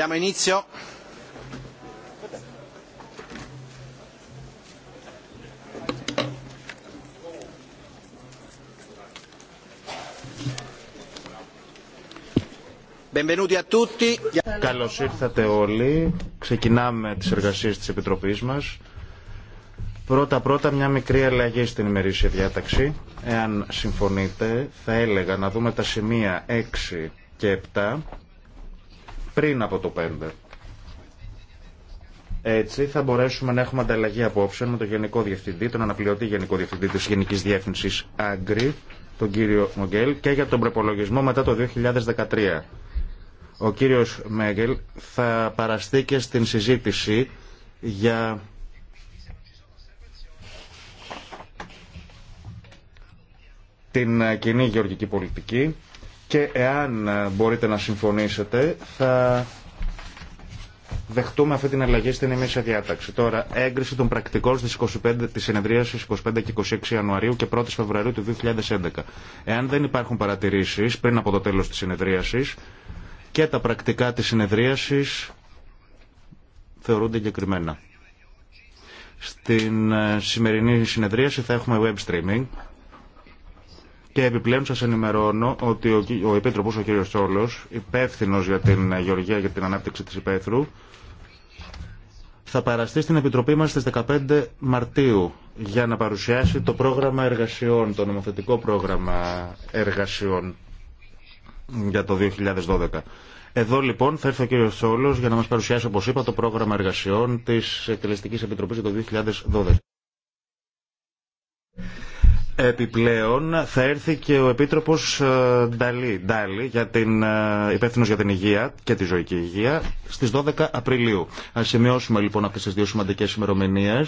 Diamo Καλώς ήρθατε όλοι. Ξεκινάμε τις εργασίες της Επιτροπής μας. Πρώτα-πρώτα μια μικρή αλλαγή στην ημερήσια διάταξη. Εάν συμφωνείτε, θα έλεγα να δούμε τα σημεία 6 και 7 πριν από το 5. Έτσι θα μπορέσουμε να έχουμε ανταλλαγή απόψεων με τον Γενικό Διευθυντή, τον αναπληρωτή Γενικό Διευθυντή της Γενικής Διεύθυνσης Άγκρη, τον κύριο Μογγέλ, και για τον προπολογισμό μετά το 2013. Ο κύριος Μέγγελ θα παραστεί και στην συζήτηση για την κοινή γεωργική πολιτική και εάν ε, μπορείτε να συμφωνήσετε θα δεχτούμε αυτή την αλλαγή στην ημίσια διάταξη. Τώρα, έγκριση των πρακτικών στις 25, της συνεδρίασης 25 και 26 Ιανουαρίου και 1 Φεβρουαρίου του 2011. Εάν δεν υπάρχουν παρατηρήσεις πριν από το τέλος της συνεδρίασης και τα πρακτικά της συνεδρίασης θεωρούνται εγκεκριμένα. Στην ε, σημερινή συνεδρίαση θα έχουμε web streaming. Και επιπλέον σα ενημερώνω ότι ο, ο Επίτροπος, ο κύριος Τσόλο, υπεύθυνο για την Γεωργία για την ανάπτυξη της υπαίθρου, θα παραστεί στην Επιτροπή μας στι 15 Μαρτίου για να παρουσιάσει το πρόγραμμα εργασιών, το νομοθετικό πρόγραμμα εργασιών για το 2012. Εδώ λοιπόν θα έρθει ο κύριος Τσόλος για να μας παρουσιάσει, όπως είπα, το πρόγραμμα εργασιών της Εκτελεστικής Επιτροπής για το 2012. Επιπλέον θα έρθει και ο Επίτροπος ε, Νταλή, Νταλή για την, ε, υπεύθυνο για την υγεία και τη ζωική υγεία στις 12 Απριλίου. Ας σημειώσουμε λοιπόν αυτές τις δύο σημαντικές ημερομηνίε ε,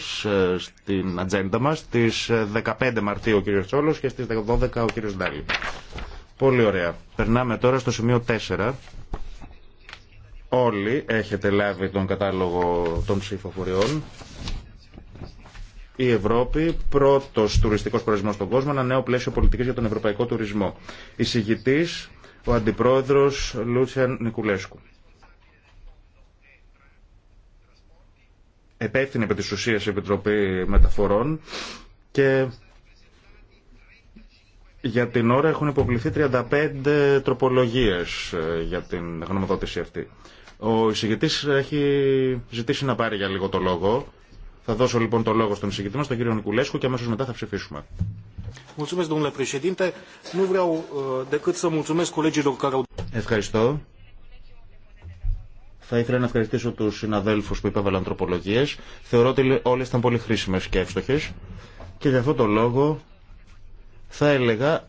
στην ατζέντα μας στις 15 Μαρτίου ο κ. Τσόλος και στις 12 ο κ. Νταλή. Πολύ ωραία. Περνάμε τώρα στο σημείο 4. Όλοι έχετε λάβει τον κατάλογο των ψηφοφοριών η Ευρώπη, πρώτο τουριστικό προορισμό στον κόσμο, ένα νέο πλαίσιο πολιτική για τον ευρωπαϊκό τουρισμό. Εισηγητή, ο αντιπρόεδρο Λούτσιαν Νικουλέσκου. Επέφθηνε επί τη ουσία η Επιτροπή Μεταφορών και για την ώρα έχουν υποβληθεί 35 τροπολογίες ε, για την γνωμοδότηση αυτή. Ο εισηγητής έχει ζητήσει να πάρει για λίγο το λόγο θα δώσω λοιπόν το λόγο στον συγκεκριμένο, στον τον κύριο Νικουλέσκου και αμέσως μετά θα ψηφίσουμε. Uh, Ευχαριστώ. Θα ήθελα να ευχαριστήσω τους συναδέλφους που υπέβαλαν τροπολογίες. Θεωρώ ότι όλες ήταν πολύ χρήσιμες και εύστοχες και για αυτό το λόγο θα έλεγα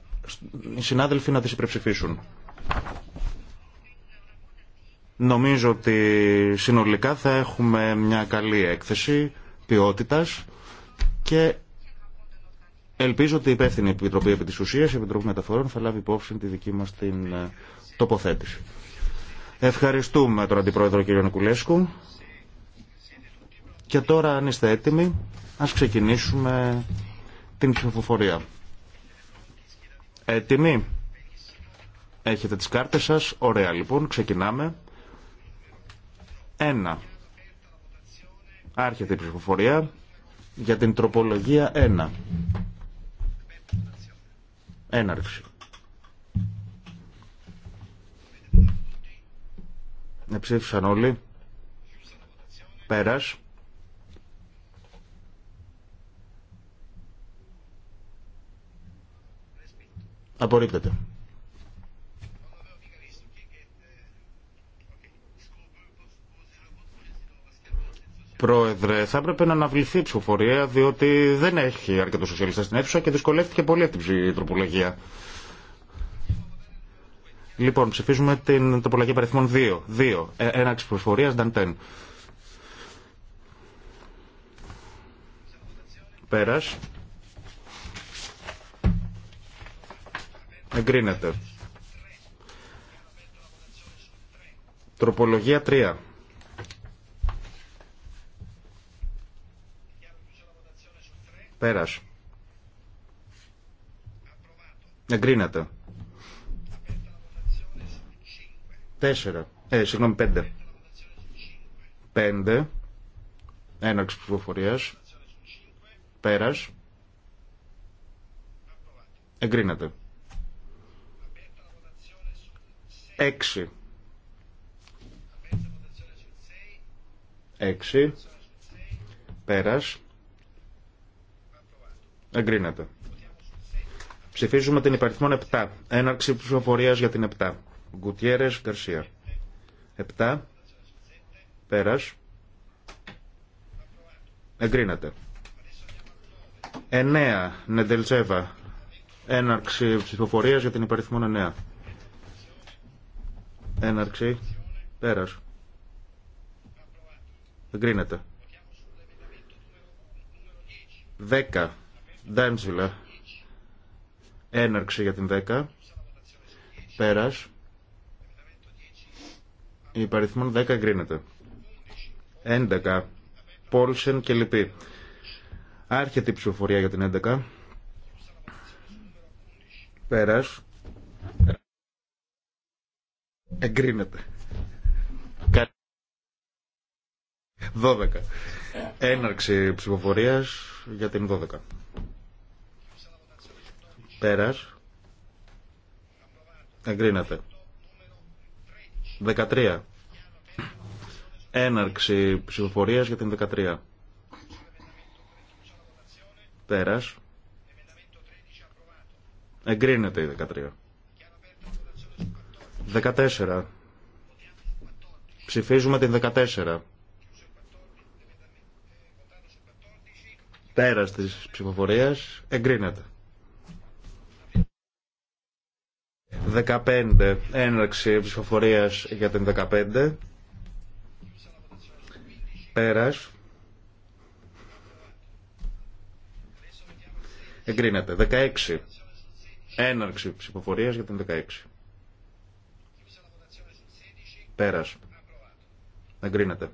οι συνάδελφοι να τις υπερψηφίσουν. Νομίζω ότι συνολικά θα έχουμε μια καλή έκθεση ποιότητας και ελπίζω ότι η υπεύθυνη Επιτροπή επί της ουσίας, η Επιτροπή Μεταφορών, θα λάβει υπόψη τη δική μας την ε, τοποθέτηση. Ευχαριστούμε τον Αντιπρόεδρο κ. Νικουλέσκου. Και τώρα, αν είστε έτοιμοι, ας ξεκινήσουμε την ψηφοφορία. Έτοιμοι. Έχετε τις κάρτες σας. Ωραία, λοιπόν. Ξεκινάμε. Ένα. Άρχεται η ψηφοφορία για την τροπολογία 1. Έναρξη. Εψήφισαν όλοι. Πέρας. Απορρίπτεται. Πρόεδρε, θα έπρεπε να αναβληθεί η ψηφοφορία, διότι δεν έχει αρκετό σοσιαλιστέ στην αίθουσα και δυσκολεύτηκε πολύ αυτή η τροπολογία. Λοιπόν, ψηφίζουμε την τροπολογία παριθμών 2. 2. Ένα έναρξη ψηφοφορία, Νταντέν. Πέρα. Εγκρίνεται. Τροπολογία 3. Πέρας. Εγκρίνεται. Τέσσερα. Ε, συγγνώμη, πέντε. Πέντε. Έναρξη ψηφοφορία. Πέρας. Εγκρίνεται. Έξι. Έξι. Πέρας. Εγκρίνεται. Ψηφίζουμε την υπαριθμόν 7. Έναρξη ψηφοφορία για την 7. Γκουτιέρε Γκαρσία. 7. Πέρα. Εγκρίνεται. 9. Νεντελτσέβα. Έναρξη ψηφοφορία για την υπαριθμόν 9. Έναρξη. Πέρα. Εγκρίνεται. 10. Ντάντζιλα. Έναρξη για την 10. Πέρα, Η παριθμόν 10 εγκρίνεται. 11. Πόλσεν και λοιπή. Άρχεται η ψηφοφορία για την 11. Πέρα. Εγκρίνεται. 12. Έναρξη ψηφοφορίας για την 12. Πέρας. Εγκρίνεται. 13. Έναρξη ψηφοφορίας για την 13. Πέρας. Εγκρίνεται η 13. 14. Ψηφίζουμε την 14. Πέρας της ψηφοφορίας εγκρίνεται. 15. Έναρξη ψηφοφορία για την 15. Πέρας. Εγκρίνεται. 16. Έναρξη ψηφοφορία για την 16. Πέρας. Εγκρίνεται.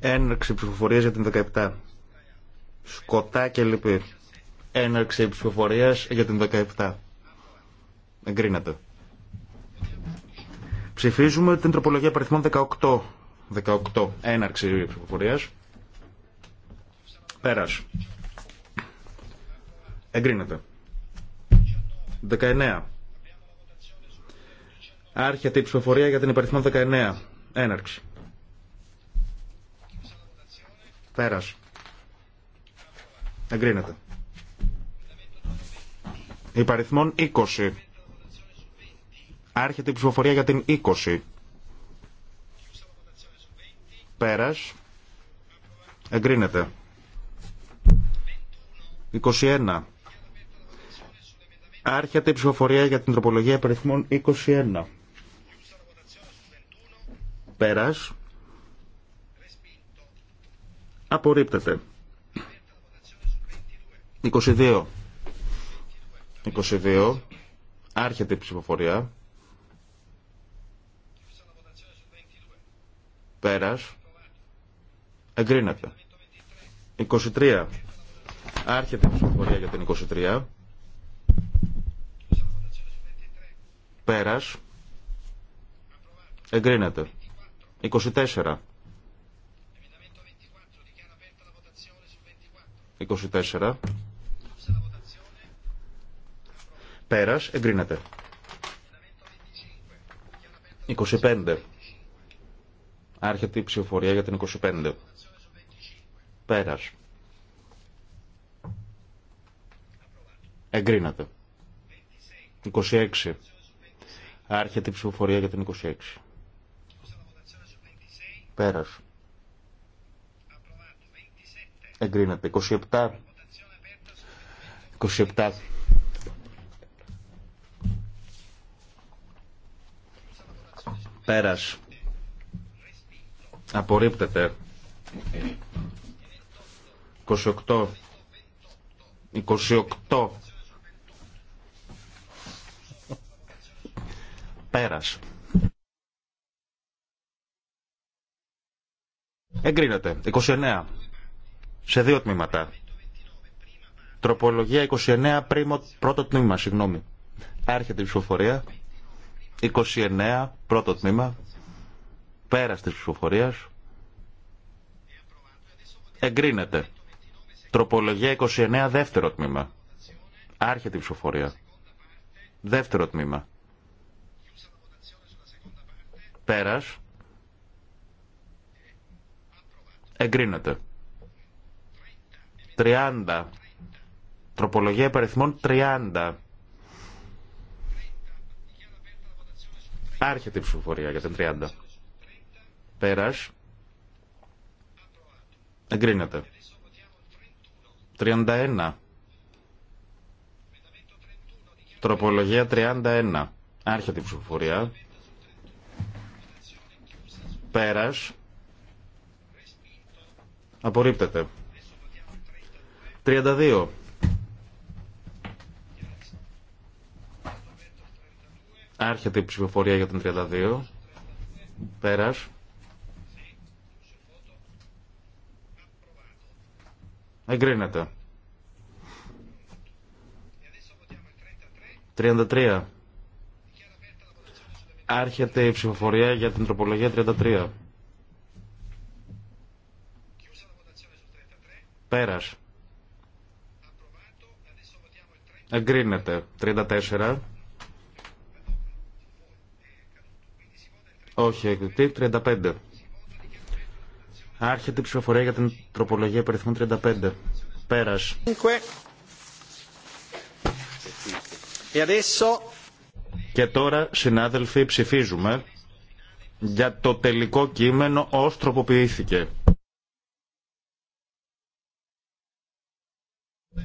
Έναρξη ψηφοφορία για την 17. Σκοτά και λυπή. Έναρξη ψηφοφορία για την 17. Εγκρίνεται. Ψηφίζουμε την τροπολογία παριθμών 18. 18. Έναρξη ψηφοφορία. Πέρας. Εγκρίνεται. 19. Άρχεται η ψηφοφορία για την υπαριθμό 19. Έναρξη. Πέρας. Εγκρίνεται. Υπαριθμών 20. Άρχεται η ψηφοφορία για την 20. Πέρας. Εγκρίνεται. 21. Άρχεται η ψηφοφορία για την τροπολογία υπαριθμών 21. Πέρας. Απορρίπτεται. 22. 22. Άρχεται η ψηφοφορία. Πέρας. Εγκρίνεται. 23. Άρχεται η ψηφοφορία για την 23. Πέρας. Εγκρίνεται. 24. 24. Πέρας, εγκρίνεται. 25. Άρχεται η ψηφοφορία για την 25. Πέρας. Εγκρίνεται. 26. Άρχεται η ψηφοφορία για την 26. Πέρας. Εγκρίνεται. 27. 27. Πέρας. Απορρίπτεται. 28. 28. Πέρας. Εγκρίνεται. 29. Σε δύο τμήματα. Τροπολογία 29 πρώτο τμήμα, συγγνώμη. Άρχεται η ψηφοφορία. 29, πρώτο τμήμα, πέρας της ψηφοφορίας, εγκρίνεται. Τροπολογία 29, δεύτερο τμήμα. Άρχεται η ψηφοφορία. Δεύτερο τμήμα. Πέρας. Εγκρίνεται. 30. Τροπολογία υπεριθμών 30. Άρχεται η ψηφοφορία για την 30. Πέρα. Εγκρίνεται. 31. Τροπολογία 31. Άρχεται η ψηφοφορία. Πέρα. Απορρίπτεται. 32. Άρχεται η ψηφοφορία για την 32. Πέρας. Εγκρίνεται. 33. Άρχεται η ψηφοφορία για την τροπολογία 33. Πέρας. Εγκρίνεται. 34. Όχι, εκδοτή 35. Άρχεται η ψηφοφορία για την τροπολογία περιθμών 35. Πέρας. Και τώρα, συνάδελφοι, ψηφίζουμε για το τελικό κείμενο ως τροποποιήθηκε.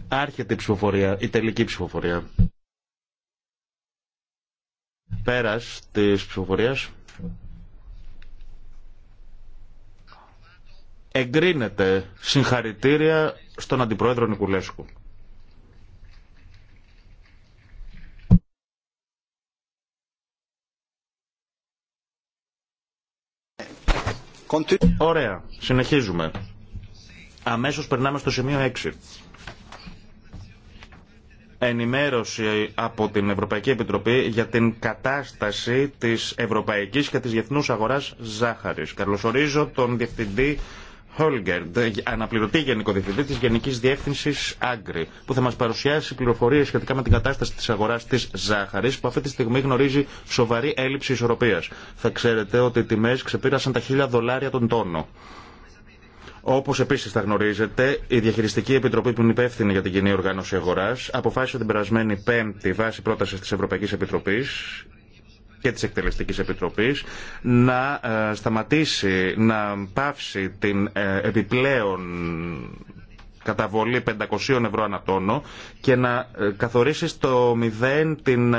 Άρχεται η ψηφοφορία, η τελική ψηφοφορία. Πέρας της ψηφοφορίας. Εγκρίνεται συγχαρητήρια στον Αντιπρόεδρο Νικουλέσκου. Ωραία. Συνεχίζουμε. Αμέσως περνάμε στο σημείο 6. Ενημέρωση από την Ευρωπαϊκή Επιτροπή για την κατάσταση της ευρωπαϊκής και της διεθνούς αγοράς ζάχαρης. Καλωσορίζω τον Διευθυντή Χόλγκερντ, αναπληρωτή Γενικό Διευθυντή τη Γενική Διεύθυνση Άγκρη, που θα μα παρουσιάσει πληροφορίε σχετικά με την κατάσταση τη αγορά τη ζάχαρη, που αυτή τη στιγμή γνωρίζει σοβαρή έλλειψη ισορροπία. Θα ξέρετε ότι οι τιμέ ξεπήρασαν τα 1000 δολάρια τον τόνο. Όπω επίση θα γνωρίζετε, η Διαχειριστική Επιτροπή που είναι υπεύθυνη για την κοινή οργάνωση αγορά αποφάσισε την περασμένη Πέμπτη βάση πρόταση τη Ευρωπαϊκή Επιτροπή και της Εκτελεστικής Επιτροπής να ε, σταματήσει, να πάυσει την ε, επιπλέον καταβολή 500 ευρώ ανά τόνο και να ε, καθορίσει στο μηδέν την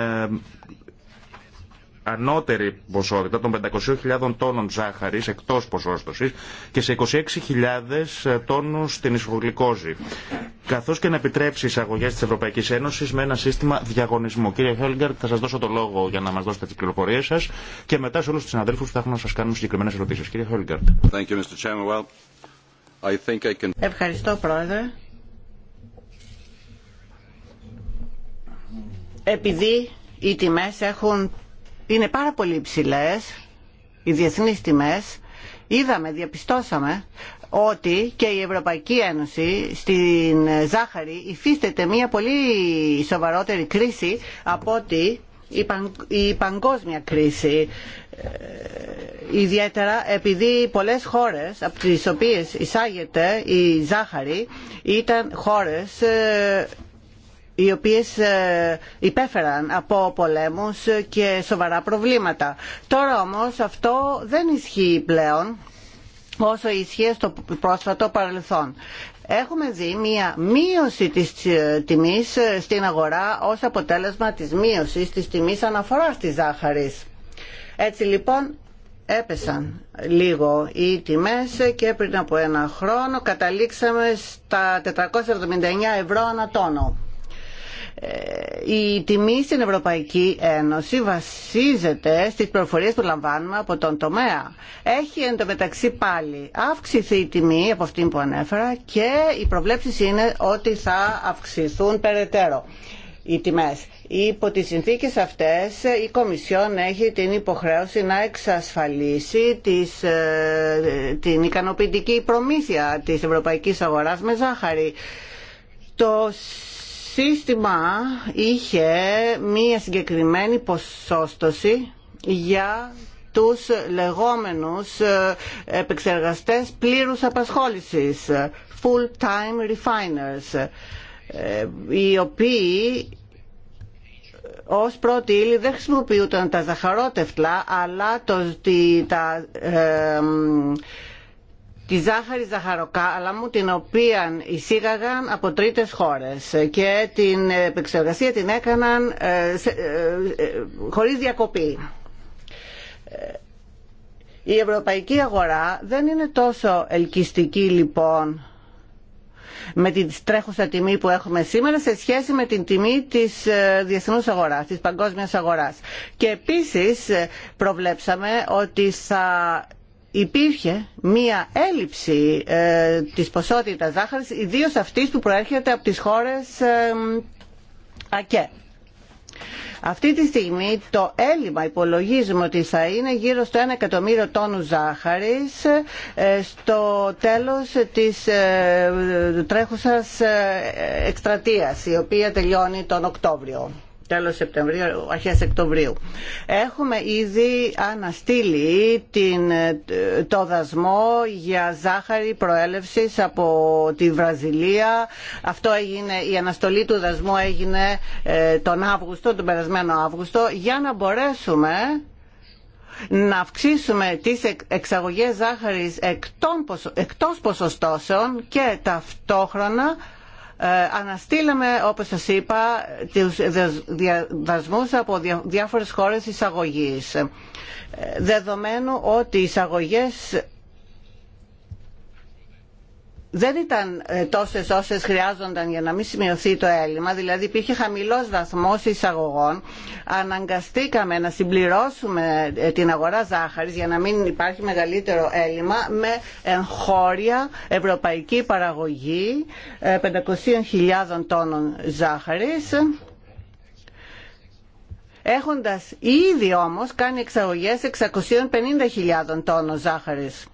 ανώτερη ποσότητα των 500.000 τόνων ζάχαρης εκτός ποσόστοσης και σε 26.000 ε, τόνους την ισογλυκόζη. Καθώς και να επιτρέψει εισαγωγές της Ευρωπαϊκής Ένωσης με ένα σύστημα διαγωνισμού. Κύριε Χέλγκαρτ, θα σας δώσω το λόγο για να μας δώσετε τις πληροφορίες σας και μετά σε όλους τους συναδέλφους θα έχουν να σας κάνουν συγκεκριμένες ερωτήσεις. Κύριε Χέλγκαρτ. Ευχαριστώ, Πρόεδρε. επειδή οι τιμές έχουν είναι πάρα πολύ υψηλέ, οι διεθνεί τιμέ, Είδαμε, διαπιστώσαμε ότι και η Ευρωπαϊκή Ένωση στην ζάχαρη υφίσταται μια πολύ σοβαρότερη κρίση από ότι η παγκόσμια κρίση ε, ιδιαίτερα επειδή πολλές χώρες από τις οποίες εισάγεται η ζάχαρη ήταν χώρες ε, οι οποίες ε, υπέφεραν από πολέμους και σοβαρά προβλήματα. Τώρα όμως αυτό δεν ισχύει πλέον όσο ισχύει στο πρόσφατο παρελθόν. Έχουμε δει μία μείωση της ε, τιμής ε, στην αγορά ως αποτέλεσμα της μείωσης της τιμής αναφοράς της ζάχαρης. Έτσι λοιπόν έπεσαν λίγο οι τιμές και πριν από ένα χρόνο καταλήξαμε στα 479 ευρώ ανά ε, η τιμή στην Ευρωπαϊκή Ένωση βασίζεται στις προφορίες που λαμβάνουμε από τον τομέα. Έχει εντωμεταξύ πάλι αυξηθεί η τιμή από αυτή που ανέφερα και οι προβλέψεις είναι ότι θα αυξηθούν περαιτέρω οι τιμές. Υπό τις συνθήκες αυτές η Κομισιόν έχει την υποχρέωση να εξασφαλίσει τις, ε, την ικανοποιητική προμήθεια της ευρωπαϊκής αγοράς με ζάχαρη σύστημα είχε μία συγκεκριμένη ποσόστοση για τους λεγόμενους ε, επεξεργαστές πλήρους απασχόλησης, full-time refiners, ε, οι οποίοι ε, ως πρώτη ύλη δεν χρησιμοποιούνταν τα ζαχαρότευτλα, αλλά το, τα, τη ζάχαρη ζαχαροκάλαμου την οποία εισήγαγαν από τρίτες χώρες και την επεξεργασία την έκαναν ε, σε, ε, ε, χωρίς διακοπή. Η ευρωπαϊκή αγορά δεν είναι τόσο ελκυστική λοιπόν με την τρέχουσα τιμή που έχουμε σήμερα σε σχέση με την τιμή της διεθνούς αγοράς, της παγκόσμιας αγοράς. Και επίσης προβλέψαμε ότι θα υπήρχε μία έλλειψη ε, της ποσότητας ζάχαρης, ιδίως αυτής που προέρχεται από τις χώρες ε, ΑΚΕ. Αυτή τη στιγμή το έλλειμμα υπολογίζουμε ότι θα είναι γύρω στο 1 εκατομμύριο τόνου ζάχαρης ε, στο τέλος της ε, τρέχουσας εκστρατείας η οποία τελειώνει τον Οκτώβριο τέλος Σεπτεμβρίου, αρχές Οκτωβρίου. Έχουμε ήδη αναστείλει την, το δασμό για ζάχαρη προέλευσης από τη Βραζιλία. Αυτό έγινε, η αναστολή του δασμού έγινε ε, τον Αύγουστο, τον περασμένο Αύγουστο, για να μπορέσουμε να αυξήσουμε τις εξαγωγές ζάχαρης εκτός ποσοστώσεων και ταυτόχρονα ε, αναστήλαμε όπως σας είπα τους διαδασμούς από διάφορες χώρες εισαγωγής ε, δεδομένου ότι οι εισαγωγές δεν ήταν ε, τόσες όσες χρειάζονταν για να μην σημειωθεί το έλλειμμα, δηλαδή υπήρχε χαμηλός βαθμός εισαγωγών, αναγκαστήκαμε να συμπληρώσουμε ε, την αγορά ζάχαρης για να μην υπάρχει μεγαλύτερο έλλειμμα με εγχώρια ευρωπαϊκή παραγωγή 500.000 ε, τόνων ζάχαρης έχοντας ήδη όμως κάνει εξαγωγές 650.000 τόνων ζάχαρης.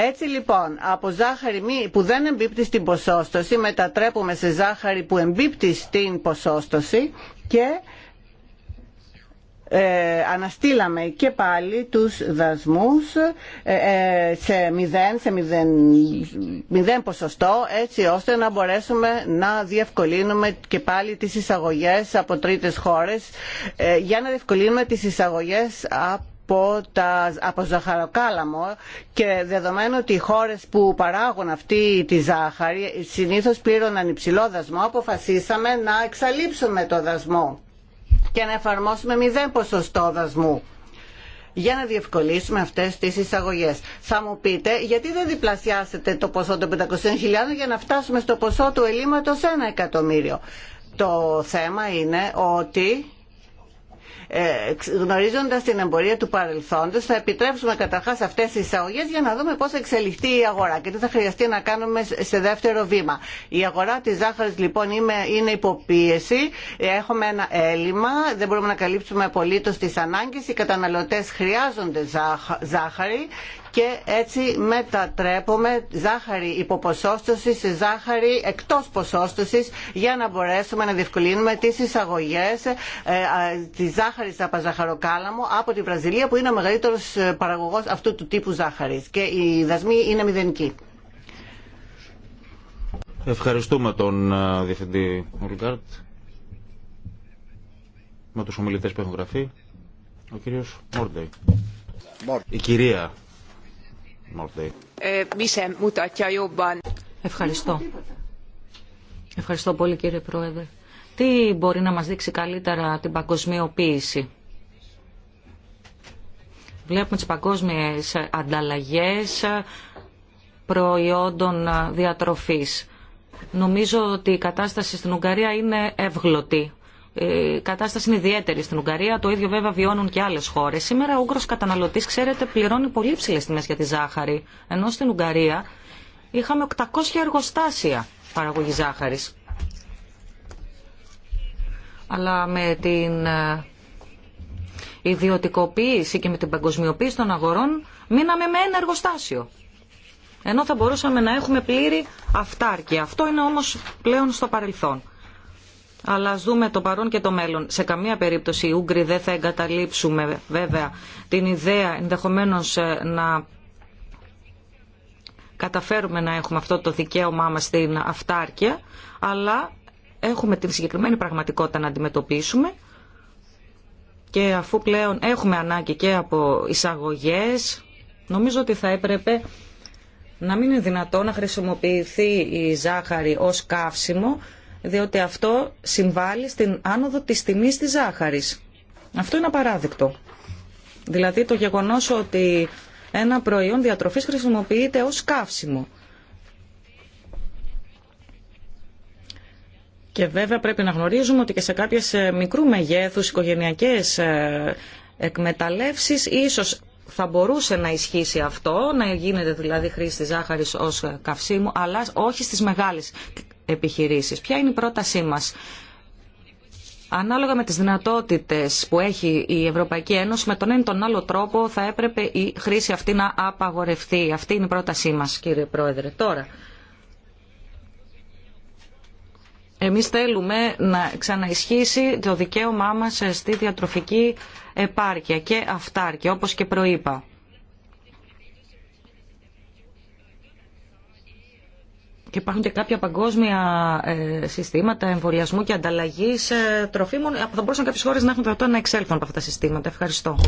Έτσι λοιπόν, από ζάχαρη που δεν εμπίπτει στην ποσόστοση, μετατρέπουμε σε ζάχαρη που εμπίπτει στην ποσόστοση και ε, αναστήλαμε και πάλι τους δασμούς ε, ε, σε μηδέν, σε μηδέν, μηδέν ποσοστό έτσι ώστε να μπορέσουμε να διευκολύνουμε και πάλι τις εισαγωγές από τρίτες χώρες για να διευκολύνουμε τις εισαγωγές από από, τα, από ζαχαροκάλαμο και δεδομένου ότι οι χώρες που παράγουν αυτή τη ζάχαρη συνήθως πλήρωναν υψηλό δασμό αποφασίσαμε να εξαλείψουμε το δασμό και να εφαρμόσουμε μηδέν ποσοστό δασμού για να διευκολύσουμε αυτές τις εισαγωγές. Θα μου πείτε γιατί δεν διπλασιάσετε το ποσό των 500.000 για να φτάσουμε στο ποσό του ελλείμματος 1 εκατομμύριο. Το θέμα είναι ότι ε, γνωρίζοντας την εμπορία του παρελθόντος θα επιτρέψουμε καταρχάς αυτές τις εισαγωγέ για να δούμε πώς θα εξελιχθεί η αγορά και τι θα χρειαστεί να κάνουμε σε δεύτερο βήμα. Η αγορά της ζάχαρης λοιπόν είναι υποπίεση, ε, έχουμε ένα έλλειμμα, δεν μπορούμε να καλύψουμε απολύτως τις ανάγκες, οι καταναλωτές χρειάζονται ζάχαρη και έτσι μετατρέπουμε ζάχαρη υποποσόστοση σε ζάχαρη εκτός ποσόστοσης για να μπορέσουμε να διευκολύνουμε τις εισαγωγές ε, της ζάχαρης από ζαχαροκάλαμο από τη Βραζιλία που είναι ο μεγαλύτερος ε, παραγωγός αυτού του τύπου ζάχαρης και οι δασμοί είναι μηδενικοί. Ευχαριστούμε τον ε, Διευθυντή Ολγκάρτ με τους ομιλητές που έχουν γραφεί ο κύριος Μόρντεϊ. Η κυρία ε, Ευχαριστώ. Ευχαριστώ πολύ κύριε Πρόεδρε. Τι μπορεί να μας δείξει καλύτερα την παγκοσμιοποίηση. Βλέπουμε τις παγκόσμιες ανταλλαγές προϊόντων διατροφής. Νομίζω ότι η κατάσταση στην Ουγγαρία είναι εύγλωτη η ε, κατάσταση είναι ιδιαίτερη στην Ουγγαρία. Το ίδιο βέβαια βιώνουν και άλλε χώρε. Σήμερα ο Ούγγρο καταναλωτή, ξέρετε, πληρώνει πολύ ψηλέ τιμέ για τη ζάχαρη. Ενώ στην Ουγγαρία είχαμε 800 εργοστάσια παραγωγή ζάχαρη. Αλλά με την ε, ιδιωτικοποίηση και με την παγκοσμιοποίηση των αγορών μείναμε με ένα εργοστάσιο. Ενώ θα μπορούσαμε να έχουμε πλήρη αυτάρκεια. Αυτό είναι όμως πλέον στο παρελθόν αλλά ας δούμε το παρόν και το μέλλον. Σε καμία περίπτωση οι Ούγγροι δεν θα εγκαταλείψουμε βέβαια την ιδέα ενδεχομένως ε, να καταφέρουμε να έχουμε αυτό το δικαίωμά μας στην αυτάρκεια, αλλά έχουμε την συγκεκριμένη πραγματικότητα να αντιμετωπίσουμε και αφού πλέον έχουμε ανάγκη και από εισαγωγές, νομίζω ότι θα έπρεπε να μην είναι δυνατό να χρησιμοποιηθεί η ζάχαρη ως καύσιμο διότι αυτό συμβάλλει στην άνοδο της τιμής της ζάχαρης. Αυτό είναι απαράδεκτο. Δηλαδή το γεγονός ότι ένα προϊόν διατροφής χρησιμοποιείται ως καύσιμο. Και βέβαια πρέπει να γνωρίζουμε ότι και σε κάποιες ε, μικρού μεγέθους οικογενειακές ε, εκμεταλλεύσεις ίσως θα μπορούσε να ισχύσει αυτό, να γίνεται δηλαδή χρήση της ζάχαρης ως ε, καυσίμου, αλλά όχι στις μεγάλες επιχειρήσεις. Ποια είναι η πρότασή μας. Ανάλογα με τις δυνατότητες που έχει η Ευρωπαϊκή Ένωση, με τον ένα ή τον άλλο τρόπο θα έπρεπε χρήση αυτή να απαγορευτεί. Αυτή είναι η πρότασή μας, κύριε Πρόεδρε. Τώρα, εμείς θέλουμε να ξαναισχύσει το δικαίωμά μας στη διατροφική επάρκεια και αυτάρκεια, όπως και προείπα. και υπάρχουν και κάποια παγκόσμια ε, συστήματα εμβολιασμού και ανταλλαγή ε, τροφίμων. Ε, θα μπορούσαν κάποιε χώρε να έχουν δυνατότητα να εξέλθουν από αυτά τα συστήματα. Ευχαριστώ.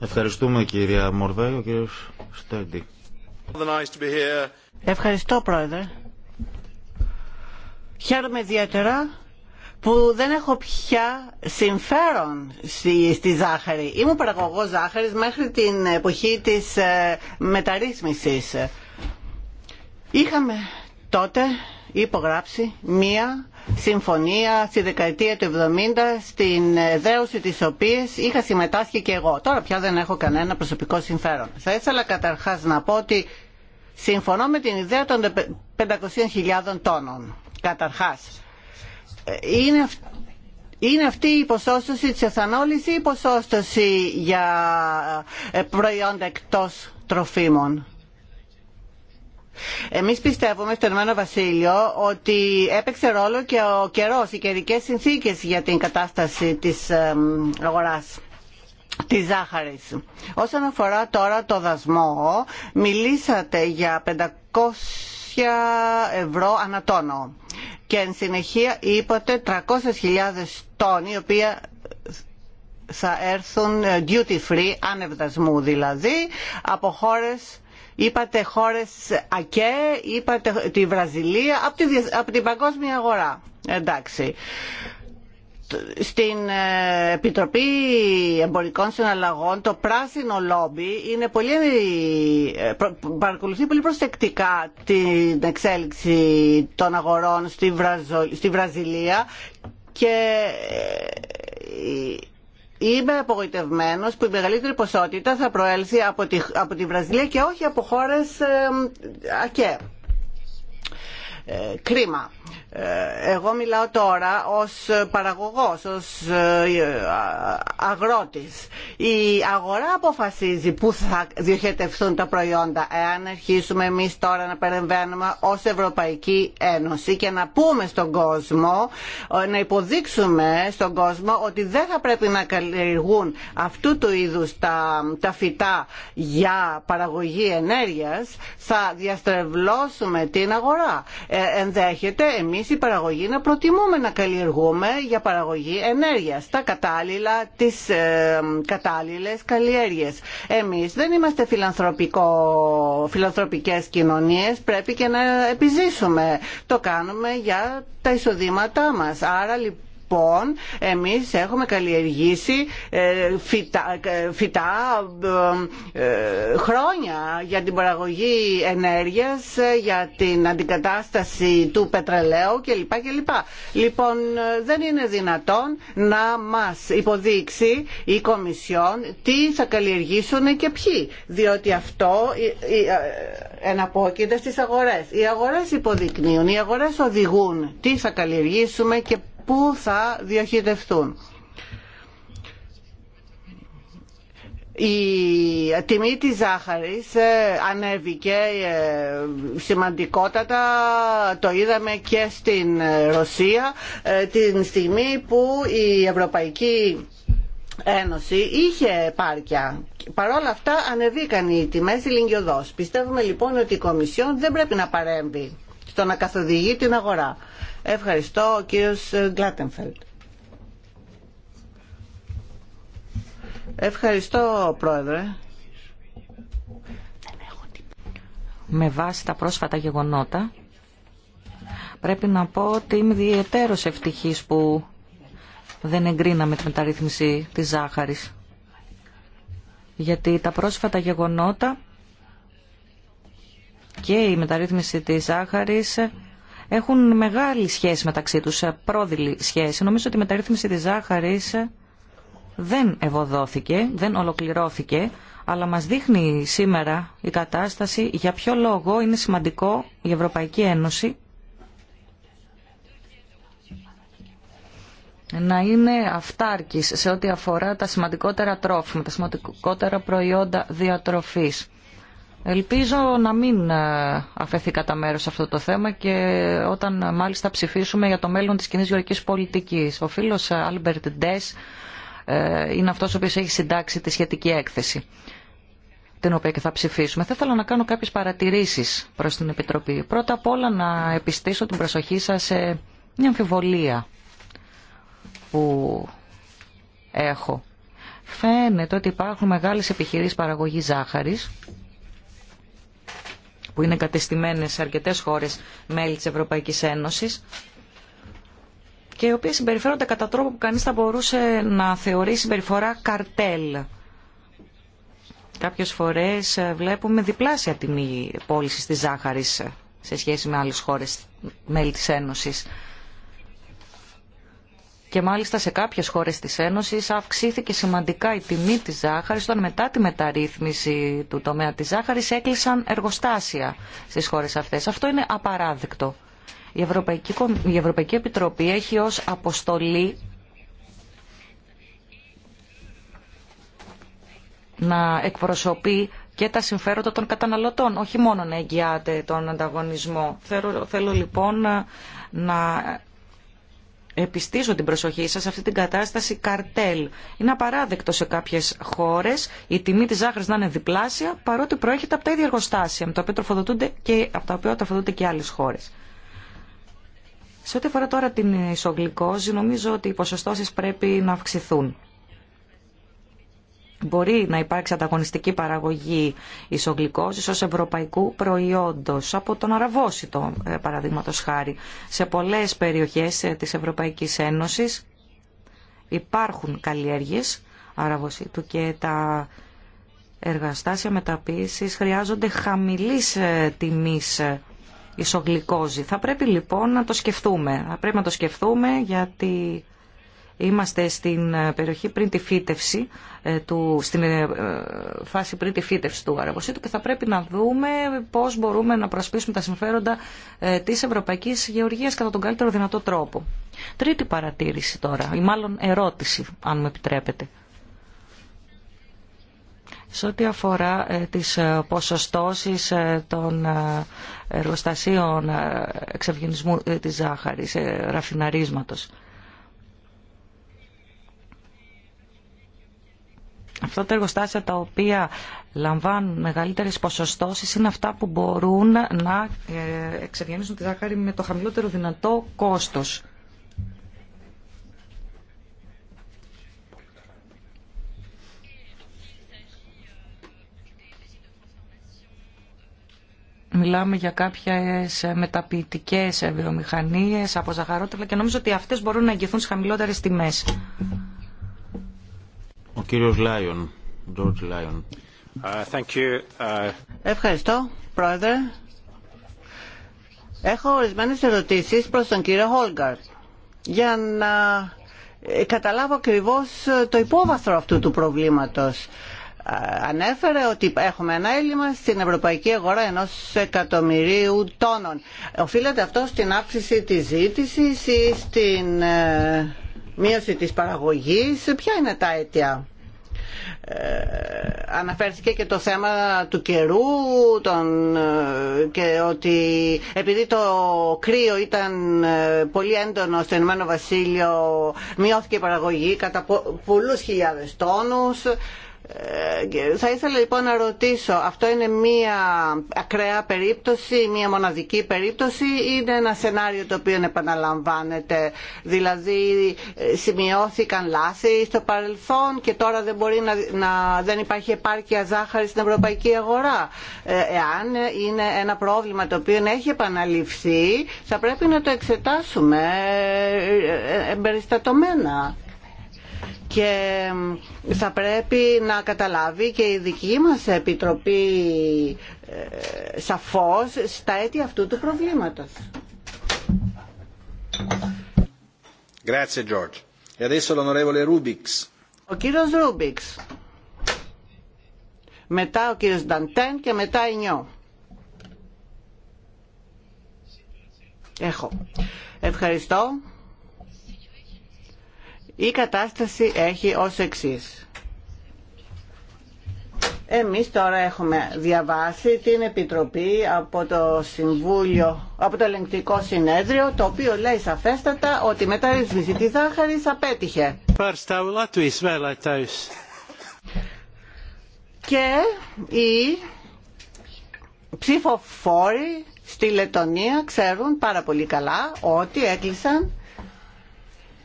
Ευχαριστούμε κυρία Μορβέη, ο κύριο Στέντι. Ευχαριστώ πρόεδρε. Χαίρομαι ιδιαίτερα που δεν έχω πια συμφέρον στη, ζάχαρη. Ήμουν παραγωγός ζάχαρης μέχρι την εποχή της μεταρρύθμισης Είχαμε τότε υπογράψει μία συμφωνία στη δεκαετία του 70 στην δέωση της οποίας είχα συμμετάσχει και εγώ. Τώρα πια δεν έχω κανένα προσωπικό συμφέρον. Θα ήθελα καταρχάς να πω ότι συμφωνώ με την ιδέα των 500.000 τόνων. Καταρχάς, ε, είναι, είναι αυτή η ποσόστοση της εθανόλης ή η ποσόστοση για ε, προϊόντα εκτός τροφίμων. Εμεί πιστεύουμε στον Ηνωμένο Βασίλειο ότι έπαιξε ρόλο και ο καιρός, οι καιρικέ συνθήκες για την κατάσταση της αγορά, τη ζάχαρη. Όσον αφορά τώρα το δασμό, μιλήσατε για 500 ευρώ ανατόνο και εν συνεχεία είπατε 300.000 τόνοι, οι οποίοι θα έρθουν ε, duty free, άνευ δηλαδή, από χώρες είπατε χώρες ΑΚΕ, είπατε τη Βραζιλία, από, από την παγκόσμια αγορά. Εντάξει. Στην ε, Επιτροπή Εμπορικών Συναλλαγών το πράσινο λόμπι είναι πολύ, ε, παρακολουθεί πολύ προσεκτικά την εξέλιξη των αγορών στη, στη Βραζιλία και ε, Είμαι απογοητευμένο που η μεγαλύτερη ποσότητα θα προέλθει από τη, από τη Βραζιλία και όχι από χώρες ΑΚΕ. Ε, κρίμα. Ε, εγώ μιλάω τώρα ως παραγωγός, ως ε, αγρότης. Η αγορά αποφασίζει πού θα διοχετευθούν τα προϊόντα. Εάν αρχίσουμε εμείς τώρα να περιμένουμε ως Ευρωπαϊκή Ένωση και να πούμε στον κόσμο, να υποδείξουμε στον κόσμο ότι δεν θα πρέπει να καλλιεργούν αυτού του είδους τα, φυτά για παραγωγή ενέργειας, θα διαστρεβλώσουμε την αγορά ενδέχεται εμείς η παραγωγή να προτιμούμε να καλλιεργούμε για παραγωγή ενέργειας τα κατάλληλα, τις ε, κατάλληλες καλλιέργειες. Εμείς δεν είμαστε φιλανθρωπικό, φιλανθρωπικές κοινωνίες, πρέπει και να επιζήσουμε. Το κάνουμε για τα εισοδήματά μας. Άρα λοιπόν λοιπόν εμείς έχουμε καλλιεργήσει ε, ε, φυτά, ε, χρόνια για την παραγωγή ενέργειας, για την αντικατάσταση του πετρελαίου κλπ. κλπ. Λοιπόν δεν είναι δυνατόν να μας υποδείξει η Κομισιόν τι θα καλλιεργήσουν και ποιοι, διότι αυτό εναπόκειται στις αγορές. Οι αγορές υποδεικνύουν, οι αγορές οδηγούν τι θα καλλιεργήσουμε και πού θα διοχετευτούν. Η τιμή της ζάχαρης ε, ανέβηκε ε, σημαντικότατα, το είδαμε και στην ε, Ρωσία, την στιγμή που η Ευρωπαϊκή Ένωση είχε πάρκια Παρ' όλα αυτά ανεβήκαν οι τιμές ηλικιωδώς. Πιστεύουμε λοιπόν ότι η Κομισιόν δεν πρέπει να παρέμβει στο να καθοδηγεί την αγορά. Ευχαριστώ, ο κύριος ε, Γκλάτεμφελτ. Ευχαριστώ, πρόεδρε. Με βάση τα πρόσφατα γεγονότα, πρέπει να πω ότι είμαι ιδιαίτερος ευτυχής που δεν εγκρίναμε τη μεταρρύθμιση της ζάχαρης. Γιατί τα πρόσφατα γεγονότα και η μεταρρύθμιση της ζάχαρης έχουν μεγάλη σχέση μεταξύ τους, ε, πρόδειλη σχέση. Νομίζω ότι η μεταρρύθμιση της ζάχαρης ε, δεν ευωδόθηκε, δεν ολοκληρώθηκε, αλλά μας δείχνει σήμερα η κατάσταση για ποιο λόγο είναι σημαντικό η Ευρωπαϊκή Ένωση να είναι αυτάρκης σε ό,τι αφορά τα σημαντικότερα τρόφιμα, τα σημαντικότερα προϊόντα διατροφής. Ελπίζω να μην ε, αφαιθεί κατά μέρο αυτό το θέμα και όταν ε, μάλιστα ψηφίσουμε για το μέλλον της κοινή γεωργικής πολιτικής. Ο φίλος ε, Άλμπερτ Ντες είναι αυτός ο οποίος έχει συντάξει τη σχετική έκθεση την οποία και θα ψηφίσουμε. Θα ήθελα να κάνω κάποιες παρατηρήσεις προς την Επιτροπή. Πρώτα απ' όλα να επιστήσω την προσοχή σας σε μια αμφιβολία που έχω. Φαίνεται ότι υπάρχουν μεγάλες επιχειρήσεις παραγωγής ζάχαρης που είναι κατεστημένες σε αρκετέ χώρες μέλη της Ευρωπαϊκής Ένωσης και οι οποίε συμπεριφέρονται κατά τρόπο που κανείς θα μπορούσε να θεωρεί συμπεριφορά καρτέλ. Κάποιες φορές ε, βλέπουμε διπλάσια τιμή πώληση τη ζάχαρη σε σχέση με άλλε χώρες μέλη της Ένωσης και μάλιστα σε κάποιες χώρες της Ένωσης αυξήθηκε σημαντικά η τιμή της ζάχαρης όταν μετά τη μεταρρύθμιση του τομέα της ζάχαρης έκλεισαν εργοστάσια στις χώρες αυτές. Αυτό είναι απαράδεκτο. Η Ευρωπαϊκή, η Ευρωπαϊκή Επιτροπή έχει ως αποστολή να εκπροσωπεί και τα συμφέροντα των καταναλωτών, όχι μόνο να εγγυάται τον ανταγωνισμό. Θέλω, θέλω λοιπόν να επιστήσω την προσοχή σας σε αυτή την κατάσταση καρτέλ. Είναι απαράδεκτο σε κάποιες χώρες η τιμή της ζάχαρης να είναι διπλάσια παρότι προέρχεται από τα ίδια εργοστάσια με τα οποία τροφοδοτούνται και, από τα οποία τροφοδοτούνται και άλλες χώρες. Σε ό,τι αφορά τώρα την ισογλυκόζη νομίζω ότι οι ποσοστώσεις πρέπει να αυξηθούν μπορεί να υπάρξει ανταγωνιστική παραγωγή ισογλυκόζης ως ευρωπαϊκού προϊόντος από τον αραβόσιτο ε, παραδείγματος χάρη. Σε πολλές περιοχές ε, της Ευρωπαϊκής Ένωσης υπάρχουν καλλιέργειες αραβοσίτου και τα εργαστάσια μεταποίησης χρειάζονται χαμηλής ε, τιμής ισογλυκόζη. Θα πρέπει λοιπόν να το σκεφτούμε. Θα πρέπει να το σκεφτούμε γιατί Είμαστε στην ε, περιοχή πριν τη φύτευση, ε, του, στην ε, φάση πριν τη φύτευση του αραβοσίτου και θα πρέπει να δούμε πώς μπορούμε να προσπίσουμε τα συμφέροντα της Ευρωπαϊκής Γεωργίας κατά τον καλύτερο δυνατό τρόπο. Τρίτη παρατήρηση τώρα, ή μάλλον ερώτηση, αν μου επιτρέπετε σε ό,τι αφορά τις ποσοστώσεις των εργοστασίων εξευγενισμού της ζάχαρης, ραφιναρίσματος. αυτά τα εργοστάσια τα οποία λαμβάνουν μεγαλύτερες ποσοστώσεις είναι αυτά που μπορούν να ε, εξευγενήσουν τη ζάχαρη με το χαμηλότερο δυνατό κόστος. Μιλάμε για κάποιες μεταποιητικές βιομηχανίες από ζαχαρότερα και νομίζω ότι αυτές μπορούν να εγγυηθούν στις χαμηλότερες τιμές. Ο κύριος Λάιον, George uh, uh, Ευχαριστώ, Πρόεδρε. Έχω ορισμένες ερωτήσεις προς τον κύριο Χόλγκαρτ για να ε, καταλάβω ακριβώ ε, το υπόβαθρο αυτού του προβλήματος. Ε, ανέφερε ότι έχουμε ένα έλλειμμα στην ευρωπαϊκή αγορά ενός εκατομμυρίου τόνων. Οφείλεται αυτό στην αύξηση της ζήτησης ή στην μείωση της παραγωγής. Ποια είναι τα αίτια. Ε, αναφέρθηκε και το θέμα του καιρού τον, ε, και ότι επειδή το κρύο ήταν ε, πολύ έντονο στο Ηνωμένο Βασίλειο μειώθηκε η παραγωγή κατά πολλούς χιλιάδες τόνους ε, θα ήθελα λοιπόν να ρωτήσω, αυτό είναι μία ακραία περίπτωση, μία μοναδική περίπτωση ή είναι ένα σενάριο το οποίο επαναλαμβάνεται, δηλαδή ε, σημειώθηκαν λάθη στο παρελθόν και τώρα δεν, να, να δεν υπάρχει επάρκεια ζάχαρη στην ευρωπαϊκή αγορά. Ε, εάν είναι ένα πρόβλημα το οποίο έχει επαναληφθεί, θα πρέπει να το εξετάσουμε εμπεριστατωμένα και θα πρέπει να καταλάβει και η δική μας Επιτροπή ε, σαφώς στα αίτια αυτού του προβλήματος. Grazie George. E adesso l'onorevole Ο κύριος Ρούμπιξ. Μετά ο κύριος Νταντέν και μετά η Νιώ. Έχω. Ευχαριστώ. Η κατάσταση έχει ως εξής. Εμείς τώρα έχουμε διαβάσει την Επιτροπή από το Συμβούλιο, από το Ελεγκτικό Συνέδριο, το οποίο λέει σαφέστατα ότι η μεταρρύθμιση της ζάχαρης απέτυχε. Και οι ψηφοφόροι στη Λετωνία ξέρουν πάρα πολύ καλά ότι έκλεισαν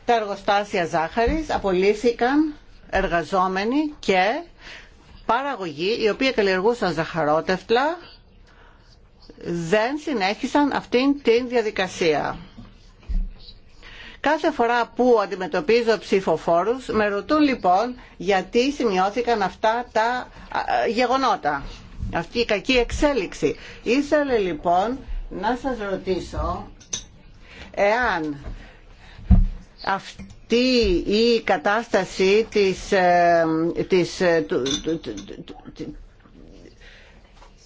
τα εργοστάσια ζάχαρης απολύθηκαν εργαζόμενοι και παραγωγοί οι οποίοι καλλιεργούσαν ζαχαρότευτλα δεν συνέχισαν αυτήν την διαδικασία. Κάθε φορά που αντιμετωπίζω ψηφοφόρους με ρωτούν λοιπόν γιατί σημειώθηκαν αυτά τα γεγονότα, αυτή η κακή εξέλιξη. Ήθελε λοιπόν να σας ρωτήσω εάν αυτή η κατάσταση της, ε, ε, του, του, του,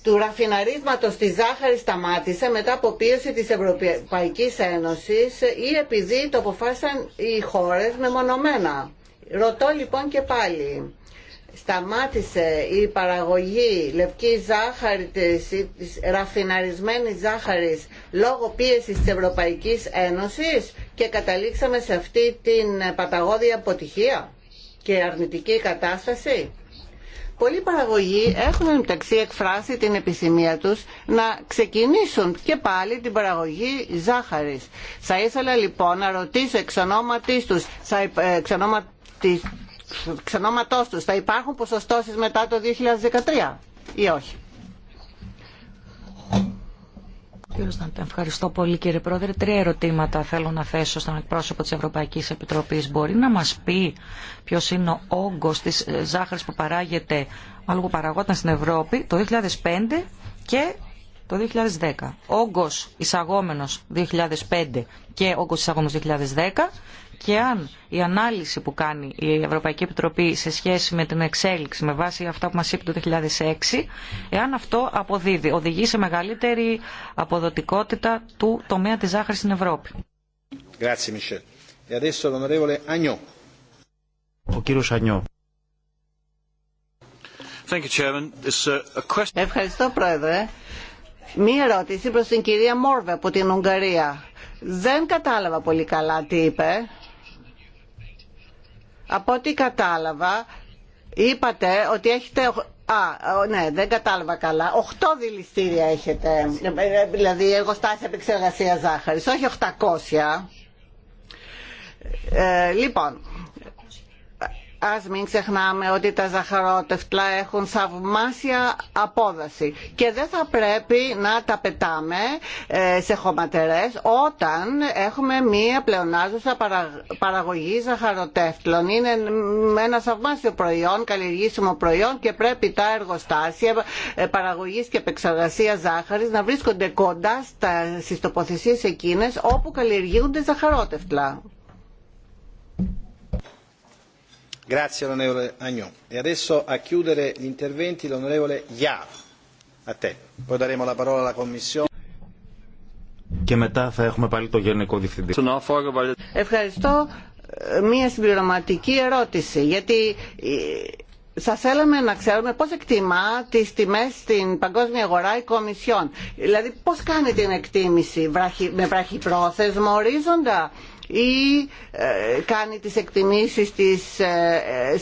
του ραφιναρίσματος της ζάχαρης σταμάτησε μετά από πίεση της Ευρωπαϊκής Ένωσης ή επειδή το αποφάσισαν οι χώρες μεμονωμένα. Ρωτώ λοιπόν και πάλι, σταμάτησε η παραγωγή λευκής ζάχαρης, της ραφιναρισμένης ζάχαρης λόγω πίεσης της Ευρωπαϊκής Ένωσης και καταλήξαμε σε αυτή την παταγώδη αποτυχία και αρνητική κατάσταση. Πολλοί παραγωγοί έχουν μεταξύ εκφράσει την επιθυμία τους να ξεκινήσουν και πάλι την παραγωγή ζάχαρης. Θα ήθελα λοιπόν να ρωτήσω εξ ονόματός τους, εξ τους, θα υπάρχουν ποσοστώσεις μετά το 2013 ή όχι. Ευχαριστώ πολύ κύριε Πρόεδρε. Τρία ερωτήματα θέλω να θέσω στον εκπρόσωπο της Ευρωπαϊκής Επιτροπής. Μπορεί να μας πει ποιος είναι ο όγκος της ε, ζάχαρης που παράγεται, μάλλον που παραγόταν στην Ευρώπη το 2005 και το 2010. Όγκος εισαγόμενος 2005 και όγκος εισαγόμενος 2010 και αν η ανάλυση που κάνει η Ευρωπαϊκή Επιτροπή σε σχέση με την εξέλιξη με βάση αυτά που μας είπε το 2006, εάν αυτό αποδίδει, οδηγεί σε μεγαλύτερη αποδοτικότητα του τομέα της ζάχαρης στην Ευρώπη. Ευχαριστώ πρόεδρε. Μία ερώτηση προς την κυρία Μόρβε από την Ουγγαρία. Δεν κατάλαβα πολύ καλά τι είπε από ό,τι κατάλαβα, είπατε ότι έχετε Α, ναι, δεν κατάλαβα καλά. Οχτώ δηληστήρια έχετε, δηλαδή στάση επεξεργασία ζάχαρης, όχι 800. Ε, λοιπόν, Ας μην ξεχνάμε ότι τα ζαχαρότευτλα έχουν θαυμάσια απόδοση και δεν θα πρέπει να τα πετάμε ε, σε χωματερές όταν έχουμε μία πλεονάζουσα παραγωγή ζαχαροτεύτλων. Είναι ένα θαυμάσιο προϊόν, καλλιεργήσιμο προϊόν και πρέπει τα εργοστάσια ε, παραγωγής και επεξεργασία ζάχαρης να βρίσκονται κοντά στις τοποθεσίες εκείνες όπου καλλιεργούνται ζαχαρότευτλα. Grazie onorevole Agnon. E adesso a chiudere gli interventi l'onorevole Ia. A te. Poi daremo la parola alla Commissione. Και μετά θα έχουμε πάλι το Γενικό Διευθυντή. Ευχαριστώ. Μία συμπληρωματική ερώτηση. Γιατί ε, θα θέλαμε να ξέρουμε πώς εκτιμά τις τιμές στην παγκόσμια αγορά η Κομισιόν. Δηλαδή πώς κάνει την εκτίμηση με βραχυπρόθεσμο ορίζοντα ή ε, κάνει τις εκτιμήσεις της ε,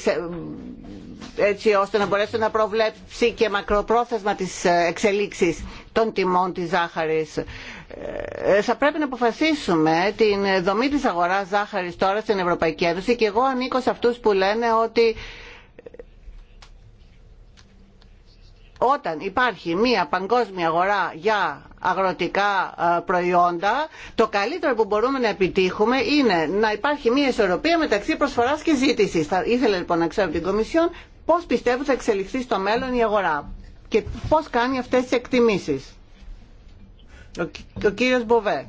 έτσι ώστε να μπορέσει να προβλέψει και μακροπρόθεσμα της ε, εξελίξεις των τιμών της ζάχαρης. Θα πρέπει να αποφασίσουμε την δομή της αγοράς ζάχαρης τώρα στην Ευρωπαϊκή Ένωση και εγώ ανήκω σε αυτούς που λένε ότι όταν υπάρχει μια παγκόσμια αγορά για αγροτικά ε, προϊόντα, το καλύτερο που μπορούμε να επιτύχουμε είναι να υπάρχει μια ισορροπία μεταξύ προσφοράς και ζήτησης. Θα ήθελα λοιπόν να ξέρω από την Κομισιόν πώς πιστεύω θα εξελιχθεί στο μέλλον η αγορά και πώς κάνει αυτές τις εκτιμήσεις. Ο, ο κύριος Μποβέ.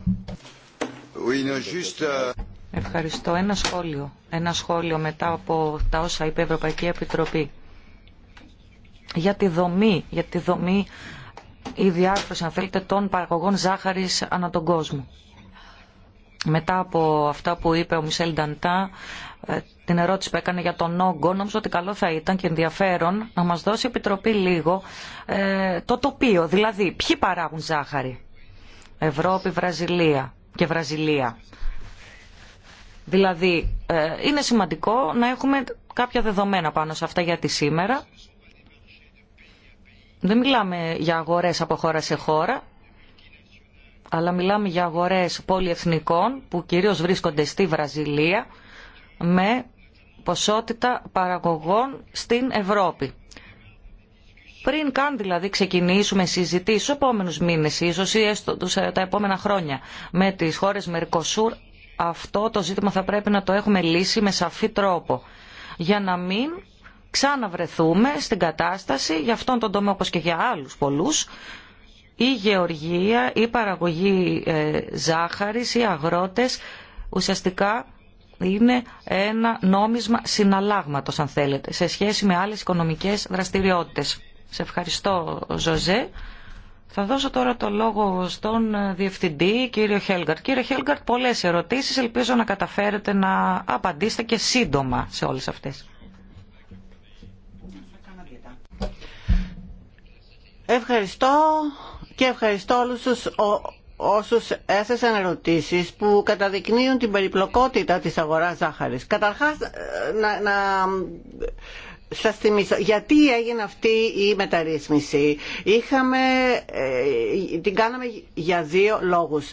Euh, Ευχαριστώ. Ένα σχόλιο. Ένα σχόλιο μετά από τα όσα είπε η Ευρωπαϊκή Επιτροπή για τη δομή, για τη δομή η διάρθρωση αν θέλετε των παραγωγών ζάχαρης ανά τον κόσμο. Μετά από αυτά που είπε ο Μισελ Νταντά, ε, την ερώτηση που έκανε για τον όγκο, νομίζω ότι καλό θα ήταν και ενδιαφέρον να μας δώσει η Επιτροπή λίγο ε, το τοπίο, δηλαδή ποιοι παράγουν ζάχαρη. Ευρώπη, Βραζιλία και Βραζιλία. Δηλαδή, ε, είναι σημαντικό να έχουμε κάποια δεδομένα πάνω σε αυτά γιατί σήμερα δεν μιλάμε για αγορές από χώρα σε χώρα, αλλά μιλάμε για αγορές πολυεθνικών που κυρίως βρίσκονται στη Βραζιλία με ποσότητα παραγωγών στην Ευρώπη. Πριν καν δηλαδή ξεκινήσουμε συζητήσεις στους επόμενους μήνες ίσως ή έστω ε, τα επόμενα χρόνια με τις χώρες Μερικοσούρ αυτό το ζήτημα θα πρέπει να το έχουμε λύσει με σαφή τρόπο για να μην ξαναβρεθούμε στην κατάσταση, για αυτόν τον τομέα όπως και για άλλους πολλούς, η γεωργία, η παραγωγή ε, ζάχαρης, οι αγρότες ουσιαστικά είναι ένα νόμισμα συναλλάγματος αν θέλετε σε σχέση με άλλες οικονομικές δραστηριότητες. Σε ευχαριστώ Ζωζέ. Θα δώσω τώρα το λόγο στον ε, Διευθυντή, κύριο Χέλγκαρτ. Κύριε Χέλγκαρτ, πολλές ερωτήσεις, ελπίζω να καταφέρετε να απαντήσετε και σύντομα σε όλες αυτές. Ευχαριστώ και ευχαριστώ όλους τους όσους έθεσαν ερωτήσεις που καταδεικνύουν την περιπλοκότητα της αγοράς ζάχαρης. Καταρχάς, ε, να, να σας θυμίσω, γιατί έγινε αυτή η μεταρρύθμιση. Είχαμε, ε, την κάναμε για δύο λόγους.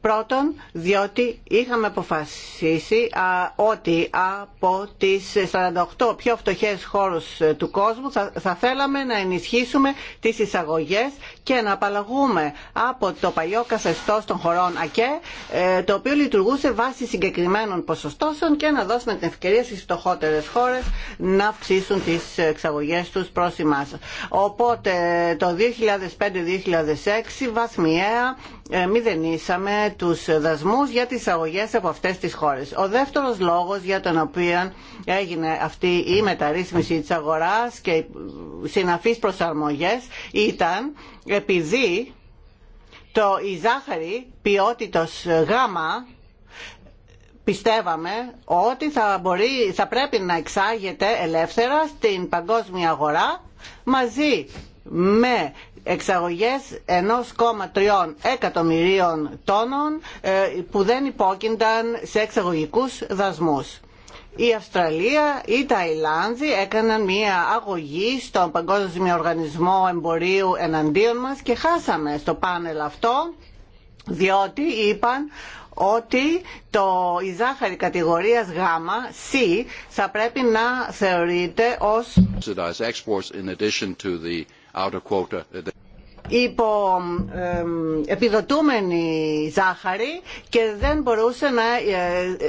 Πρώτον, διότι είχαμε αποφασίσει ότι από τις 48 πιο φτωχές χώρους ε, του κόσμου θα θέλαμε να ενισχύσουμε τις εισαγωγές και να απαλλαγούμε από το παλιό καθεστώ των χωρών ΑΚΕ, ε, το οποίο λειτουργούσε βάσει συγκεκριμένων ποσοστώσεων και να δώσουμε την ευκαιρία στι φτωχότερε χώρε να αυξήσουν τι εξαγωγέ του προ εμά. Οπότε το 2005-2006 βαθμιαία ε, μηδενίσαμε τους δασμού για τις εξαγωγές από αυτές τις χώρες. Ο δεύτερος λόγο για τον οποίο έγινε αυτή η μεταρρύθμιση τη αγορά και συναφεί προσαρμογέ ήταν επειδή το, η ζάχαρη ποιότητος γάμα πιστεύαμε ότι θα, θα πρέπει να εξάγεται ελεύθερα στην παγκόσμια αγορά μαζί με εξαγωγές 1,3 εκατομμυρίων τόνων ε, που δεν υπόκεινταν σε εξαγωγικούς δασμούς η Αυστραλία ή η Ταϊλάνδη έκαναν μία αγωγή στον Παγκόσμιο Οργανισμό Εμπορίου εναντίον μας και χάσαμε στο πάνελ αυτό διότι είπαν ότι το, η ζάχαρη κατηγορίας Γ, C, θα πρέπει να θεωρείται ως υπό επιδοτούμενη ζάχαρη και δεν μπορούσε να ε, ε,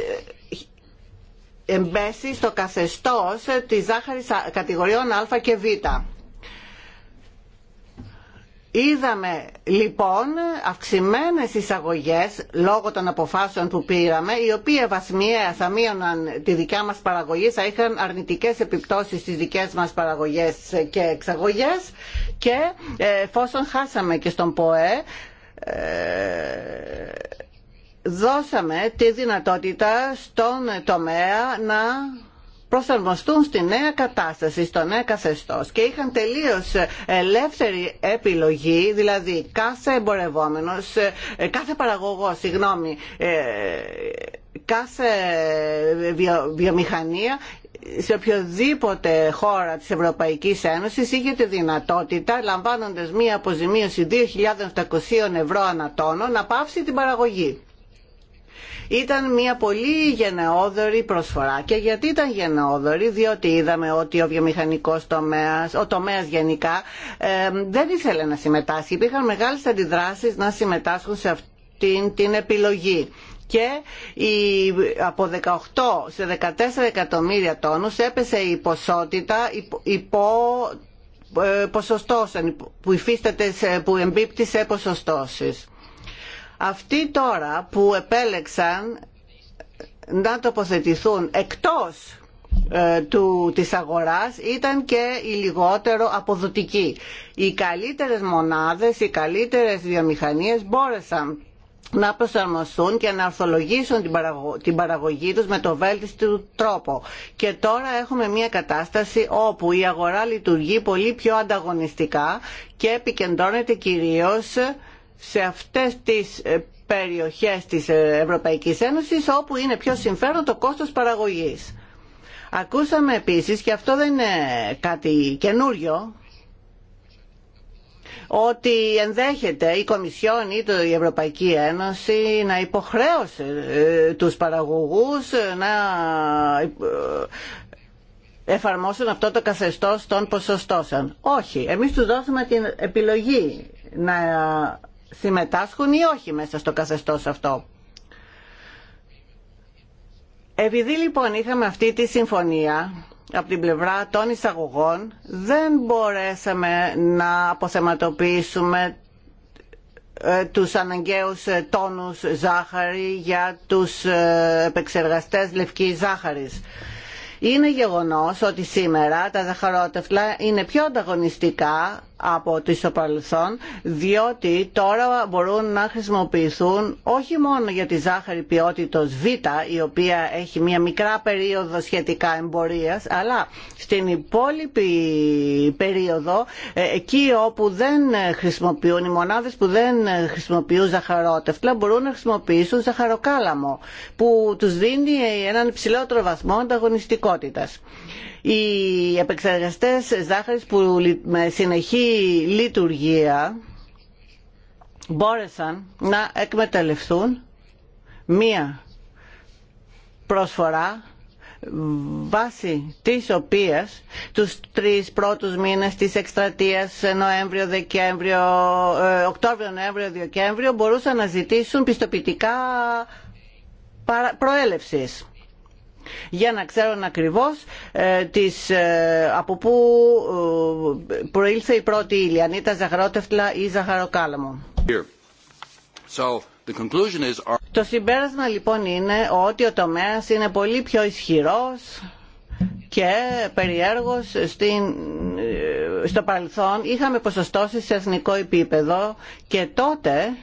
εμπέσει στο καθεστώς της ζάχαρης κατηγοριών Α και Β. Είδαμε λοιπόν αυξημένες εισαγωγές λόγω των αποφάσεων που πήραμε, οι οποίες βασμιαία θα μείωναν τη δικιά μας παραγωγή, θα είχαν αρνητικές επιπτώσεις στις δικές μας παραγωγές και εξαγωγές και ε, εφόσον χάσαμε και στον ΠΟΕ, ε, δώσαμε τη δυνατότητα στον τομέα να προσαρμοστούν στη νέα κατάσταση, στο νέο καθεστώ και είχαν τελείω ελεύθερη επιλογή, δηλαδή κάθε εμπορευόμενο, ε, κάθε παραγωγό, συγγνώμη, ε, κάθε βιομηχανία σε οποιοδήποτε χώρα της Ευρωπαϊκής Ένωσης είχε τη δυνατότητα, λαμβάνοντας μία αποζημίωση 2.700 ευρώ τόνο να πάυσει την παραγωγή. Ήταν μια πολύ γενναιόδορη προσφορά. Και γιατί ήταν γενναιόδορη, διότι είδαμε ότι ο βιομηχανικός τομέας, ο τομέας γενικά, δεν ήθελε να συμμετάσχει. Υπήρχαν μεγάλες αντιδράσεις να συμμετάσχουν σε αυτή την επιλογή και από 18 σε 14 εκατομμύρια τόνους έπεσε η ποσότητα υπό ε, ποσοστώσεις, που υφίσταται, που εμπίπτει σε ποσοστώσεις. Αυτοί τώρα που επέλεξαν να τοποθετηθούν εκτός ε, του, της αγοράς ήταν και οι λιγότερο αποδοτικοί. Οι καλύτερες μονάδες, οι καλύτερες βιομηχανίες μπόρεσαν να προσαρμοστούν και να αρθολογήσουν την, την παραγωγή τους με το βέλτιστο τρόπο. Και τώρα έχουμε μια κατάσταση όπου η αγορά λειτουργεί πολύ πιο ανταγωνιστικά και επικεντρώνεται κυρίως σε αυτές τις ε, περιοχές της ε, Ευρωπαϊκής Ένωσης όπου είναι πιο συμφέρον το κόστος παραγωγής. Ακούσαμε επίσης, και αυτό δεν είναι κάτι καινούριο, ότι ενδέχεται η Κομισιόν ή η Ευρωπαϊκή Ένωση να υποχρέωσε ε, τους παραγωγούς να εφαρμόσουν αυτό το καθεστώς των ποσοστώσεων. Όχι, εμείς τους δώσαμε την επιλογή να συμμετάσχουν ή όχι μέσα στο καθεστώς αυτό. Επειδή λοιπόν είχαμε αυτή τη συμφωνία από την πλευρά των εισαγωγών, δεν μπορέσαμε να αποθεματοποιήσουμε ε, τους αναγκαίους ε, τόνους ζάχαρη για τους ε, επεξεργαστές λευκής ζάχαρης. Είναι γεγονός ότι σήμερα τα ζαχαρότευλα είναι πιο ανταγωνιστικά από τι στο διότι τώρα μπορούν να χρησιμοποιηθούν όχι μόνο για τη ζάχαρη ποιότητος Β, η οποία έχει μια μικρά περίοδο σχετικά εμπορίας, αλλά στην υπόλοιπη περίοδο, ε, εκεί όπου δεν χρησιμοποιούν, οι μονάδες που δεν χρησιμοποιούν ζαχαρότευτα, μπορούν να χρησιμοποιήσουν ζαχαροκάλαμο, που τους δίνει έναν υψηλότερο βαθμό ανταγωνιστικότητας. Οι επεξεργαστές ζάχαρης που με συνεχή λειτουργία μπόρεσαν να εκμεταλλευτούν μία προσφορά βάση της οποίας τους τρεις πρώτους μήνες της εκστρατείας Νοέμβριο, Δεκέμβριο, ε, Οκτώβριο, Νοέμβριο, Δεκέμβριο μπορούσαν να ζητήσουν πιστοποιητικά προέλευσης για να ξέρουν ακριβώς ε, τις, ε, από πού ε, προήλθε η πρώτη ύλη, αν ήταν ζαχαρότευτλα ή ζαχαροκάλαμο. Το συμπέρασμα λοιπόν είναι ότι ο τομέας είναι πολύ πιο ισχυρός και περιέργως στην, στο παρελθόν είχαμε ποσοστώσεις σε εθνικό επίπεδο και τότε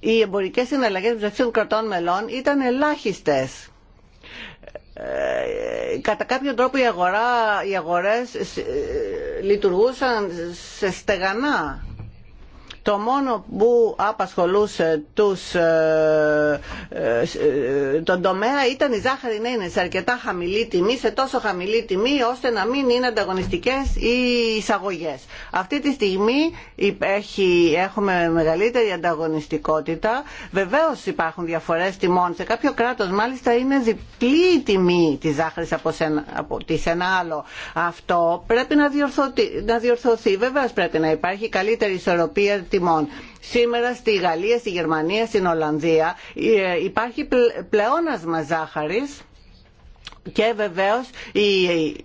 οι εμπορικές συναλλαγές μεταξύ των κρατών μελών ήταν ελάχιστες ε, κατά κάποιο τρόπο οι αγορά, οι αγορές ε, λειτουργούσαν σε στεγανά το μόνο που απασχολούσε τους, ε, ε, ε, τον τομέα ήταν η ζάχαρη να είναι σε αρκετά χαμηλή τιμή, σε τόσο χαμηλή τιμή ώστε να μην είναι ανταγωνιστικές οι εισαγωγές. Αυτή τη στιγμή έχει, έχουμε μεγαλύτερη ανταγωνιστικότητα. Βεβαίως υπάρχουν διαφορές τιμών. Σε κάποιο κράτος μάλιστα είναι διπλή η τιμή της ζάχαρης από, τη ένα άλλο. Αυτό πρέπει να διορθωθεί. Να διορθωθεί. Βεβαίως πρέπει να υπάρχει καλύτερη ισορροπία Σήμερα στη Γαλλία, στη Γερμανία, στην Ολλανδία ε, υπάρχει πλεόνασμα ζάχαρης και βεβαίως η,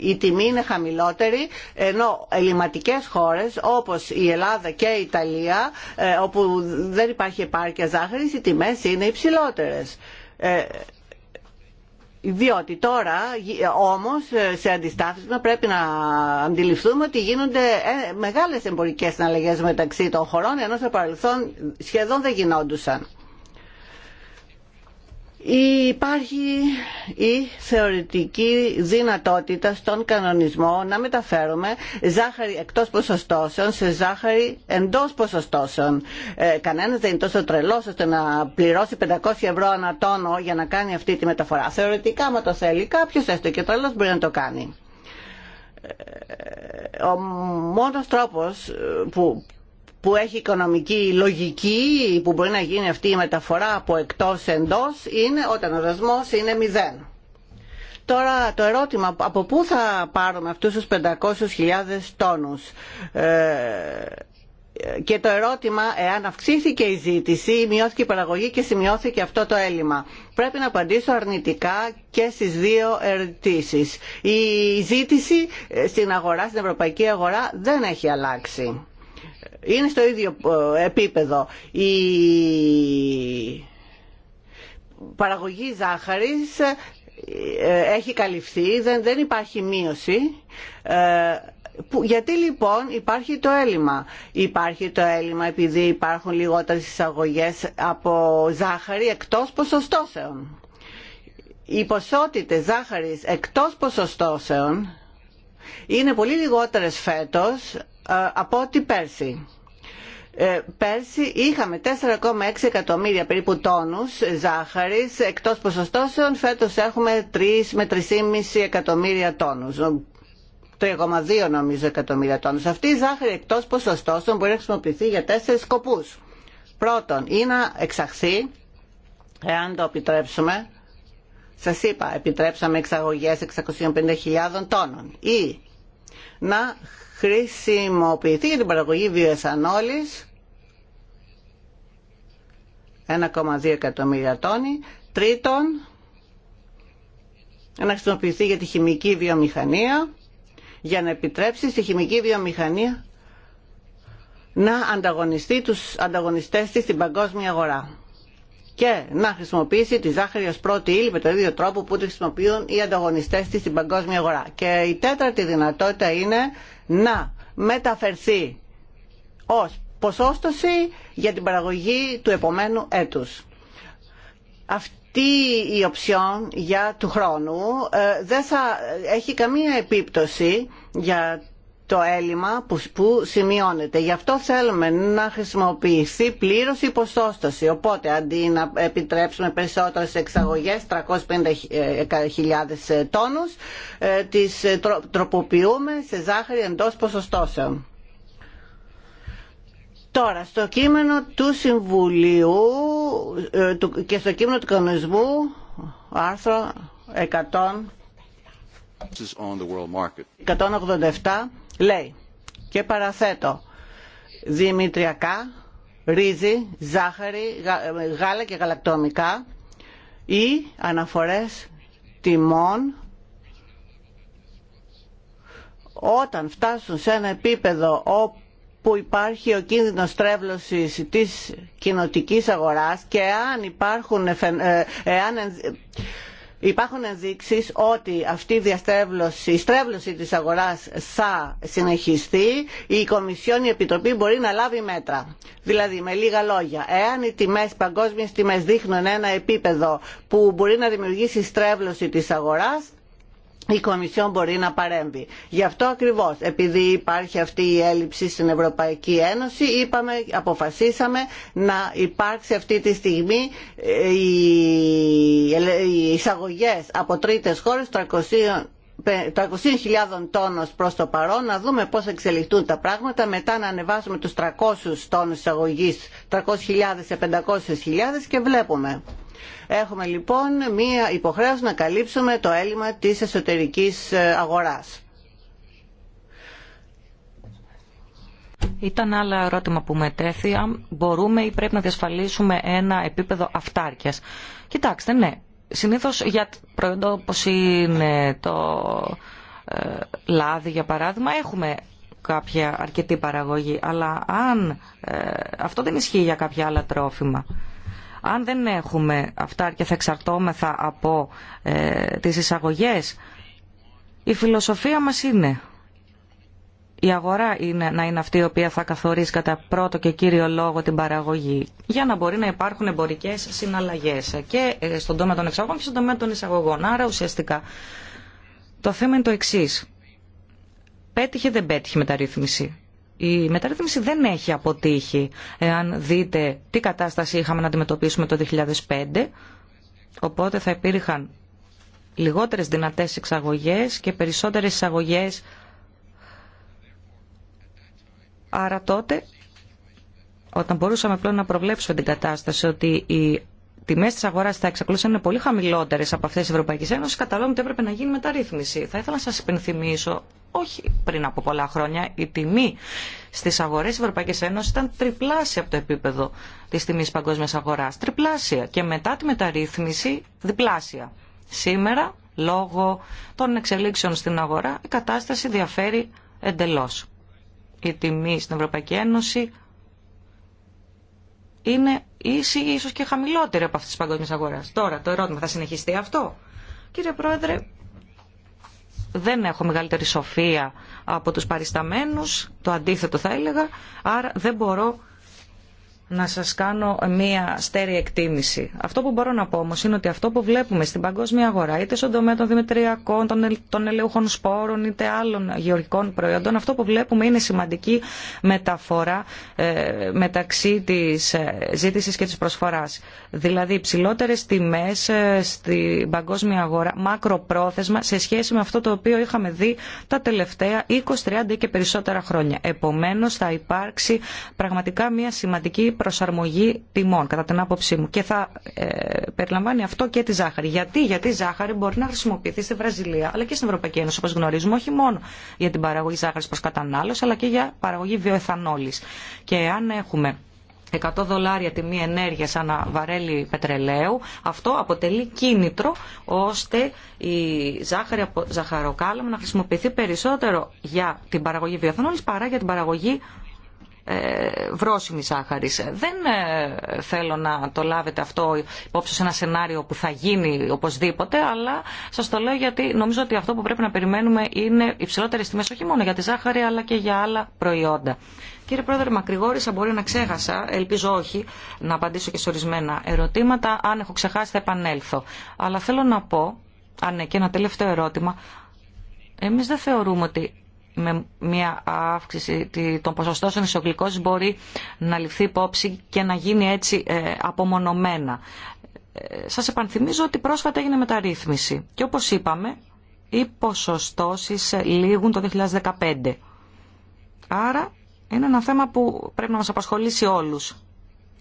η, τιμή είναι χαμηλότερη ενώ ελληματικές χώρες όπως η Ελλάδα και η Ιταλία ε, όπου δεν υπάρχει επάρκεια ζάχαρης οι τιμές είναι υψηλότερες. Ε, διότι τώρα όμως σε αντιστάθμισμα πρέπει να αντιληφθούμε ότι γίνονται ε, μεγάλες εμπορικές συναλλαγές μεταξύ των χωρών ενώ στο παρελθόν σχεδόν δεν γινόντουσαν. Υπάρχει η θεωρητική δυνατότητα στον κανονισμό να μεταφέρουμε ζάχαρη εκτός ποσοστώσεων σε ζάχαρη εντός ποσοστώσεων. Ε, κανένας δεν είναι τόσο τρελός ώστε να πληρώσει 500 ευρώ ανά τόνο για να κάνει αυτή τη μεταφορά. Θεωρητικά, άμα το θέλει κάποιος, έστω και τρελός, μπορεί να το κάνει ε, ο μόνος τρόπος που που έχει οικονομική λογική που μπορεί να γίνει αυτή η μεταφορά από εκτός εντός είναι όταν ο δεσμός είναι μηδέν. Τώρα το ερώτημα από πού θα πάρουμε αυτούς τους 500.000 τόνους ε, και το ερώτημα εάν αυξήθηκε η ζήτηση, μειώθηκε η παραγωγή και σημειώθηκε αυτό το έλλειμμα. Πρέπει να απαντήσω αρνητικά και στις δύο ερωτήσεις. Η ζήτηση στην αγορά, στην ευρωπαϊκή αγορά δεν έχει αλλάξει είναι στο ίδιο ε, επίπεδο. Η παραγωγή ζάχαρης ε, έχει καλυφθεί, δεν, δεν υπάρχει μείωση. Ε, γιατί λοιπόν υπάρχει το έλλειμμα. Υπάρχει το έλλειμμα επειδή υπάρχουν λιγότερες εισαγωγές από ζάχαρη εκτός ποσοστώσεων. Οι ποσότητες ζάχαρης εκτός ποσοστώσεων είναι πολύ λιγότερες φέτος ε, από ό,τι πέρσι. Ε, πέρσι είχαμε 4,6 εκατομμύρια περίπου τόνους ζάχαρης εκτός ποσοστώσεων. Φέτος έχουμε 3 με 3,5 εκατομμύρια τόνους. 3,2 νομίζω εκατομμύρια τόνους. Αυτή η ζάχαρη εκτός ποσοστώσεων μπορεί να χρησιμοποιηθεί για τέσσερις σκοπούς. Πρώτον, ή να εξαχθεί, εάν το επιτρέψουμε, σας είπα, επιτρέψαμε εξαγωγές 650.000 τόνων, ή να χρησιμοποιηθεί για την παραγωγή βιοεθανόλης 1,2 εκατομμύρια τόνοι. Τρίτον, να χρησιμοποιηθεί για τη χημική βιομηχανία για να επιτρέψει στη χημική βιομηχανία να ανταγωνιστεί τους ανταγωνιστές της στην παγκόσμια αγορά και να χρησιμοποιήσει τη ζάχαρη ως πρώτη ύλη με τον ίδιο τρόπο που τη χρησιμοποιούν οι ανταγωνιστές της στην παγκόσμια αγορά. Και η τέταρτη δυνατότητα είναι να μεταφερθεί ως ποσόστοση για την παραγωγή του επομένου έτους. Αυτή η οψιόν για του χρόνου ε, δεν θα έχει καμία επίπτωση για το έλλειμμα που, που σημειώνεται. Γι' αυτό θέλουμε να χρησιμοποιηθεί πλήρως η ποσόστοση. Οπότε αντί να επιτρέψουμε περισσότερες εξαγωγές, 350.000 ε, τόνους, ε, τις ε, τροποποιούμε σε ζάχαρη εντός ποσοστώσεων. Τώρα, στο κείμενο του Συμβουλίου και στο κείμενο του κανονισμού, άρθρο 100, 187, λέει και παραθέτω δημητριακά, ρύζι, ζάχαρη, γάλα και γαλακτομικά ή αναφορές τιμών όταν φτάσουν σε ένα επίπεδο όπου υπάρχει ο κίνδυνος τρέβλωσης της κοινοτικής αγοράς και αν υπάρχουν ε, Υπάρχουν ενδείξει ότι αυτή η διαστρέβλωση, η στρέβλωση της αγοράς θα συνεχιστεί, η Κομισιόν, η Επιτροπή μπορεί να λάβει μέτρα. Δηλαδή, με λίγα λόγια, εάν οι τιμές, οι παγκόσμιες τιμές δείχνουν ένα επίπεδο που μπορεί να δημιουργήσει στρέβλωση της αγοράς, η Κομισιόν μπορεί να παρέμβει. Γι' αυτό ακριβώς, επειδή υπάρχει αυτή η έλλειψη στην Ευρωπαϊκή Ένωση, είπαμε, αποφασίσαμε να υπάρξει αυτή τη στιγμή ε, ε, οι εισαγωγές από τρίτες χώρες 300 300.000 τόνους προς το παρόν, να δούμε πώς θα εξελιχθούν τα πράγματα, μετά να ανεβάσουμε τους 300 τόνους εισαγωγή 300.000 σε 500.000 και βλέπουμε. Έχουμε λοιπόν μία υποχρέωση να καλύψουμε το έλλειμμα της εσωτερικής ε, αγοράς. Ήταν άλλο ερώτημα που μετέθη, αν μπορούμε ή πρέπει να διασφαλίσουμε ένα επίπεδο αυτάρκειας. Κοιτάξτε, ναι, Συνήθως για προϊόντα όπως είναι το ε, λάδι για παράδειγμα έχουμε κάποια αρκετή παραγωγή αλλά αν ε, αυτό δεν ισχύει για κάποια άλλα τρόφιμα αν δεν έχουμε αυτά και θα εξαρτώμεθα από ε, τις εισαγωγές η φιλοσοφία μας είναι η αγορά είναι, να είναι αυτή η οποία θα καθορίσει κατά πρώτο και κύριο λόγο την παραγωγή για να μπορεί να υπάρχουν εμπορικέ συναλλαγέ και ε, στον τομέα των εξαγωγών και στον τομέα των εισαγωγών. Άρα ουσιαστικά το θέμα είναι το εξή. Πέτυχε δεν πέτυχε η μεταρρύθμιση. Η μεταρρύθμιση δεν έχει αποτύχει. Εάν δείτε τι κατάσταση είχαμε να αντιμετωπίσουμε το 2005, οπότε θα υπήρχαν λιγότερες δυνατές εξαγωγές και περισσότερες εισαγωγές Άρα τότε, όταν μπορούσαμε πλέον να προβλέψουμε την κατάσταση ότι οι τιμέ τη αγορά θα εξακολουθούσαν να είναι πολύ χαμηλότερε από αυτέ της Ευρωπαϊκή Ένωση, καταλάβουμε ότι έπρεπε να γίνει μεταρρύθμιση. Θα ήθελα να σα υπενθυμίσω, όχι πριν από πολλά χρόνια, η τιμή στι αγορέ τη Ευρωπαϊκή Ένωση ήταν τριπλάσια από το επίπεδο της τιμής παγκόσμια αγορά. Τριπλάσια. Και μετά τη μεταρρύθμιση, διπλάσια. Σήμερα, λόγω των εξελίξεων στην αγορά, η κατάσταση διαφέρει εντελώς η τιμή στην Ευρωπαϊκή Ένωση είναι ίση ή ίσως και χαμηλότερη από αυτή τη παγκόσμια αγορά. Τώρα το ερώτημα θα συνεχιστεί αυτό. Κύριε Πρόεδρε, δεν έχω μεγαλύτερη σοφία από τους παρισταμένους, το αντίθετο θα έλεγα, άρα δεν μπορώ να σας κάνω μία στέρη εκτίμηση. Αυτό που μπορώ να πω όμως είναι ότι αυτό που βλέπουμε στην παγκόσμια αγορά, είτε στον τομέα των δημητριακών, των ελαιούχων σπόρων, είτε άλλων γεωργικών προϊόντων, αυτό που βλέπουμε είναι σημαντική μεταφορά ε, μεταξύ της ε, ζήτησης και της προσφοράς. Δηλαδή υψηλότερες τιμές ε, στην παγκόσμια αγορά, μακροπρόθεσμα, σε σχέση με αυτό το οποίο είχαμε δει τα τελευταία 20, 30 και περισσότερα χρόνια. Επομένως θα υπάρξει πραγματικά μία σημαντική προσαρμογή τιμών, κατά την άποψή μου. Και θα ε, περιλαμβάνει αυτό και τη ζάχαρη. Γιατί? Γιατί η ζάχαρη μπορεί να χρησιμοποιηθεί στη Βραζιλία, αλλά και στην Ευρωπαϊκή Ένωση, όπω γνωρίζουμε, όχι μόνο για την παραγωγή ζάχαρη προ κατανάλωση, αλλά και για παραγωγή βιοεθανόλη. Και αν έχουμε 100 δολάρια τιμή ενέργεια ανά βαρέλι πετρελαίου, αυτό αποτελεί κίνητρο ώστε η ζάχαρη από ζαχαροκάλαμα να χρησιμοποιηθεί περισσότερο για την παραγωγή βιοθανόλης παρά για την παραγωγή ε, βρώσιμη ζάχαρη. Δεν ε, θέλω να το λάβετε αυτό υπόψη σε ένα σενάριο που θα γίνει οπωσδήποτε, αλλά σα το λέω γιατί νομίζω ότι αυτό που πρέπει να περιμένουμε είναι υψηλότερε τιμέ όχι μόνο για τη ζάχαρη αλλά και για άλλα προϊόντα. Κύριε Πρόεδρε, μακρηγόρησα, μπορεί να ξέχασα, ελπίζω όχι, να απαντήσω και σε ορισμένα ερωτήματα. Αν έχω ξεχάσει θα επανέλθω. Αλλά θέλω να πω, αν ναι, και ένα τελευταίο ερώτημα, εμείς δεν θεωρούμε ότι με μια αύξηση των ποσοστώσεων ισογλυκός μπορεί να ληφθεί υπόψη και να γίνει έτσι ε, απομονωμένα. Ε, σας επανθυμίζω ότι πρόσφατα έγινε μεταρρύθμιση και όπως είπαμε οι ποσοστώσεις ε, λήγουν το 2015. Άρα είναι ένα θέμα που πρέπει να μας απασχολήσει όλους.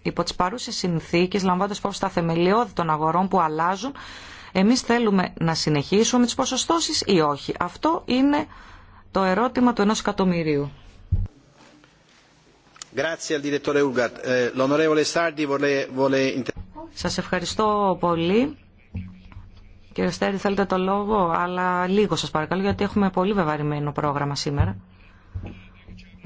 Υπό τις παρούσες συνθήκες, λαμβάνοντας υπόψη τα θεμελιώδη των αγορών που αλλάζουν, εμείς θέλουμε να συνεχίσουμε τις ποσοστώσεις ή όχι. Αυτό είναι το ερώτημα του ενός εκατομμυρίου. Ε, σας ευχαριστώ πολύ. Κύριε Στέρη, θέλετε το λόγο, αλλά λίγο σας παρακαλώ, γιατί έχουμε πολύ βεβαρημένο πρόγραμμα σήμερα.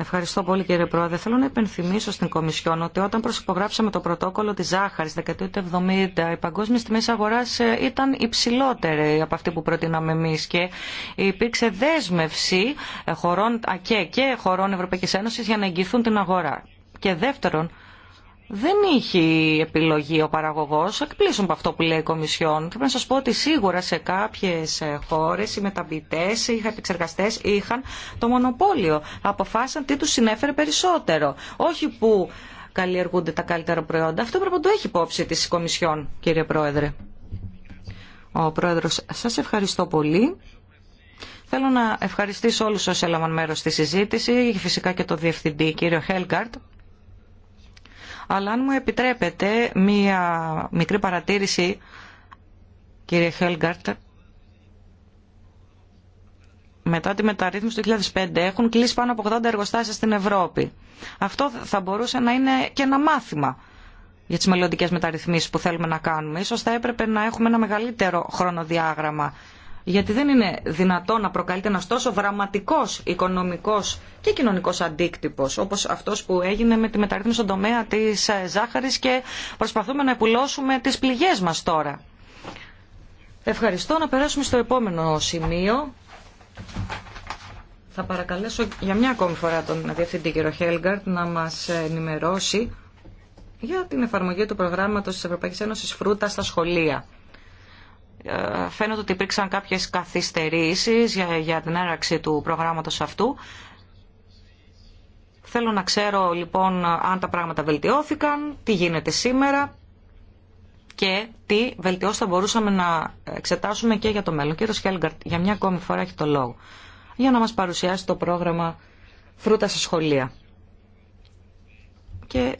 Ευχαριστώ πολύ κύριε Πρόεδρε. Θέλω να υπενθυμίσω στην Κομισιόν ότι όταν προσυπογράψαμε το πρωτόκολλο τη ζάχαρη δεκαετία του 70, οι παγκόσμιε τιμέ αγορά ε, ήταν υψηλότερε από αυτή που προτείναμε εμεί και υπήρξε δέσμευση ε, χωρών ΑΚΕ και χωρών Ευρωπαϊκή Ένωση για να εγγυηθούν την αγορά. Και δεύτερον, δεν είχε επιλογή ο παραγωγός. Εκπλήσουν από αυτό που λέει η Κομισιόν. Και πρέπει να σας πω ότι σίγουρα σε κάποιες ε, χώρες οι μεταμπητές, οι επεξεργαστές είχαν το μονοπόλιο. Αποφάσισαν τι τους συνέφερε περισσότερο. Όχι που καλλιεργούνται τα καλύτερα προϊόντα. Αυτό πρέπει να το έχει υπόψη της Κομισιόν, κύριε Πρόεδρε. Ο Πρόεδρος, σας ευχαριστώ πολύ. Θέλω να ευχαριστήσω όλους όσοι έλαβαν μέρος στη συζήτηση, φυσικά και το Διευθυντή, κύριο Χέλγκαρτ, αλλά αν μου επιτρέπετε μία μικρή παρατήρηση, κύριε Χέλγκαρτ, μετά τη μεταρρύθμιση του 2005 έχουν κλείσει πάνω από 80 εργοστάσια στην Ευρώπη. Αυτό θα μπορούσε να είναι και ένα μάθημα για τις μελλοντικές μεταρρυθμίσεις που θέλουμε να κάνουμε. Ίσως θα έπρεπε να έχουμε ένα μεγαλύτερο χρονοδιάγραμμα γιατί δεν είναι δυνατό να προκαλείται ένας τόσο δραματικός οικονομικός και κοινωνικός αντίκτυπος όπως αυτός που έγινε με τη μεταρρύθμιση στον τομέα της ε, ζάχαρης και προσπαθούμε να επουλώσουμε τις πληγές μας τώρα. Ευχαριστώ. Να περάσουμε στο επόμενο σημείο. Θα παρακαλέσω για μια ακόμη φορά τον Διευθυντή κύριο Χέλγκαρτ να μας ενημερώσει για την εφαρμογή του προγράμματος της Ευρωπαϊκής Ένωσης Φρούτα στα σχολεία. Ε, φαίνεται ότι υπήρξαν κάποιες καθυστερήσεις για, για την έναρξη του προγράμματος αυτού. Θέλω να ξέρω λοιπόν αν τα πράγματα βελτιώθηκαν, τι γίνεται σήμερα και τι βελτιώσει θα μπορούσαμε να εξετάσουμε και για το μέλλον. Κύριο Χέλγκαρτ, για μια ακόμη φορά έχει το λόγο για να μας παρουσιάσει το πρόγραμμα Φρούτα στα σχολεία. Και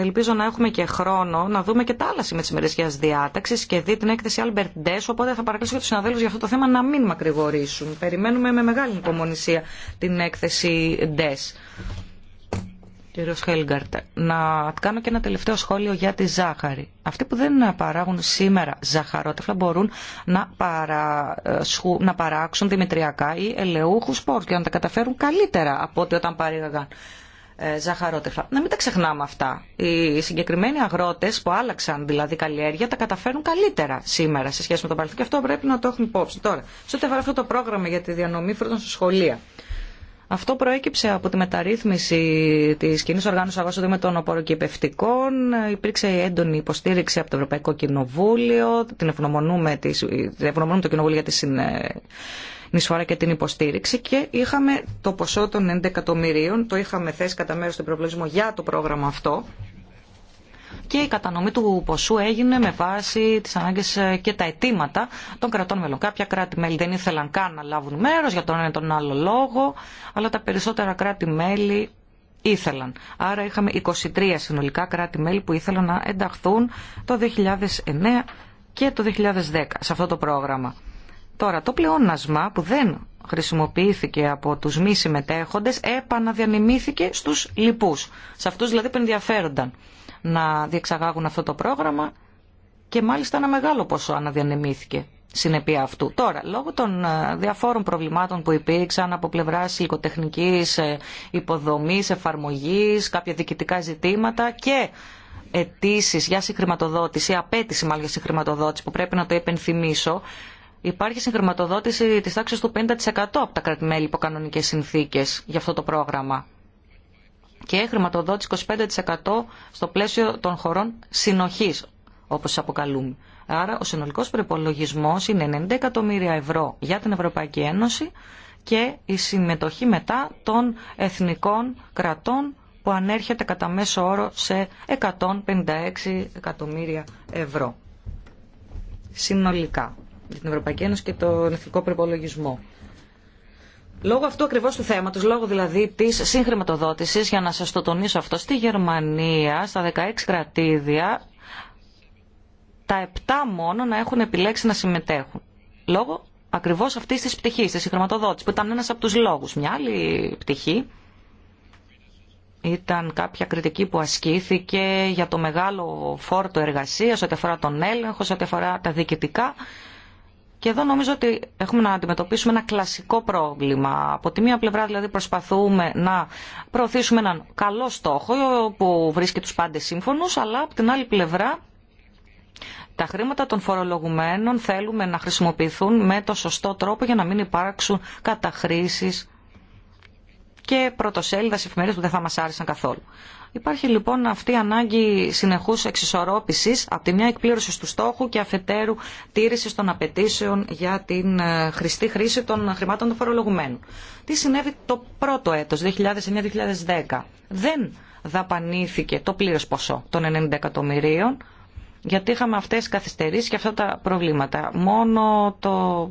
Ελπίζω να έχουμε και χρόνο να δούμε και τα άλλα σημεία τη ημερησία διάταξη και δει την έκθεση Albert Dess, Οπότε θα παρακαλέσω και του συναδέλφου για αυτό το θέμα να μην μακρηγορήσουν. Περιμένουμε με μεγάλη υπομονησία την έκθεση Dess. Κύριο Χέλγκαρτ, να κάνω και ένα τελευταίο σχόλιο για τη ζάχαρη. Αυτοί που δεν παράγουν σήμερα ζαχαρότεφλα μπορούν να, παρα... να παράξουν δημητριακά ή ελαιούχου σπόρου και να τα καταφέρουν καλύτερα από ό,τι όταν παρήγαγαν ε, να μην τα ξεχνάμε αυτά. Οι συγκεκριμένοι αγρότε που άλλαξαν δηλαδή καλλιέργεια τα καταφέρουν καλύτερα σήμερα σε σχέση με το παρελθόν και αυτό πρέπει να το έχουμε υπόψη. Τώρα, σε ό,τι αφορά αυτό το πρόγραμμα για τη διανομή φρούτων στα σχολεία. Αυτό προέκυψε από τη μεταρρύθμιση τη κοινή οργάνωση αγώνα με των οποροκυπευτικών. Υπήρξε έντονη υποστήριξη από το Ευρωπαϊκό Κοινοβούλιο. Την ευγνωμονούμε, ευγνωμονούμε το Κοινοβούλιο για τη εισφορά και την υποστήριξη και είχαμε το ποσό των 11 εκατομμυρίων, το είχαμε θέσει κατά μέρο του προβλησμό για το πρόγραμμα αυτό και η κατανομή του ποσού έγινε με βάση τις ανάγκες ε, και τα αιτήματα των κρατών μελών. Κάποια κράτη-μέλη δεν ήθελαν καν να λάβουν μέρος για τον ένα ή τον άλλο λόγο, αλλά τα περισσότερα κράτη-μέλη ήθελαν. Άρα είχαμε 23 συνολικά κράτη-μέλη που ήθελαν να ενταχθούν το 2009 και το 2010 σε αυτό το πρόγραμμα. Τώρα, το πλεόνασμα που δεν χρησιμοποιήθηκε από τους μη συμμετέχοντες επαναδιανεμήθηκε στους λοιπούς. Σε αυτούς δηλαδή που ενδιαφέρονταν να διεξαγάγουν αυτό το πρόγραμμα και μάλιστα ένα μεγάλο ποσό αναδιανεμήθηκε συνεπή αυτού. Τώρα, λόγω των ε, διαφόρων προβλημάτων που υπήρξαν από πλευρά υλικοτεχνική ε, υποδομή, εφαρμογή, κάποια διοικητικά ζητήματα και αιτήσει για συγχρηματοδότηση, απέτηση μάλλον για συγχρηματοδότηση που πρέπει να το υπενθυμίσω, Υπάρχει συγχρηματοδότηση της τάξης του 50% από τα κρατημέλη υποκανονικές συνθήκες για αυτό το πρόγραμμα και χρηματοδότηση 25% στο πλαίσιο των χωρών συνοχής, όπως αποκαλούμε. Άρα ο συνολικός προϋπολογισμός είναι 90 εκατομμύρια ευρώ για την Ευρωπαϊκή Ένωση και η συμμετοχή μετά των εθνικών κρατών που ανέρχεται κατά μέσο όρο σε 156 εκατομμύρια ευρώ συνολικά για την Ευρωπαϊκή Ένωση και τον εθνικό προπολογισμό. Λόγω αυτού ακριβώ του θέματος, λόγω δηλαδή τη σύγχρηματοδότηση, για να σα το τονίσω αυτό, στη Γερμανία, στα 16 κρατήδια, τα 7 μόνο να έχουν επιλέξει να συμμετέχουν. Λόγω ακριβώ αυτή τη πτυχή, της συγχρηματοδότηση, που ήταν ένα από του λόγου. Μια άλλη πτυχή ήταν κάποια κριτική που ασκήθηκε για το μεγάλο φόρτο εργασία ό,τι αφορά τον έλεγχο, ό,τι αφορά τα διοικητικά και εδώ νομίζω ότι έχουμε να αντιμετωπίσουμε ένα κλασικό πρόβλημα. Από τη μία πλευρά δηλαδή προσπαθούμε να προωθήσουμε έναν καλό στόχο που βρίσκει τους πάντες σύμφωνους, αλλά από την άλλη πλευρά τα χρήματα των φορολογουμένων θέλουμε να χρησιμοποιηθούν με το σωστό τρόπο για να μην υπάρξουν καταχρήσεις και πρωτοσέλιδα εφημερίδες που δεν θα μας άρεσαν καθόλου. Υπάρχει λοιπόν αυτή η ανάγκη συνεχούς εξισορρόπησης από τη μια εκπλήρωση του στόχου και αφετέρου τήρησης των απαιτήσεων για την ε, χρηστή χρήση των χρημάτων των φορολογουμένων. Τι συνέβη το πρώτο έτος, 2009-2010. Δεν δαπανήθηκε το πλήρες ποσό των 90 εκατομμυρίων, γιατί είχαμε αυτές τις καθυστερήσεις και αυτά τα προβλήματα. Μόνο το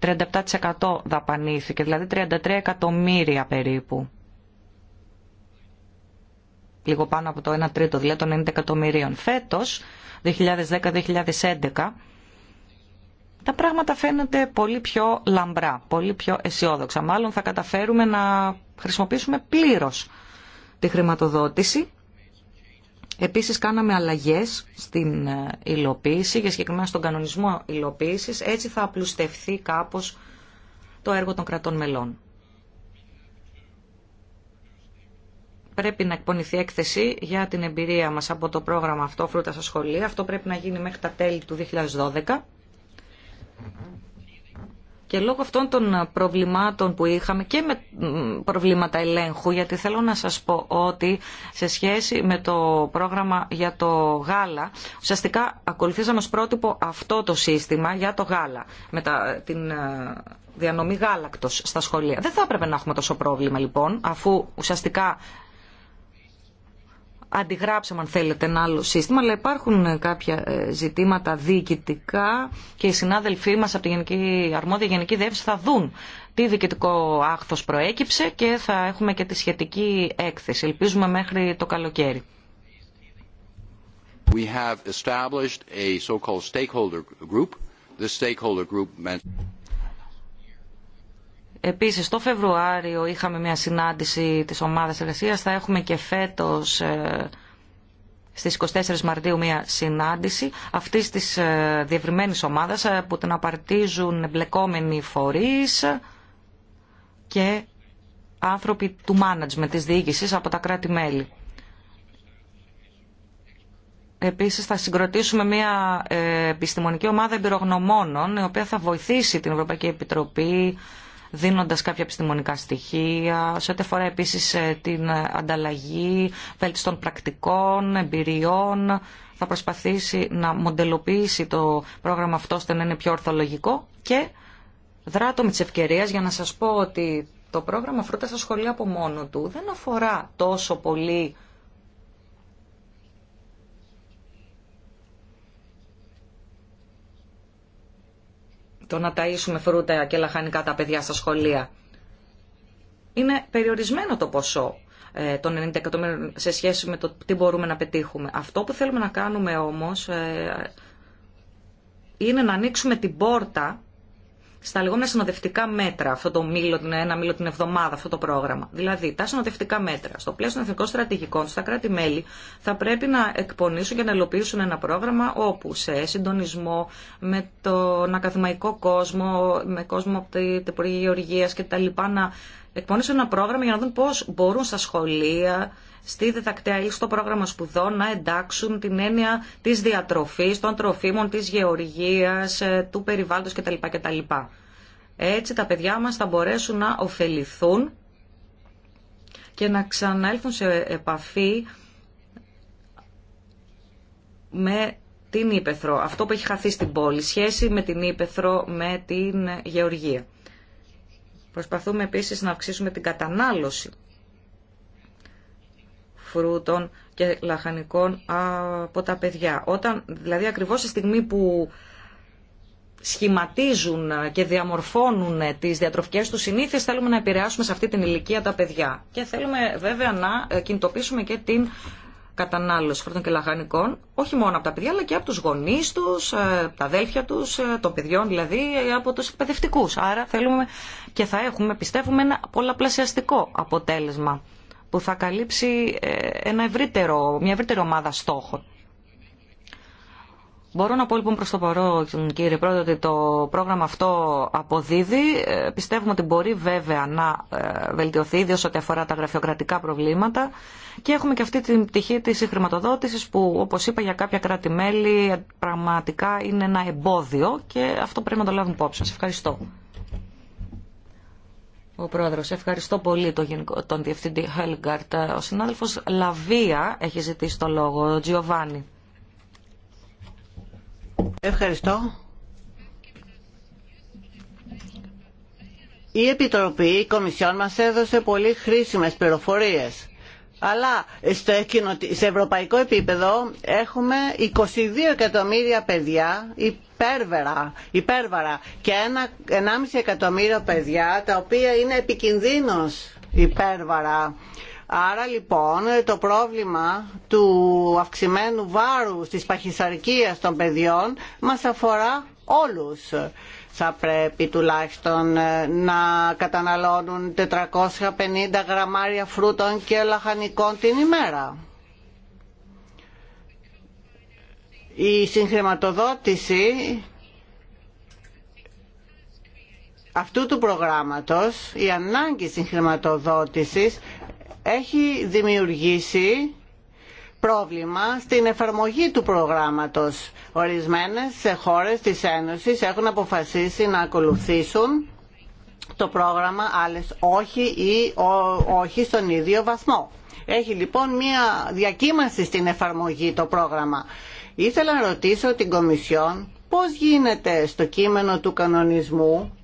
37% δαπανήθηκε, δηλαδή 33 εκατομμύρια περίπου λίγο πάνω από το 1 τρίτο, δηλαδή των 90 εκατομμυρίων. Φέτος, 2010-2011, τα πράγματα φαίνονται πολύ πιο λαμπρά, πολύ πιο αισιόδοξα. Μάλλον θα καταφέρουμε να χρησιμοποιήσουμε πλήρω τη χρηματοδότηση. Επίσης κάναμε αλλαγές στην ε, υλοποίηση, για συγκεκριμένα στον κανονισμό υλοποίηση, Έτσι θα απλουστευθεί κάπω το έργο των κρατών μελών. πρέπει να εκπονηθεί έκθεση για την εμπειρία μας από το πρόγραμμα αυτό «Φρούτα στα σχολεία». Αυτό πρέπει να γίνει μέχρι τα τέλη του 2012. Και λόγω αυτών των προβλημάτων που είχαμε και με προβλήματα ελέγχου, γιατί θέλω να σας πω ότι σε σχέση με το πρόγραμμα για το γάλα, ουσιαστικά ακολουθήσαμε ως πρότυπο αυτό το σύστημα για το γάλα, με τα, την ε, διανομή γάλακτος στα σχολεία. Δεν θα έπρεπε να έχουμε τόσο πρόβλημα λοιπόν, αφού ουσιαστικά αντιγράψαμε αν θέλετε ένα άλλο σύστημα, αλλά υπάρχουν ε, κάποια ε, ζητήματα διοικητικά και οι συνάδελφοί μας από τη Γενική Αρμόδια Γενική Διεύθυνση θα δουν τι διοικητικό άχθος προέκυψε και θα έχουμε και τη σχετική έκθεση. Ελπίζουμε μέχρι το καλοκαίρι. We have established a so-called stakeholder group. stakeholder group Επίσης, το Φεβρουάριο είχαμε μια συνάντηση της ομάδας εργασίας. Θα έχουμε και φέτος ε, στις 24 Μαρτίου μια συνάντηση αυτής της ε, διευρυμένης ομάδας ε, που την απαρτίζουν μπλεκόμενοι φορείς και άνθρωποι του management της διοίκησης από τα κράτη-μέλη. Επίσης θα συγκροτήσουμε μια επιστημονική ομάδα εμπειρογνωμόνων η οποία θα βοηθήσει την Ευρωπαϊκή Επιτροπή δίνοντας κάποια επιστημονικά στοιχεία, σε ό,τι αφορά επίσης ε, την ανταλλαγή βέλτιστων πρακτικών, εμπειριών, θα προσπαθήσει να μοντελοποιήσει το πρόγραμμα αυτό ώστε να είναι πιο ορθολογικό και δράτω με τις ευκαιρίες για να σας πω ότι το πρόγραμμα Φρούτα στα σχολεία από μόνο του δεν αφορά τόσο πολύ το να ταΐσουμε φρούτα και λαχανικά τα παιδιά στα σχολεία. Είναι περιορισμένο το ποσό ε, των 90 σε σχέση με το τι μπορούμε να πετύχουμε. Αυτό που θέλουμε να κάνουμε όμως ε, είναι να ανοίξουμε την πόρτα στα λεγόμενα συνοδευτικά μέτρα, αυτό το μήλο, την ένα μήλο την εβδομάδα, αυτό το πρόγραμμα. Δηλαδή, τα συνοδευτικά μέτρα στο πλαίσιο των εθνικών στρατηγικών, στα κράτη-μέλη θα πρέπει να εκπονήσουν και να υλοποιήσουν ένα πρόγραμμα όπου σε συντονισμό με τον ακαδημαϊκό κόσμο, με κόσμο από την και Γεωργία κτλ. να εκπονήσουν ένα πρόγραμμα για να δουν πώ μπορούν στα σχολεία στη διδακτέα ή στο πρόγραμμα σπουδών να εντάξουν την έννοια τη διατροφής, των τροφίμων, της γεωργίας, ε, του περιβάλλοντο κτλ. Έτσι τα παιδιά μας θα μπορέσουν να ωφεληθούν και να ξαναέλθουν σε επαφή με την Ήπεθρο, αυτό που έχει χαθεί στην πόλη, σχέση με την Ήπεθρο, με την Γεωργία. Προσπαθούμε επίσης να αυξήσουμε την κατανάλωση φρούτων και λαχανικών από τα παιδιά. Όταν, δηλαδή ακριβώς στη στιγμή που σχηματίζουν και διαμορφώνουν τις διατροφικές του συνήθειες θέλουμε να επηρεάσουμε σε αυτή την ηλικία τα παιδιά. Και θέλουμε βέβαια να κινητοποιήσουμε και την κατανάλωση φρούτων και λαχανικών, όχι μόνο από τα παιδιά, αλλά και από τους γονείς τους, ε, τα αδέλφια τους, ε, των παιδιών δηλαδή, ε, από τους εκπαιδευτικούς. Άρα θέλουμε και θα έχουμε, πιστεύουμε, ένα πολλαπλασιαστικό αποτέλεσμα που θα καλύψει ε, ένα ευρύτερο, μια ευρύτερη ομάδα στόχων. Μπορώ να πω λοιπόν προς το παρόν κύριε Πρόεδρε ότι το πρόγραμμα αυτό αποδίδει. Ε, πιστεύουμε ότι μπορεί βέβαια να ε, βελτιωθεί ιδίως ό,τι αφορά τα γραφειοκρατικά προβλήματα και έχουμε και αυτή την πτυχή της χρηματοδότησης που όπως είπα για κάποια κράτη-μέλη πραγματικά είναι ένα εμπόδιο και αυτό πρέπει να το λάβουμε υπόψη. Σας ευχαριστώ. Ο πρόεδρο. ευχαριστώ πολύ τον διευθυντή Χέλγκαρτ. Ο συνάδελφο Λαβία έχει ζητήσει το λόγο, ο Τζιωβάνι. Ευχαριστώ. Η Επιτροπή, η Κομισιόν μας έδωσε πολύ χρήσιμες πληροφορίες. Αλλά στο, σε ευρωπαϊκό επίπεδο έχουμε 22 εκατομμύρια παιδιά υπέρβαρα και ένα, 1,5 εκατομμύριο παιδιά τα οποία είναι επικινδύνως υπέρβαρα. Άρα λοιπόν το πρόβλημα του αυξημένου βάρους της παχυσαρκίας των παιδιών μας αφορά όλους. Θα πρέπει τουλάχιστον ε, να καταναλώνουν 450 γραμμάρια φρούτων και λαχανικών την ημέρα. η συγχρηματοδότηση αυτού του προγράμματος, η ανάγκη συγχρηματοδότησης έχει δημιουργήσει πρόβλημα στην εφαρμογή του προγράμματος. Ορισμένες χώρες της Ένωσης έχουν αποφασίσει να ακολουθήσουν το πρόγραμμα, άλλες όχι ή όχι στον ίδιο βαθμό. Έχει λοιπόν μία διακύμαση στην εφαρμογή το πρόγραμμα. Ήθελα να ρωτήσω την Κομισιόν πώς γίνεται στο κείμενο του κανονισμού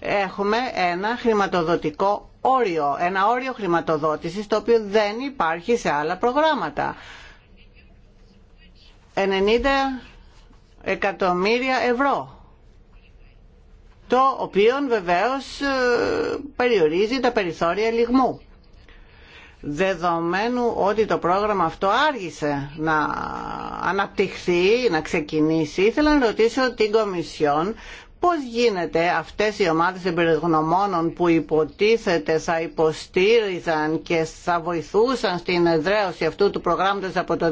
έχουμε ένα χρηματοδοτικό όριο, ένα όριο χρηματοδότησης το οποίο δεν υπάρχει σε άλλα προγράμματα. 90 εκατομμύρια ευρώ το οποίο βεβαίως ε, περιορίζει τα περιθώρια λιγμού δεδομένου ότι το πρόγραμμα αυτό άργησε να αναπτυχθεί, να ξεκινήσει. Ήθελα να ρωτήσω την Κομισιόν πώς γίνεται αυτές οι ομάδες εμπειρογνωμόνων που υποτίθεται θα υποστήριζαν και θα βοηθούσαν στην εδραίωση αυτού του προγράμματος από το 2009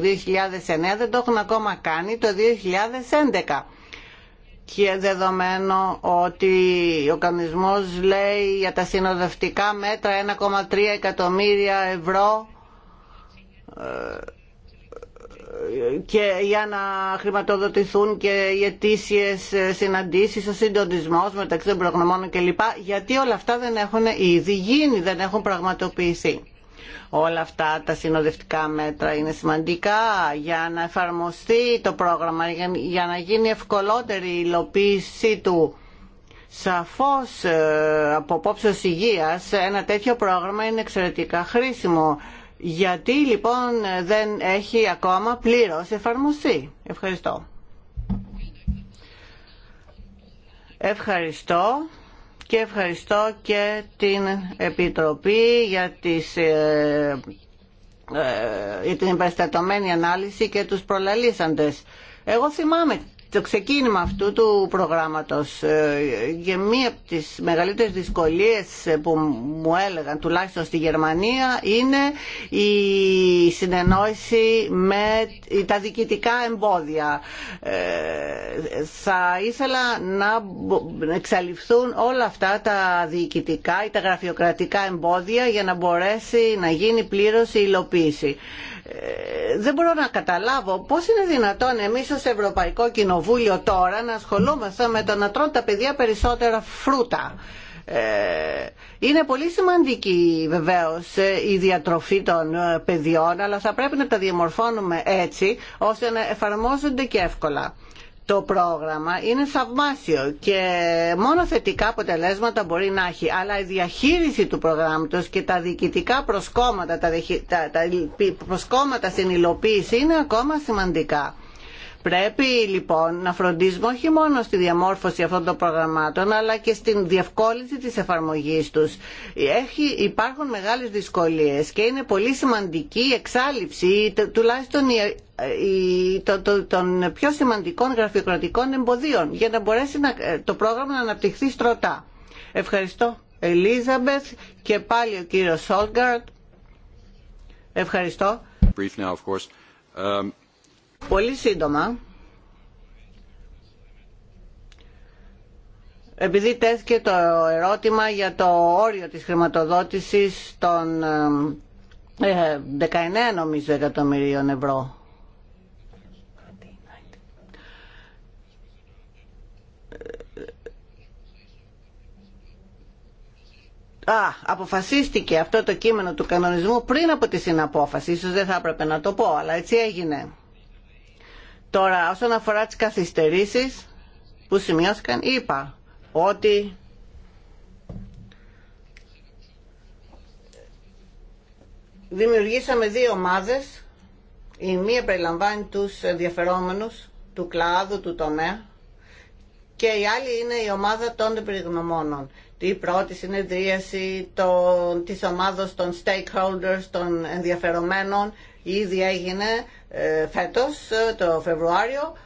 δεν το έχουν ακόμα κάνει το 2011 και δεδομένο ότι ο κανονισμός λέει για τα συνοδευτικά μέτρα 1,3 εκατομμύρια ευρώ ε, και για να χρηματοδοτηθούν και οι αιτήσιε συναντήσει, ο συντονισμό μεταξύ των προγνωμών κλπ. Γιατί όλα αυτά δεν έχουν ήδη γίνει, δεν έχουν πραγματοποιηθεί. Όλα αυτά τα συνοδευτικά μέτρα είναι σημαντικά για να εφαρμοστεί το πρόγραμμα, για να γίνει ευκολότερη η υλοποίησή του. Σαφώς ε, από απόψεως υγείας ένα τέτοιο πρόγραμμα είναι εξαιρετικά χρήσιμο. Γιατί λοιπόν δεν έχει ακόμα πλήρως εφαρμοστεί. Ευχαριστώ. Ευχαριστώ και ευχαριστώ και την Επιτροπή για, τις, για ε, ε, ε, την υπερστατωμένη ανάλυση και τους προλαλήσαντες. Εγώ θυμάμαι το ξεκίνημα αυτού του προγράμματος και ε, μία από τις μεγαλύτερες δυσκολίες ε, που μου έλεγαν τουλάχιστον στη Γερμανία είναι η συνεννόηση με τα διοικητικά εμπόδια. Ε, θα ήθελα να εξαλειφθούν όλα αυτά τα διοικητικά ή τα γραφειοκρατικά εμπόδια για να μπορέσει να γίνει πλήρωση η υλοποίηση. Ε, δεν μπορώ να καταλάβω πώς είναι δυνατόν εμείς ως Ευρωπαϊκό Κοινοβούλιο τώρα να ασχολούμαστε με το να τρώνε τα παιδιά περισσότερα φρούτα. Ε, είναι πολύ σημαντική βεβαίως ε, η διατροφή των παιδιών αλλά θα πρέπει να τα διαμορφώνουμε έτσι ώστε να εφαρμόζονται και εύκολα το πρόγραμμα είναι θαυμάσιο και μόνο θετικά αποτελέσματα μπορεί να έχει. Αλλά η διαχείριση του προγράμματος και τα διοικητικά προσκόμματα, τα, τα προσκόμματα στην υλοποίηση είναι ακόμα σημαντικά. Πρέπει λοιπόν να φροντίζουμε όχι μόνο στη διαμόρφωση αυτών των προγραμμάτων αλλά και στην διευκόλυνση της εφαρμογής τους. υπάρχουν μεγάλες δυσκολίες και είναι πολύ σημαντική η εξάλληψη, τουλάχιστον η των πιο σημαντικών γραφειοκρατικών εμποδίων για να μπορέσει ε, το πρόγραμμα να αναπτυχθεί στρωτά. Ευχαριστώ. Ελίζαμπεθ και πάλι ο κύριος Σόλγκαρτ. Ευχαριστώ. Um, Πολύ σύντομα, επειδή τέθηκε το ερώτημα για το όριο της χρηματοδότησης των 19 ε, ε, νομίζω εκατομμυρίων ευρώ. α, αποφασίστηκε αυτό το κείμενο του κανονισμού πριν από τη συναπόφαση. Ίσως δεν θα έπρεπε να το πω, αλλά έτσι έγινε. Τώρα, όσον αφορά τις καθυστερήσεις που σημειώθηκαν, είπα ότι δημιουργήσαμε δύο ομάδες. Η μία περιλαμβάνει τους ενδιαφερόμενους του κλάδου, του τομέα και η άλλη είναι η ομάδα των επιγνωμόνων η πρώτη συνεδρίαση των, της ομάδος των stakeholders, των ενδιαφερομένων, ήδη έγινε ε, φέτος, ε, το Φεβρουάριο,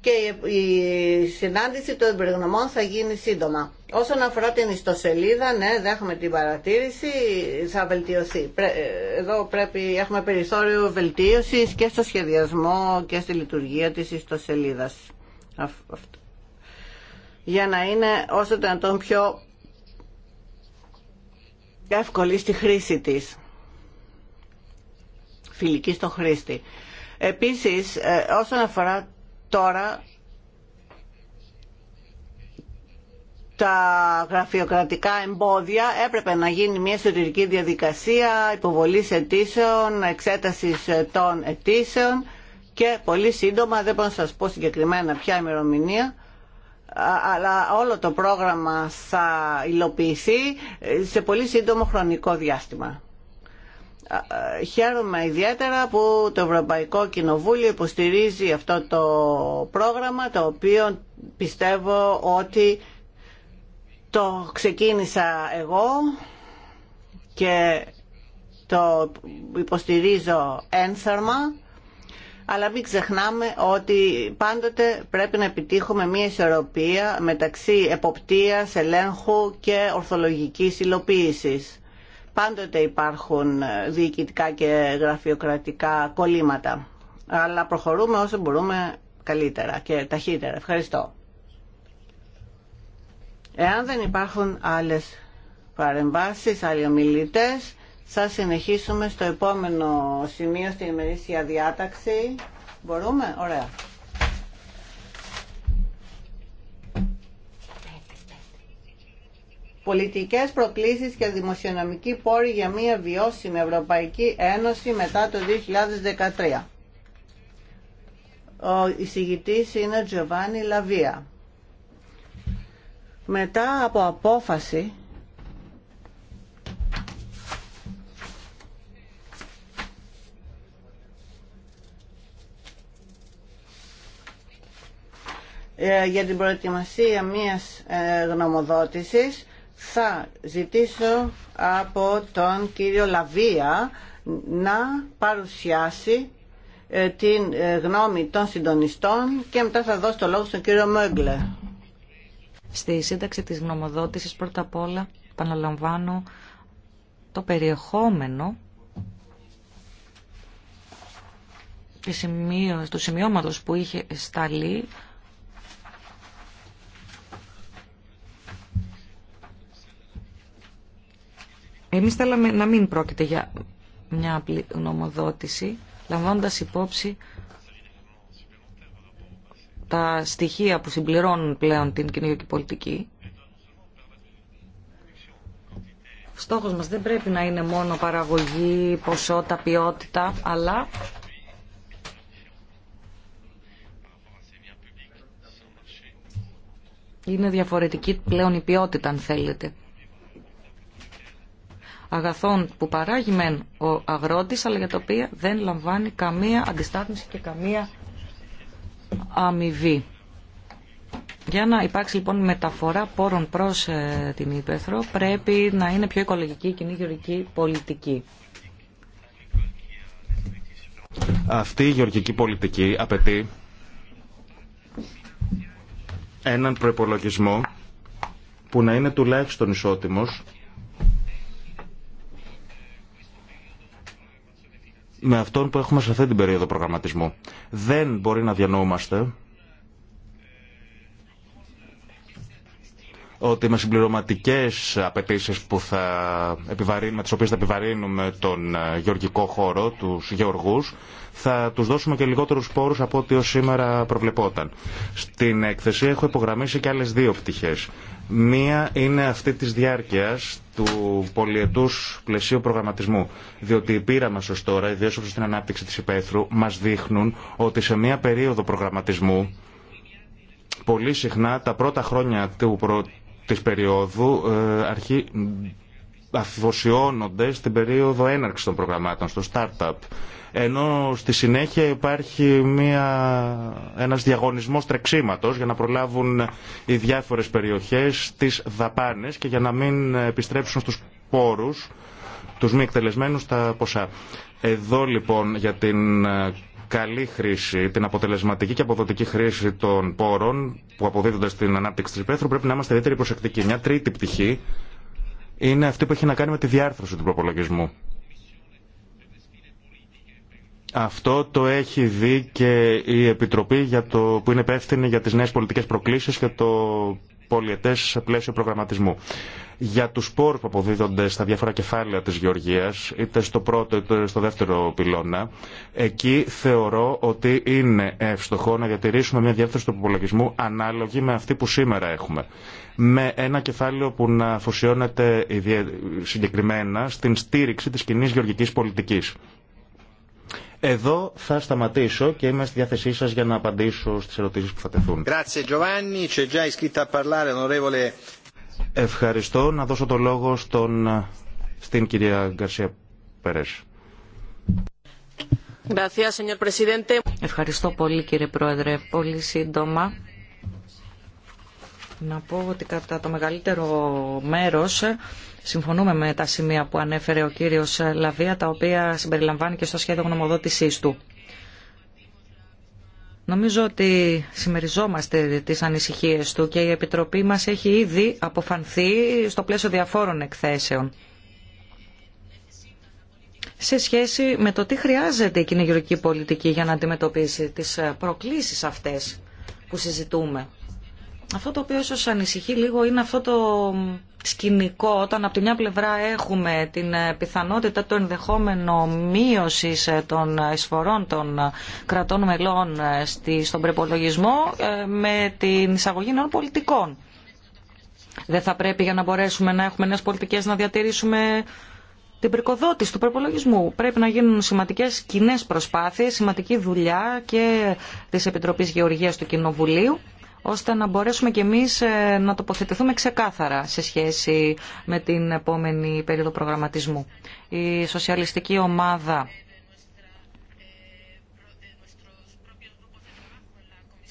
και η συνάντηση των εμπειρογνωμών θα γίνει σύντομα. Όσον αφορά την ιστοσελίδα, ναι, δέχομαι την παρατήρηση, θα βελτιωθεί. Ε, εδώ πρέπει, έχουμε περιθώριο βελτίωσης και στο σχεδιασμό και στη λειτουργία της ιστοσελίδας. Για να είναι όσο το πιο εύκολη στη χρήση της, φιλική στο χρήστη. Επίσης, ε, όσον αφορά τώρα τα γραφειοκρατικά εμπόδια έπρεπε να γίνει μια εσωτερική διαδικασία υποβολής αιτήσεων, εξέτασης ε, των αιτήσεων και πολύ σύντομα, δεν μπορώ να σας πω συγκεκριμένα ποια ημερομηνία, αλλά όλο το πρόγραμμα θα υλοποιηθεί σε πολύ σύντομο χρονικό διάστημα. Χαίρομαι ιδιαίτερα που το Ευρωπαϊκό Κοινοβούλιο υποστηρίζει αυτό το πρόγραμμα το οποίο πιστεύω ότι το ξεκίνησα εγώ και το υποστηρίζω ένθερμα αλλά μην ξεχνάμε ότι πάντοτε πρέπει να επιτύχουμε μια ισορροπία μεταξύ εποπτείας, ελέγχου και ορθολογικής υλοποίησης. Πάντοτε υπάρχουν ε, διοικητικά και γραφειοκρατικά κολλήματα, αλλά προχωρούμε όσο μπορούμε καλύτερα και ταχύτερα. Ευχαριστώ. Εάν δεν υπάρχουν άλλες παρεμβάσεις, άλλοι ομιλητές, θα συνεχίσουμε στο επόμενο σημείο στην ημερήσια διάταξη. Μπορούμε, ωραία. Πολιτικές προκλήσεις και δημοσιονομική πόρη για μια βιώσιμη Ευρωπαϊκή Ένωση μετά το 2013. Ο εισηγητής είναι Τζοβάνι Λαβία. Μετά από απόφαση Ε, για την προετοιμασία μιας ε, γνωμοδότησης θα ζητήσω από τον κύριο Λαβία να παρουσιάσει ε, την γνώμη των συντονιστών και μετά θα δώσω το λόγο στον κύριο Μέγκλε. Στη σύνταξη της γνωμοδότησης πρώτα απ' όλα επαναλαμβάνω το περιεχόμενο του σημειώματος που είχε σταλεί Εμείς θέλαμε να μην πρόκειται για μια απλή νομοδότηση, λαμβάνοντας υπόψη τα στοιχεία που συμπληρώνουν πλέον την κοινωνική πολιτική. Στόχος μας δεν πρέπει να είναι μόνο παραγωγή, ποσότητα, ποιότητα, αλλά είναι διαφορετική πλέον η ποιότητα, αν θέλετε αγαθών που παράγει μεν ο αγρότης, αλλά για τα οποία δεν λαμβάνει καμία αντιστάθμιση και καμία αμοιβή. Για να υπάρξει λοιπόν μεταφορά πόρων προς ε, την Ήπεθρο πρέπει να είναι πιο οικολογική και κοινή γεωργική πολιτική. Αυτή η γεωργική πολιτική απαιτεί έναν προπολογισμό που να είναι τουλάχιστον ισότιμος με αυτόν που έχουμε σε αυτή την περίοδο προγραμματισμού. Δεν μπορεί να διανοούμαστε ότι με συμπληρωματικέ απαιτήσει που θα επιβαρύνουμε, τις οποίες θα επιβαρύνουμε τον ε, γεωργικό χώρο, του γεωργού, θα του δώσουμε και λιγότερου πόρου από ό,τι ως σήμερα προβλεπόταν. Στην έκθεση έχω υπογραμμίσει και άλλε δύο πτυχέ. Μία είναι αυτή της διάρκειας του πολιετούς πλαισίου προγραμματισμού. Διότι η πείρα μας τώρα, ιδίω στην ανάπτυξη της υπαίθρου, μας δείχνουν ότι σε μία περίοδο προγραμματισμού, πολύ συχνά τα πρώτα χρόνια του, προ της περίοδου ε, αρχή, αφοσιώνονται στην περίοδο έναρξης των προγραμμάτων, στο startup. Ενώ στη συνέχεια υπάρχει μια, ένας διαγωνισμός τρεξίματος για να προλάβουν οι διάφορες περιοχές τις δαπάνες και για να μην επιστρέψουν στους πόρους τους μη εκτελεσμένους τα ποσά. Εδώ λοιπόν για την ε, καλή χρήση, την αποτελεσματική και αποδοτική χρήση των πόρων που αποδίδονται στην ανάπτυξη τη Πέθρου, πρέπει να είμαστε ιδιαίτερη προσεκτικοί. Μια τρίτη πτυχή είναι αυτή που έχει να κάνει με τη διάρθρωση του προπολογισμού. Αυτό το έχει δει και η Επιτροπή για το, που είναι υπεύθυνη για τις νέες πολιτικές προκλήσεις και το πολιετές πλαίσιο προγραμματισμού για τους πόρους που αποδίδονται στα διάφορα κεφάλαια της Γεωργίας, είτε στο πρώτο είτε στο δεύτερο πυλώνα, εκεί θεωρώ ότι είναι εύστοχο να διατηρήσουμε μια διεύθυνση του υπολογισμού ανάλογη με αυτή που σήμερα έχουμε. Με ένα κεφάλαιο που να αφοσιώνεται συγκεκριμένα στην στήριξη της κοινή γεωργικής πολιτικής. Εδώ θα σταματήσω και είμαι στη διάθεσή σα για να απαντήσω στις ερωτήσει που θα τεθούν. Ευχαριστώ. Να δώσω το λόγο στον, στην κυρία Γκαρσία Περές. Ευχαριστώ πολύ κύριε Πρόεδρε. Πολύ σύντομα να πω ότι κατά το μεγαλύτερο μέρος συμφωνούμε με τα σημεία που ανέφερε ο κύριος Λαβία τα οποία συμπεριλαμβάνει και στο σχέδιο γνωμοδότησής του. Νομίζω ότι συμμεριζόμαστε τις ανησυχίες του και η Επιτροπή μας έχει ήδη αποφανθεί στο πλαίσιο διαφόρων εκθέσεων σε σχέση με το τι χρειάζεται η κυνηγυρική πολιτική για να αντιμετωπίσει τις προκλήσεις αυτές που συζητούμε. Αυτό το οποίο ίσως ανησυχεί λίγο είναι αυτό το σκηνικό όταν από τη μια πλευρά έχουμε την ε, πιθανότητα του ενδεχόμενο μείωσης ε, των εισφορών των ε, κρατών μελών στον προπολογισμό με την εισαγωγή νέων πολιτικών. Δεν θα πρέπει για να μπορέσουμε να έχουμε νέες πολιτικές να διατηρήσουμε την πρικοδότηση του προπολογισμού. Πρέπει να γίνουν σημαντικέ κοινέ προσπάθειε, σημαντική δουλειά και τη Επιτροπή Γεωργία του Κοινοβουλίου ώστε να μπορέσουμε κι εμείς ε, να τοποθετηθούμε ξεκάθαρα σε σχέση με την επόμενη περίοδο προγραμματισμού. Η σοσιαλιστική ομάδα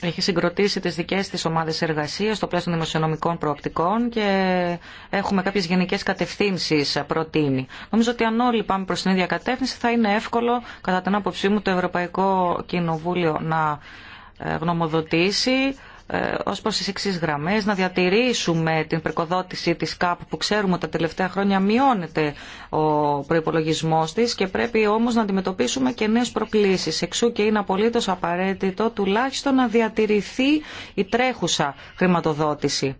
έχει συγκροτήσει τις δικές της ομάδες εργασίας στο πλαίσιο των δημοσιονομικών προοπτικών και έχουμε κάποιες γενικές κατευθύνσεις ε, προτείνει. Νομίζω ότι αν όλοι πάμε προς την ίδια κατεύθυνση θα είναι εύκολο κατά την άποψή μου το Ευρωπαϊκό Κοινοβούλιο να ε, γνωμοδοτήσει ε, ως προς τις εξής γραμμές, να διατηρήσουμε την προκοδότηση της ΚΑΠ που ξέρουμε ότι τα τελευταία χρόνια μειώνεται ο προϋπολογισμός της και πρέπει όμως να αντιμετωπίσουμε και νέες προκλήσεις. Εξού και είναι απολύτως απαραίτητο τουλάχιστον να διατηρηθεί η τρέχουσα χρηματοδότηση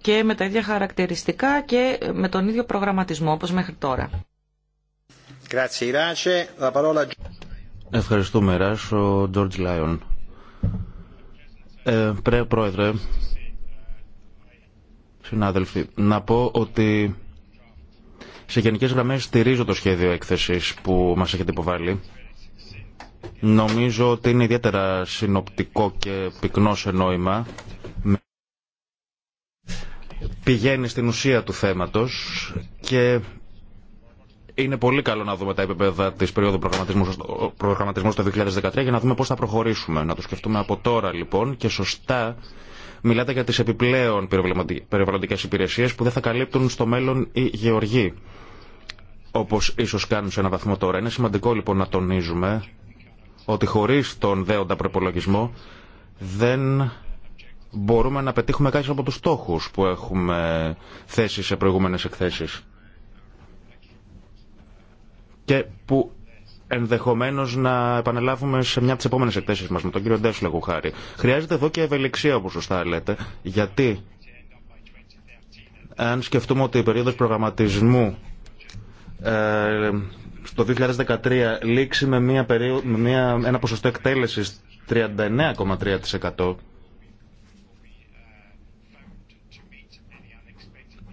και με τα ίδια χαρακτηριστικά και με τον ίδιο προγραμματισμό όπως μέχρι τώρα. Ευχαριστούμε, Ράς, ο Τζόρτζ Λάιον. Ε, πρόεδρε, συνάδελφοι, να πω ότι σε γενικές γραμμές στηρίζω το σχέδιο έκθεσης που μας έχετε υποβάλει. Νομίζω ότι είναι ιδιαίτερα συνοπτικό και πυκνό σε νόημα. Πηγαίνει στην ουσία του θέματος και είναι πολύ καλό να δούμε τα επίπεδα τη περίοδου προγραμματισμού στο 2013 για να δούμε πώ θα προχωρήσουμε. Να το σκεφτούμε από τώρα λοιπόν και σωστά μιλάτε για τι επιπλέον περιβαλλοντικέ υπηρεσίε που δεν θα καλύπτουν στο μέλλον οι γεωργοί. Όπω ίσω κάνουν σε ένα βαθμό τώρα. Είναι σημαντικό λοιπόν να τονίζουμε ότι χωρί τον δέοντα προπολογισμό δεν μπορούμε να πετύχουμε κάποιου από του στόχου που έχουμε θέσει σε προηγούμενε εκθέσει και που ενδεχομένω να επανελάβουμε σε μια από τι επόμενε εκθέσει μα με τον κύριο Ντέσλεγου χάρη. Χρειάζεται εδώ και ευελιξία, όπω σωστά λέτε, γιατί αν σκεφτούμε ότι η περίοδος προγραμματισμού ε, στο 2013 λήξει με, μια περίο μια, ένα ποσοστό εκτέλεσης 39,3%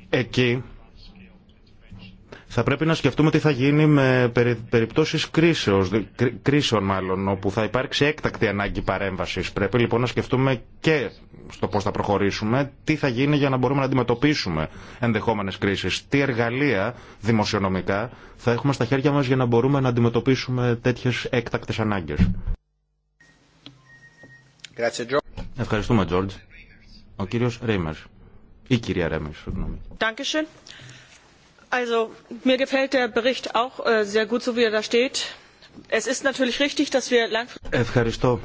εκεί θα πρέπει να σκεφτούμε τι θα γίνει με περιπτώσεις κρίσεως, κρίσεων μάλλον, όπου θα υπάρξει έκτακτη ανάγκη παρέμβασης. Πρέπει λοιπόν να σκεφτούμε και στο πώς θα προχωρήσουμε, τι θα γίνει για να μπορούμε να αντιμετωπίσουμε ενδεχόμενες κρίσεις, τι εργαλεία δημοσιονομικά θα έχουμε στα χέρια μας για να μπορούμε να αντιμετωπίσουμε τέτοιες έκτακτες ανάγκες. Ευχαριστούμε, Τζόρτζ. Ο κύριος Η κυρία Ρέιμερ, συγγνώμη. Ευχαριστώ.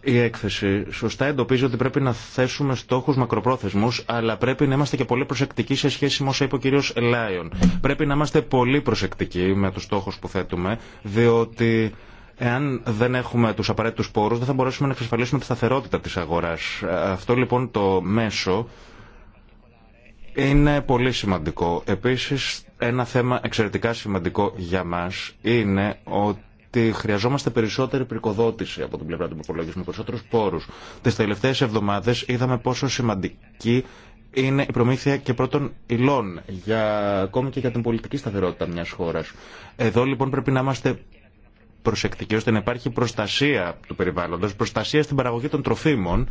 Η έκθεση σωστά εντοπίζει ότι πρέπει να θέσουμε στόχου μακροπρόθεσμου, αλλά πρέπει να είμαστε και πολύ προσεκτικοί σε σχέση με όσα είπε ο κύριο Λάιον. Πρέπει να είμαστε πολύ προσεκτικοί με του στόχου που θέτουμε, διότι εάν δεν έχουμε του απαραίτητου πόρου, δεν θα μπορέσουμε να εξασφαλίσουμε τη σταθερότητα τη αγορά. Αυτό λοιπόν το μέσο είναι πολύ σημαντικό. Επίσης, ένα θέμα εξαιρετικά σημαντικό για μας είναι ότι χρειαζόμαστε περισσότερη πρικοδότηση από την πλευρά του υπολογισμού, περισσότερου πόρου. Τι τελευταίε εβδομάδε είδαμε πόσο σημαντική είναι η προμήθεια και πρώτων υλών, για, ακόμη και για την πολιτική σταθερότητα μια χώρα. Εδώ λοιπόν πρέπει να είμαστε προσεκτικοί ώστε να υπάρχει προστασία του περιβάλλοντος, προστασία στην παραγωγή των τροφίμων,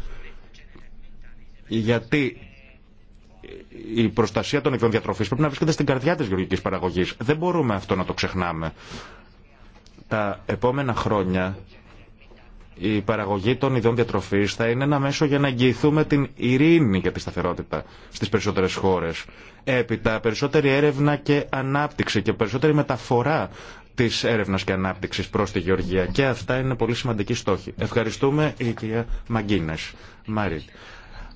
γιατί η προστασία των ιδιών διατροφή πρέπει να βρίσκεται στην καρδιά τη γεωργική παραγωγή. Δεν μπορούμε αυτό να το ξεχνάμε. Τα επόμενα χρόνια η παραγωγή των ιδιών διατροφή θα είναι ένα μέσο για να εγγυηθούμε την ειρήνη και τη σταθερότητα στι περισσότερε χώρε. Έπειτα, περισσότερη έρευνα και ανάπτυξη και περισσότερη μεταφορά τη έρευνα και ανάπτυξη προ τη Γεωργία. Και αυτά είναι πολύ σημαντικοί στόχοι. Ευχαριστούμε η κυρία Μαγκίνε.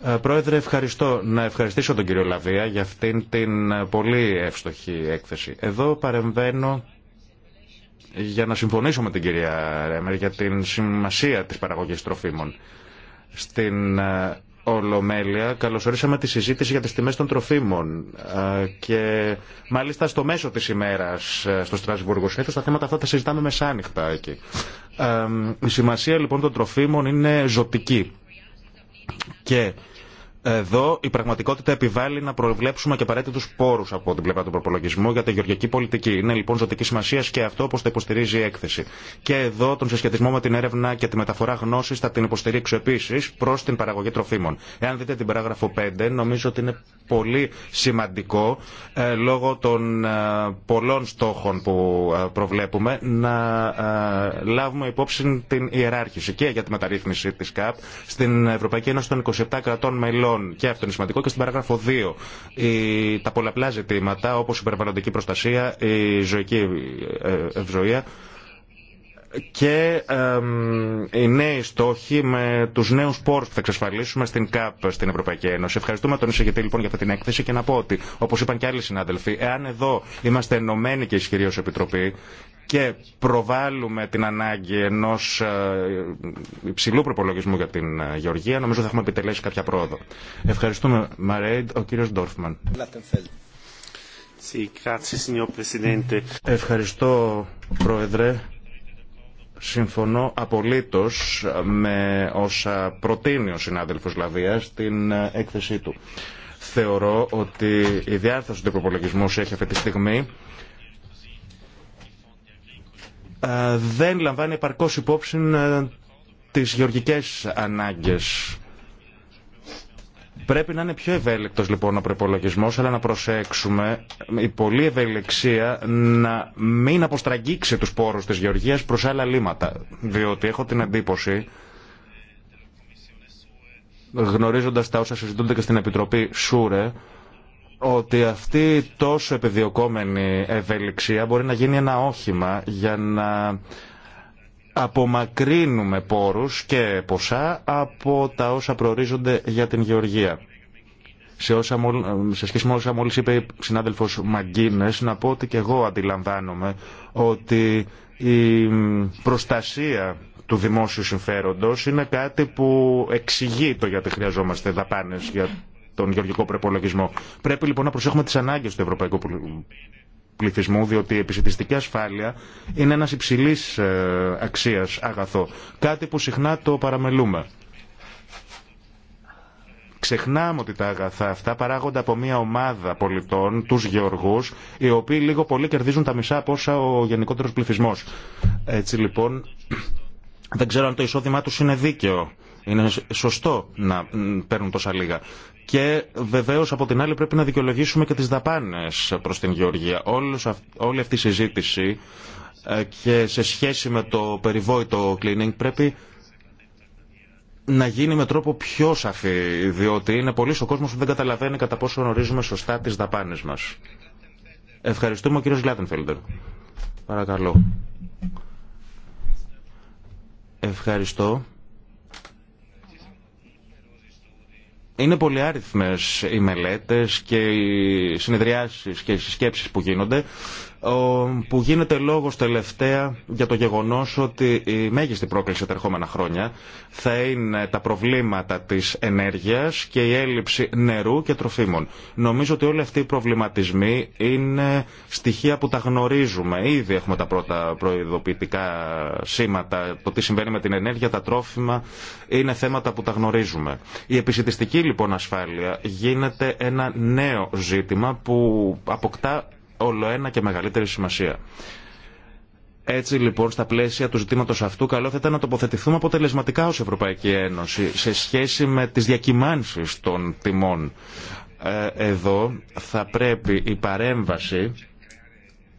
Ε, πρόεδρε, ευχαριστώ. Να ευχαριστήσω τον κύριο Λαβία για αυτήν την ε, πολύ εύστοχη έκθεση. Εδώ παρεμβαίνω για να συμφωνήσω με την κυρία Ρέμερ για την σημασία της παραγωγής τροφίμων. Στην ε, Ολομέλεια καλωσορίσαμε τη συζήτηση για τις τιμές των τροφίμων και μάλιστα στο μέσο της ημέρας στο Στρασβούργο. Συνήθως τα θέματα αυτά τα συζητάμε μεσάνυχτα εκεί. Η σημασία λοιπόν των τροφίμων είναι ζωτική και εδώ η πραγματικότητα επιβάλλει να προβλέψουμε και απαραίτητου πόρου από την πλευρά του προπολογισμού για τη γεωργική πολιτική. Είναι λοιπόν ζωτική σημασία και αυτό όπω το υποστηρίζει η έκθεση. Και εδώ τον συσχετισμό με την έρευνα και τη μεταφορά γνώση θα την υποστηρίξω επίση προ την παραγωγή τροφίμων. Εάν δείτε την παράγραφο 5, νομίζω ότι είναι πολύ σημαντικό ε, λόγω των ε, πολλών στόχων που ε, προβλέπουμε να ε, λάβουμε υπόψη την ιεράρχηση και για τη μεταρρύθμιση τη ΚΑΠ στην Ευρωπαϊκή Ένωση των 27 κρατών μελών και αυτό είναι σημαντικό, και στην παράγραφο 2. Η, τα πολλαπλά ζητήματα, όπω η περιβαλλοντική προστασία, η ζωική ε, ευζοία, και οι νέοι στόχοι με τους νέους πόρους που θα εξασφαλίσουμε στην ΚΑΠ στην Ευρωπαϊκή Ένωση. Ευχαριστούμε τον εισηγητή λοιπόν για αυτή την έκθεση και να πω ότι όπως είπαν και άλλοι συνάδελφοι, εάν εδώ είμαστε ενωμένοι και ισχυροί ως Επιτροπή και προβάλλουμε την ανάγκη ενός ε, υψηλού προπολογισμού για την ε, Γεωργία, νομίζω θα έχουμε επιτελέσει κάποια πρόοδο. Ευχαριστούμε Μαρέιντ, ο κύριος Ντόρφμαν. Ευχαριστώ Πρόεδρε. Συμφωνώ απολύτως με όσα προτείνει ο συνάδελφος Λαβίας στην έκθεσή του. Θεωρώ ότι η διάρθρωση του προπολογισμού έχει αυτή τη στιγμή ε, δεν λαμβάνει επαρκώς υπόψη ε, τις γεωργικές ανάγκες Πρέπει να είναι πιο ευέλικτο λοιπόν ο προπολογισμό, αλλά να προσέξουμε η πολλή ευελιξία να μην αποστραγγίξει τους πόρους της Γεωργίας προς άλλα λίματα, Διότι έχω την εντύπωση, γνωρίζοντας τα όσα συζητούνται και στην Επιτροπή ΣΟΥΡΕ, ότι αυτή η τόσο επιδιωκόμενη ευελιξία μπορεί να γίνει ένα όχημα για να απομακρύνουμε πόρους και ποσά από τα όσα προορίζονται για την γεωργία. Σε, όσα, σε σχέση με όσα μόλις είπε η συνάδελφος Μαγκίνες, να πω ότι και εγώ αντιλαμβάνομαι ότι η προστασία του δημόσιου συμφέροντος είναι κάτι που εξηγεί το γιατί χρειαζόμαστε δαπάνες για τον γεωργικό προπολογισμό. Πρέπει λοιπόν να προσέχουμε τις ανάγκες του ευρωπαϊκού πληθυσμού, διότι η επιστημιστική ασφάλεια είναι ένα υψηλή ε, αξία αγαθό. Κάτι που συχνά το παραμελούμε. Ξεχνάμε ότι τα αγαθά αυτά παράγονται από μια ομάδα πολιτών, του γεωργού, οι οποίοι λίγο πολύ κερδίζουν τα μισά από όσα ο γενικότερο πληθυσμό. Έτσι λοιπόν, δεν ξέρω αν το εισόδημά του είναι δίκαιο. Είναι σωστό να παίρνουν τόσα λίγα. Και βεβαίω από την άλλη πρέπει να δικαιολογήσουμε και τι δαπάνε προ την Γεωργία. Όλη αυτή η συζήτηση ε, και σε σχέση με το περιβόητο cleaning πρέπει να γίνει με τρόπο πιο σαφή, διότι είναι πολλοί ο κόσμο που δεν καταλαβαίνει κατά πόσο γνωρίζουμε σωστά τι δαπάνε μα. Ευχαριστούμε ο κύριο Γκλάτενφελντερ. Παρακαλώ. Ευχαριστώ. Είναι πολύ άριθμες οι μελέτες και οι συνεδριάσεις και οι συσκέψεις που γίνονται που γίνεται λόγος τελευταία για το γεγονός ότι η μέγιστη πρόκληση τα ερχόμενα χρόνια θα είναι τα προβλήματα της ενέργειας και η έλλειψη νερού και τροφίμων. Νομίζω ότι όλοι αυτοί οι προβληματισμοί είναι στοιχεία που τα γνωρίζουμε. Ήδη έχουμε τα πρώτα προειδοποιητικά σήματα, το τι συμβαίνει με την ενέργεια, τα τρόφιμα, είναι θέματα που τα γνωρίζουμε. Η επισητιστική λοιπόν ασφάλεια γίνεται ένα νέο ζήτημα που αποκτά όλο ένα και μεγαλύτερη σημασία. Έτσι λοιπόν, στα πλαίσια του ζητήματο αυτού, καλό θα ήταν να τοποθετηθούμε αποτελεσματικά ω Ευρωπαϊκή Ένωση σε σχέση με τι διακυμάνσει των τιμών. Ε, εδώ θα πρέπει η παρέμβαση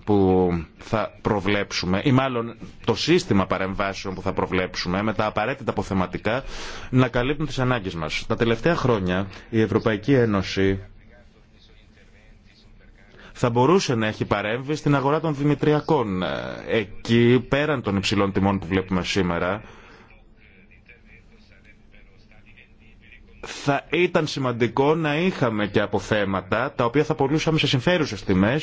που θα προβλέψουμε ή μάλλον το σύστημα παρεμβάσεων που θα προβλέψουμε με τα απαραίτητα αποθεματικά να καλύπτουν τις ανάγκες μας. Τα τελευταία χρόνια η Ευρωπαϊκή Ένωση θα μπορούσε να έχει παρέμβει στην αγορά των δημητριακών. Εκεί, πέραν των υψηλών τιμών που βλέπουμε σήμερα, θα ήταν σημαντικό να είχαμε και αποθέματα τα οποία θα πολλούσαμε σε συμφέρουσες τιμέ,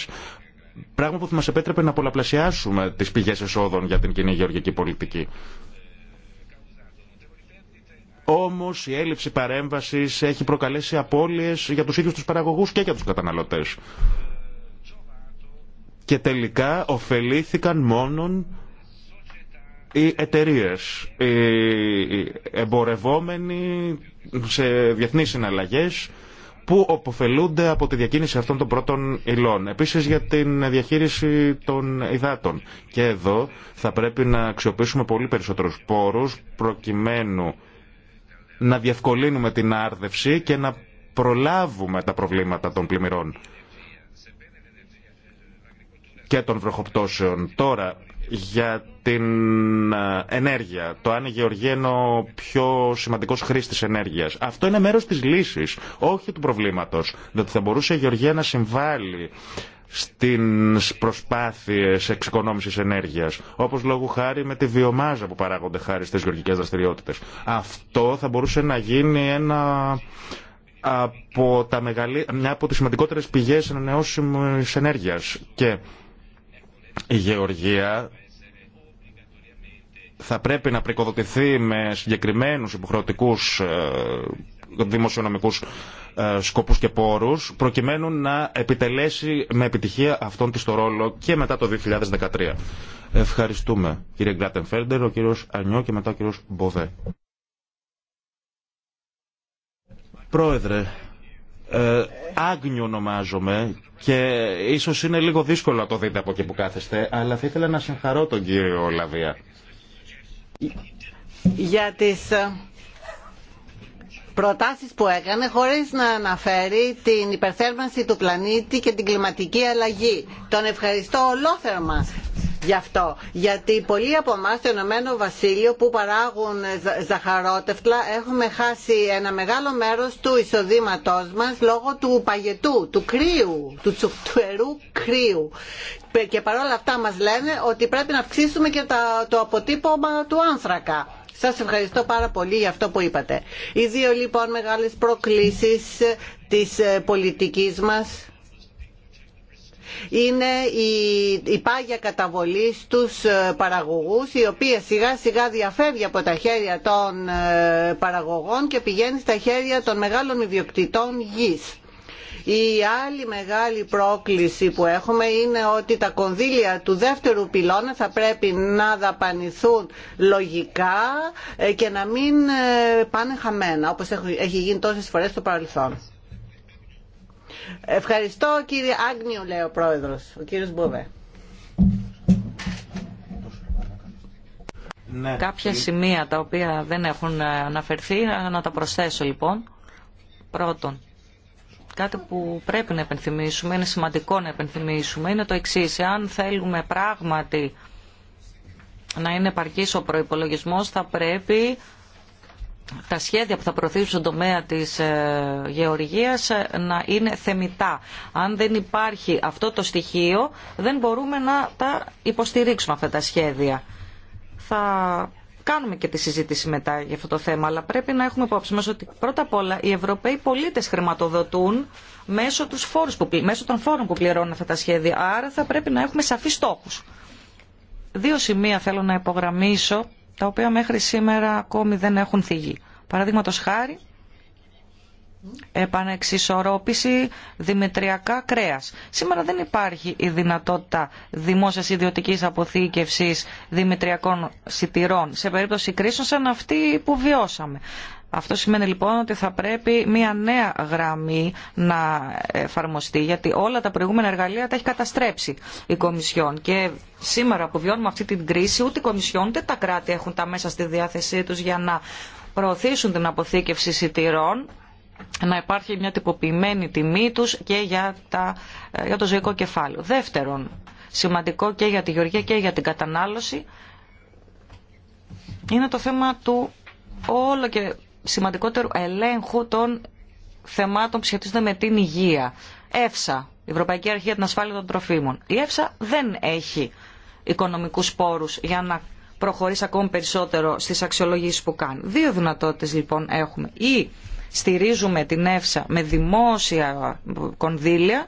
πράγμα που θα μας επέτρεπε να πολλαπλασιάσουμε τις πηγές εσόδων για την κοινή γεωργική πολιτική. Όμως η έλλειψη παρέμβαση έχει προκαλέσει απώλειε για του ίδιου του παραγωγού και για του καταναλωτέ και τελικά ωφελήθηκαν μόνον οι εταιρείε, οι εμπορευόμενοι σε διεθνεί συναλλαγέ που αποφελούνται από τη διακίνηση αυτών των πρώτων υλών. Επίσης για την διαχείριση των υδάτων. Και εδώ θα πρέπει να αξιοποιήσουμε πολύ περισσότερους πόρους προκειμένου να διευκολύνουμε την άρδευση και να προλάβουμε τα προβλήματα των πλημμυρών και των βροχοπτώσεων. Τώρα, για την ε, ενέργεια, το αν η Γεωργία είναι ο πιο σημαντικό χρήστη ενέργεια. Αυτό είναι μέρο τη λύση, όχι του προβλήματο. Διότι θα μπορούσε η Γεωργία να συμβάλλει στι προσπάθειε εξοικονόμηση ενέργεια, όπω λόγου χάρη με τη βιομάζα που παράγονται χάρη στι γεωργικέ δραστηριότητε. Αυτό θα μπορούσε να γίνει ένα από τα μεγαλύ... μια από τις σημαντικότερες πηγές ενέργειας και η γεωργία θα πρέπει να πρικοδοτηθεί με συγκεκριμένους υποχρεωτικούς ε, δημοσιονομικούς ε, σκοπούς και πόρους προκειμένου να επιτελέσει με επιτυχία αυτόν της το ρόλο και μετά το 2013. Ευχαριστούμε κύριε Γκράτενφέρντερ, ο κύριος Ανιώ και μετά ο κύριος Μποδέ. Πρόεδρε, ε, άγνιο ονομάζομαι και ίσως είναι λίγο δύσκολο να το δείτε από εκεί που κάθεστε, αλλά θα ήθελα να συγχαρώ τον κύριο Λαβία. Για τις ε, προτάσεις που έκανε χωρίς να αναφέρει την υπερθέρμανση του πλανήτη και την κλιματική αλλαγή. Τον ευχαριστώ ολόθερμα γι' αυτό. Γιατί πολλοί από εμά στο Ηνωμένο Βασίλειο που παράγουν ζαχαρότευλα, έχουμε χάσει ένα μεγάλο μέρος του εισοδήματό μας λόγω του παγετού, του κρύου, του τσουκτουερού κρύου. Και παρόλα αυτά μας λένε ότι πρέπει να αυξήσουμε και το αποτύπωμα του άνθρακα. Σας ευχαριστώ πάρα πολύ για αυτό που είπατε. Οι δύο λοιπόν μεγάλες προκλήσεις της ε, πολιτικής μας είναι η, η πάγια καταβολή στους ε, παραγωγούς η οποία σιγά σιγά διαφεύγει από τα χέρια των ε, παραγωγών και πηγαίνει στα χέρια των μεγάλων ιδιοκτητών γης. Η άλλη μεγάλη πρόκληση που έχουμε είναι ότι τα κονδύλια του δεύτερου πυλώνα θα πρέπει να δαπανηθούν λογικά ε, και να μην πάνε χαμένα, όπως έχει γίνει τόσες φορές στο παρελθόν. Ευχαριστώ κύριε Άγνιο, λέει ο πρόεδρος, ο κύριος Μπούβε. Ναι. Κάποια σημεία τα οποία δεν έχουν ε, αναφερθεί, ε, να τα προσθέσω λοιπόν. Πρώτον, κάτι που πρέπει να επενθυμίσουμε, είναι σημαντικό να επενθυμίσουμε, είναι το εξή. Αν θέλουμε πράγματι να είναι επαρκή ο προϋπολογισμός, θα πρέπει τα σχέδια που θα προωθήσουν στον τομέα της ε, γεωργίας ε, να είναι θεμητά. Αν δεν υπάρχει αυτό το στοιχείο, δεν μπορούμε να τα υποστηρίξουμε αυτά τα σχέδια. Θα κάνουμε και τη συζήτηση μετά για αυτό το θέμα, αλλά πρέπει να έχουμε υπόψη μας ότι πρώτα απ' όλα οι Ευρωπαίοι πολίτες χρηματοδοτούν μέσω, τους φόρους μέσω των φόρων που πληρώνουν αυτά τα σχέδια, άρα θα πρέπει να έχουμε σαφείς στόχους. Δύο σημεία θέλω να υπογραμμίσω τα οποία μέχρι σήμερα ακόμη δεν έχουν θυγεί. Παραδείγματο χάρη, επανεξισορρόπηση δημητριακά κρέας. Σήμερα δεν υπάρχει η δυνατότητα δημόσιας ιδιωτικής αποθήκευσης δημητριακών σιτηρών σε περίπτωση κρίσεων σαν αυτή που βιώσαμε. Αυτό σημαίνει λοιπόν ότι θα πρέπει μια νέα γραμμή να εφαρμοστεί, γιατί όλα τα προηγούμενα εργαλεία τα έχει καταστρέψει η Κομισιόν. Και σήμερα που βιώνουμε αυτή την κρίση, ούτε η Κομισιόν ούτε τα κράτη έχουν τα μέσα στη διάθεσή τους για να προωθήσουν την αποθήκευση σιτηρών, να υπάρχει μια τυποποιημένη τιμή τους και για, το ζωικό κεφάλαιο. Δεύτερον, σημαντικό και για τη γεωργία και για την κατανάλωση, είναι το θέμα του όλο και σημαντικότερου ελέγχου των θεμάτων που σχετίζονται με την υγεία. ΕΦΣΑ, η Ευρωπαϊκή Αρχή για την Ασφάλεια των Τροφίμων. Η ΕΦΣΑ δεν έχει οικονομικούς πόρους για να προχωρήσει ακόμη περισσότερο στις αξιολογήσεις που κάνει. Δύο δυνατότητες λοιπόν έχουμε. Ή στηρίζουμε την ΕΦΣΑ με δημόσια κονδύλια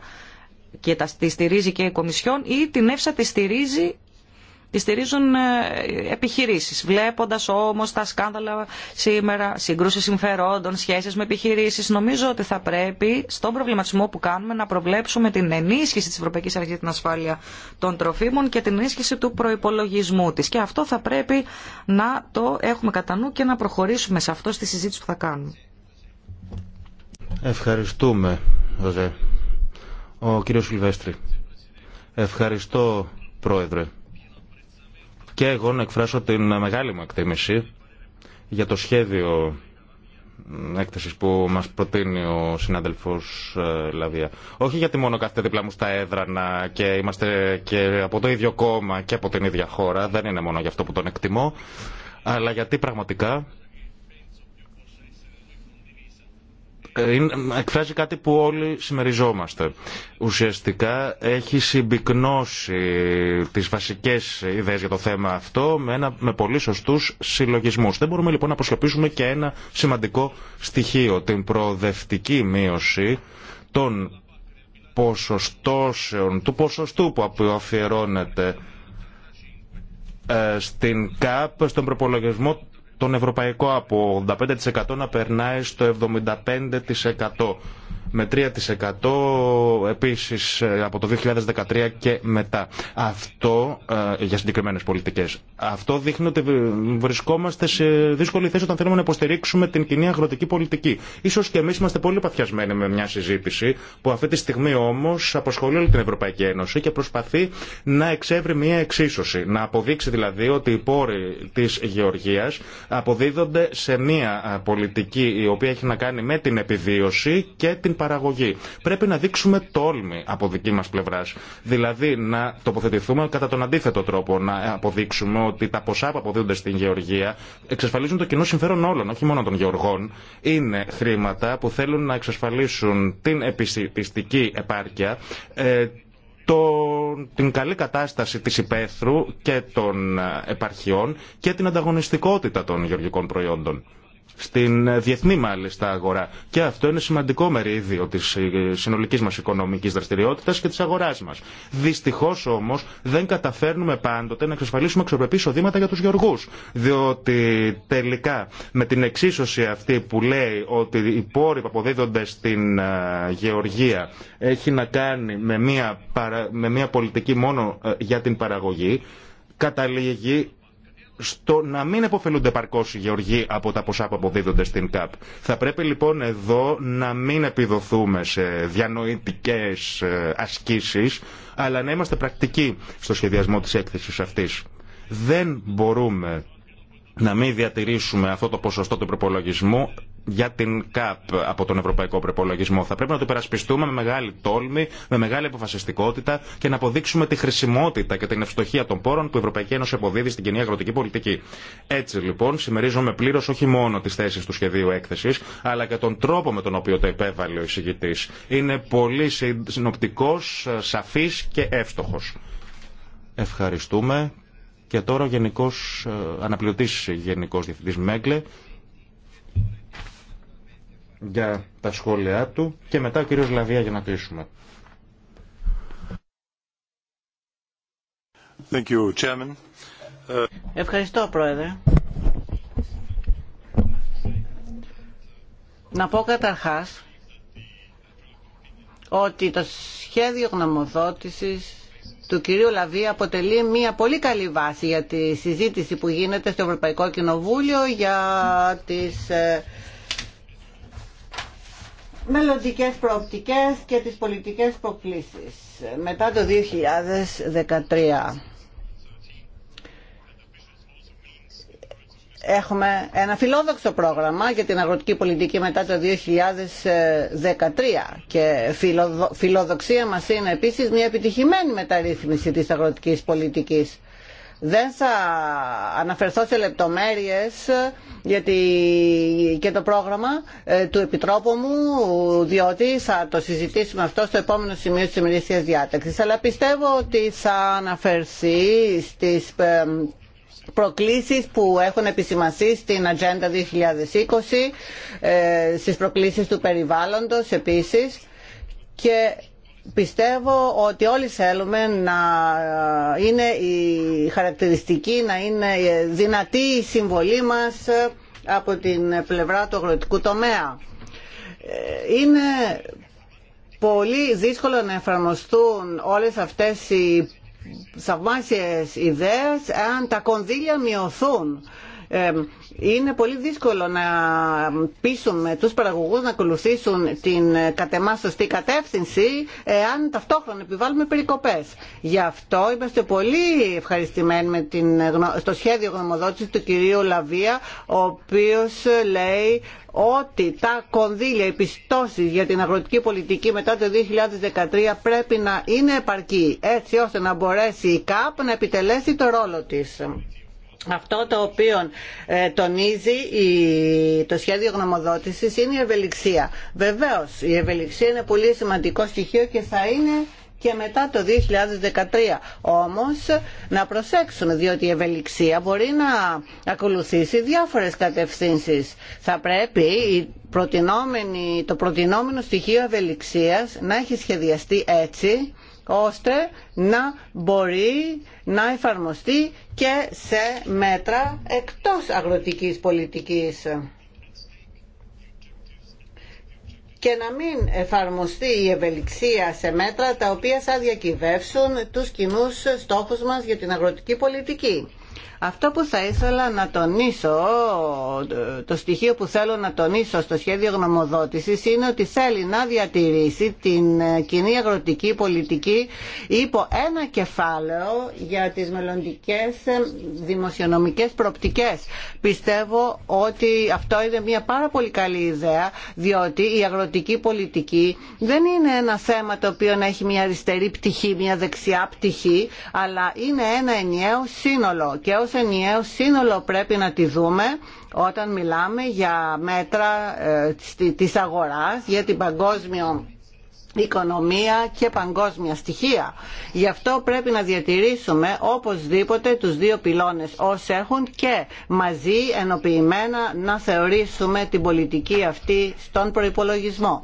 και τα, τη στηρίζει και η Κομισιόν ή την ΕΦΣΑ τη στηρίζει τη στηρίζουν ε, επιχειρήσεις. Βλέποντας όμως τα σκάνδαλα σήμερα, σύγκρουση συμφερόντων, σχέσεις με επιχειρήσει. νομίζω ότι θα πρέπει στον προβληματισμό που κάνουμε να προβλέψουμε την ενίσχυση της Ευρωπαϊκής Αρχή για την Ασφάλεια των Τροφίμων και την ενίσχυση του προπολογισμού τη. Και αυτό θα πρέπει να το έχουμε κατά νου και να προχωρήσουμε σε αυτό στη συζήτηση που θα κάνουμε. Ευχαριστούμε, Ζε. Ο κύριος Σιλβέστρη. Ευχαριστώ, Πρόεδρε και εγώ να εκφράσω την μεγάλη μου εκτίμηση για το σχέδιο έκθεση που μα προτείνει ο συνάδελφο ε, Λαβία. Όχι γιατί μόνο κάθεται δίπλα μου στα έδρανα και είμαστε και από το ίδιο κόμμα και από την ίδια χώρα, δεν είναι μόνο για αυτό που τον εκτιμώ, αλλά γιατί πραγματικά εκφράζει κάτι που όλοι συμμεριζόμαστε. Ουσιαστικά έχει συμπυκνώσει τις βασικές ιδέες για το θέμα αυτό με, ένα, με πολύ σωστούς συλλογισμούς. Δεν μπορούμε λοιπόν να αποσκοπήσουμε και ένα σημαντικό στοιχείο, την προοδευτική μείωση των ποσοστώσεων, του ποσοστού που αφιερώνεται ε, στην ΚΑΠ, στον προπολογισμό τον ευρωπαϊκό από 85% να περνάει στο 75% με 3% επίσης ε, από το 2013 και μετά. Αυτό ε, για συγκεκριμένες πολιτικές. Αυτό δείχνει ότι βρισκόμαστε σε δύσκολη θέση όταν θέλουμε να υποστηρίξουμε την κοινή αγροτική πολιτική. Ίσως και εμείς είμαστε πολύ παθιασμένοι με μια συζήτηση που αυτή τη στιγμή όμως απασχολεί όλη την Ευρωπαϊκή Ένωση και προσπαθεί να εξεύρει μια εξίσωση. Να αποδείξει δηλαδή ότι οι πόροι της γεωργίας αποδίδονται σε μια ε, πολιτική η οποία έχει να κάνει με την επιβίωση και την παραγωγή. Πρέπει να δείξουμε τόλμη από δική μα πλευρά. Δηλαδή να τοποθετηθούμε κατά τον αντίθετο τρόπο. Να αποδείξουμε ότι τα ποσά που αποδίδονται στην γεωργία εξασφαλίζουν το κοινό συμφέρον όλων, όχι μόνο των γεωργών. Είναι χρήματα που θέλουν να εξασφαλίσουν την επιστημιστική επάρκεια, ε, την καλή κατάσταση της υπαίθρου και των ε, επαρχιών και την ανταγωνιστικότητα των γεωργικών προϊόντων στην διεθνή μάλιστα αγορά. Και αυτό είναι σημαντικό μερίδιο τη ε, συνολική μα οικονομική δραστηριότητα και τη αγορά μα. Δυστυχώ όμω δεν καταφέρνουμε πάντοτε να εξασφαλίσουμε αξιοπρεπή εισοδήματα για του γεωργού. Διότι τελικά με την εξίσωση αυτή που λέει ότι οι πόροι που αποδίδονται στην ε, γεωργία έχει να κάνει με μια, με μια πολιτική μόνο ε, για την παραγωγή, καταλήγει στο να μην επωφελούνται παρκώ οι γεωργοί από τα ποσά που αποδίδονται στην ΚΑΠ. Θα πρέπει λοιπόν εδώ να μην επιδοθούμε σε διανοητικέ ε, ασκήσει, αλλά να είμαστε πρακτικοί στο σχεδιασμό τη έκθεση αυτή. Δεν μπορούμε να μην διατηρήσουμε αυτό το ποσοστό του προπολογισμού για την ΚΑΠ από τον Ευρωπαϊκό Προπολογισμό. Θα πρέπει να το υπερασπιστούμε με μεγάλη τόλμη, με μεγάλη αποφασιστικότητα και να αποδείξουμε τη χρησιμότητα και την ευστοχία των πόρων που η Ευρωπαϊκή Ένωση αποδίδει στην κοινή αγροτική πολιτική. Έτσι λοιπόν, συμμερίζομαι πλήρω όχι μόνο τι θέσει του σχεδίου έκθεση, αλλά και τον τρόπο με τον οποίο το επέβαλε ο εισηγητή. Είναι πολύ συνοπτικό, σαφή και εύστοχο. Ευχαριστούμε. Και τώρα ο Γενικός, ε, αναπληρωτής Γενικός Διευθυντής Μέγκλε για τα σχόλιά του και μετά ο κύριος Λαβία για να κλείσουμε. Thank you, Ευχαριστώ, Πρόεδρε. Να πω καταρχάς ότι το σχέδιο γνωμοδότησης του κυρίου Λαβία αποτελεί μια πολύ καλή βάση για τη συζήτηση που γίνεται στο Ευρωπαϊκό Κοινοβούλιο για τις ε, μελλοντικές προοπτικές και τις πολιτικές προκλήσεις μετά το 2013. Έχουμε ένα φιλόδοξο πρόγραμμα για την αγροτική πολιτική μετά το 2013 και φιλοδοξία μας είναι επίσης μια επιτυχημένη μεταρρύθμιση της αγροτικής πολιτικής. Δεν θα αναφερθώ σε λεπτομέρειες γιατί και το πρόγραμμα ε, του Επιτρόπου μου διότι θα το συζητήσουμε αυτό στο επόμενο σημείο της ημερήσιας διάταξης αλλά πιστεύω ότι θα αναφερθεί στις ε, προκλήσεις που έχουν επισημανθεί στην Ατζέντα 2020 ε, στις προκλήσεις του περιβάλλοντος επίσης και Πιστεύω ότι όλοι θέλουμε να ε, είναι η χαρακτηριστική, να είναι δυνατή η συμβολή μας από την πλευρά του αγροτικού τομέα. Ε, είναι πολύ δύσκολο να εφαρμοστούν όλες αυτές οι θαυμάσιες ιδέες αν τα κονδύλια μειωθούν είναι πολύ δύσκολο να πείσουμε τους παραγωγούς να ακολουθήσουν την ε, κατεμά σωστή κατεύθυνση εάν ταυτόχρονα επιβάλλουμε περικοπές. Γι' αυτό είμαστε πολύ ευχαριστημένοι με την, ε, στο σχέδιο γνωμοδότηση του κυρίου Λαβία, ο οποίος λέει ότι τα κονδύλια, οι για την αγροτική πολιτική μετά το 2013 πρέπει να είναι επαρκή, έτσι ώστε να μπορέσει η ΚΑΠ να επιτελέσει το ρόλο της. Αυτό το οποίο ε, τονίζει το σχέδιο γνωμοδότησης είναι η ευελιξία. Βεβαίως, η ευελιξία είναι πολύ σημαντικό στοιχείο και θα είναι και μετά το 2013. Όμως να προσέξουμε διότι η ευελιξία μπορεί να ακολουθήσει διάφορες κατευθύνσεις. Θα πρέπει η το προτινόμενο στοιχείο ευελιξίας να έχει σχεδιαστεί έτσι ώστε να μπορεί να εφαρμοστεί και σε μέτρα εκτός αγροτικής πολιτικής και να μην εφαρμοστεί η ευελιξία σε μέτρα τα οποία θα διακυβεύσουν τους κοινούς στόχους μας για την αγροτική πολιτική. Αυτό που θα ήθελα να τονίσω, το στοιχείο που θέλω να τονίσω στο σχέδιο γνωμοδότησης είναι ότι θέλει να διατηρήσει την κοινή αγροτική πολιτική υπό ένα κεφάλαιο για τις μελλοντικές δημοσιονομικές προπτικές. Πιστεύω ότι αυτό είναι μια πάρα πολύ καλή ιδέα, διότι η αγροτική πολιτική δεν είναι ένα θέμα το οποίο να έχει μια αριστερή πτυχή, μια δεξιά πτυχή, αλλά είναι ένα ενιαίο σύνολο και ως ενιαίο σύνολο πρέπει να τη δούμε όταν μιλάμε για μέτρα ε, της αγοράς, για την παγκόσμια οικονομία και παγκόσμια στοιχεία. Γι' αυτό πρέπει να διατηρήσουμε οπωσδήποτε τους δύο πυλώνες ως έχουν και μαζί ενοποιημένα να θεωρήσουμε την πολιτική αυτή στον προϋπολογισμό.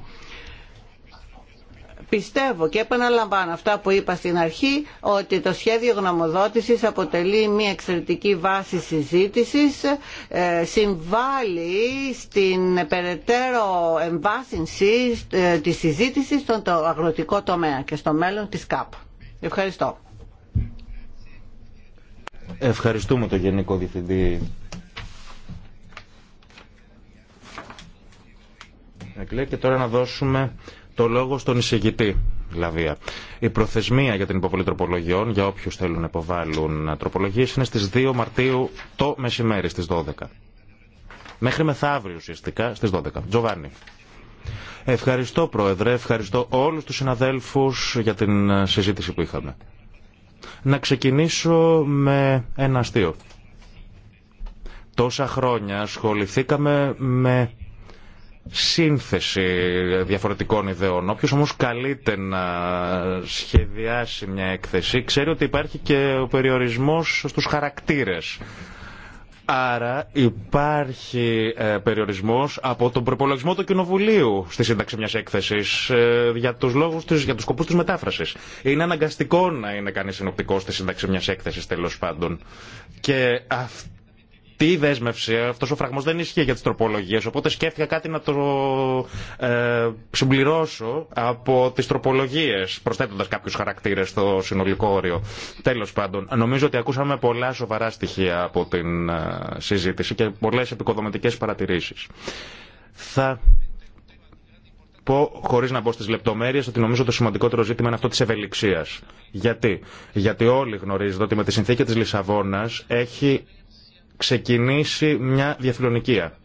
Πιστεύω και επαναλαμβάνω αυτά που είπα στην αρχή ότι το σχέδιο γνωμοδότησης αποτελεί μια εξαιρετική βάση συζήτησης, ε, συμβάλλει στην περαιτέρω εμβάσινση ε, τη συζήτηση στον αγροτικό τομέα και στο μέλλον της ΚΑΠ. Ευχαριστώ. Ευχαριστούμε τον Γενικό Διευθυντή και τώρα να δώσουμε το λόγο στον εισηγητή. δηλαδή, Η προθεσμία για την υποβολή τροπολογιών, για όποιου θέλουν να υποβάλουν τροπολογίε, είναι στι 2 Μαρτίου το μεσημέρι στι 12. Μέχρι μεθαύριο ουσιαστικά στι 12. Τζοβάνι. Ευχαριστώ Πρόεδρε, ευχαριστώ όλους τους συναδέλφους για την συζήτηση που είχαμε. Να ξεκινήσω με ένα αστείο. Τόσα χρόνια ασχοληθήκαμε με σύνθεση διαφορετικών ιδεών. Όποιος όμως καλείται να σχεδιάσει μια έκθεση ξέρει ότι υπάρχει και ο περιορισμός στους χαρακτήρες. Άρα υπάρχει ε, περιορισμός από τον προπολογισμό του Κοινοβουλίου στη σύνταξη μιας έκθεσης ε, για τους λόγους της, για τους σκοπούς της μετάφρασης. Είναι αναγκαστικό να είναι κανείς συνοπτικός στη σύνταξη μιας έκθεσης τέλος πάντων. Και αυτό τι δέσμευση, αυτό ο φραγμό δεν ισχύει για τι τροπολογίε. Οπότε σκέφτηκα κάτι να το ε, συμπληρώσω από τι τροπολογίε, προσθέτοντα κάποιου χαρακτήρε στο συνολικό όριο. Τέλο πάντων, νομίζω ότι ακούσαμε πολλά σοβαρά στοιχεία από την ε, συζήτηση και πολλέ επικοδομητικέ παρατηρήσει. Θα πω, χωρί να μπω στι λεπτομέρειε, ότι νομίζω το σημαντικότερο ζήτημα είναι αυτό τη ευελιξία. Γιατί? Γιατί όλοι γνωρίζετε ότι με τη συνθήκη τη Λισαβόνα έχει ξεκινήσει μια διαφιλονικία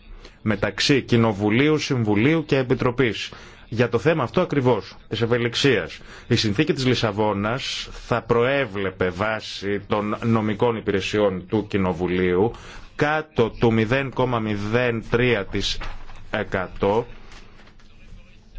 μεταξύ Κοινοβουλίου, Συμβουλίου και Επιτροπής. Για το θέμα αυτό ακριβώς, της ευελιξίας, η συνθήκη της Λισαβόνας θα προέβλεπε βάση των νομικών υπηρεσιών του Κοινοβουλίου κάτω του 0,03%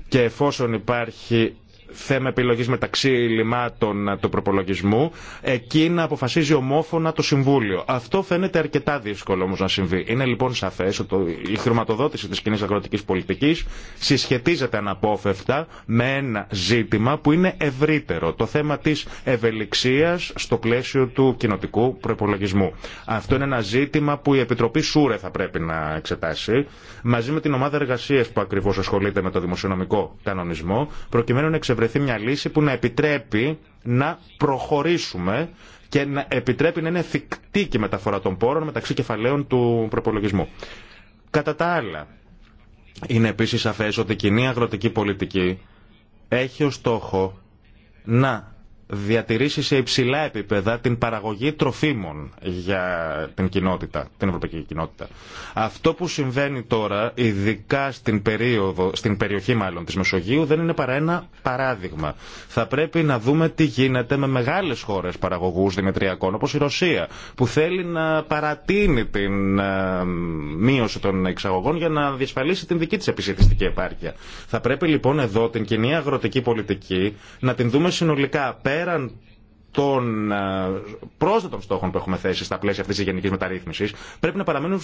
και εφόσον υπάρχει θέμα επιλογής μεταξύ λιμάτων του προπολογισμού, εκεί να αποφασίζει ομόφωνα το Συμβούλιο. Αυτό φαίνεται αρκετά δύσκολο όμως να συμβεί. Είναι λοιπόν σαφές ότι η χρηματοδότηση της κοινή αγροτικής πολιτικής συσχετίζεται αναπόφευτα με ένα ζήτημα που είναι ευρύτερο, το θέμα της ευελιξίας στο πλαίσιο του κοινοτικού προπολογισμού. Αυτό είναι ένα ζήτημα που η Επιτροπή Σούρε θα πρέπει να εξετάσει, μαζί με την ομάδα εργασίας που ακριβώς ασχολείται με το δημοσιονομικό κανονισμό, προκειμένου να βρεθεί μια λύση που να επιτρέπει να προχωρήσουμε και να επιτρέπει να είναι εφικτή και μεταφορά των πόρων μεταξύ κεφαλαίων του προπολογισμού. Κατά τα άλλα, είναι επίσης σαφές ότι η κοινή αγροτική πολιτική έχει ως στόχο να διατηρήσει σε υψηλά επίπεδα την παραγωγή τροφίμων για την κοινότητα, την ευρωπαϊκή κοινότητα. Αυτό που συμβαίνει τώρα, ειδικά στην, περίοδο, στην περιοχή μάλλον της Μεσογείου, δεν είναι παρά ένα παράδειγμα. Θα πρέπει να δούμε τι γίνεται με μεγάλες χώρες παραγωγούς δημητριακών, όπως η Ρωσία, που θέλει να παρατείνει την ε, μείωση των εξαγωγών για να διασφαλίσει την δική της επισητιστική επάρκεια. Θα πρέπει λοιπόν εδώ την κοινή αγροτική πολιτική να την δούμε συνολικά πέραν των ε, πρόσθετων στόχων που έχουμε θέσει στα πλαίσια αυτή τη γενική μεταρρύθμιση, πρέπει να παραμείνουν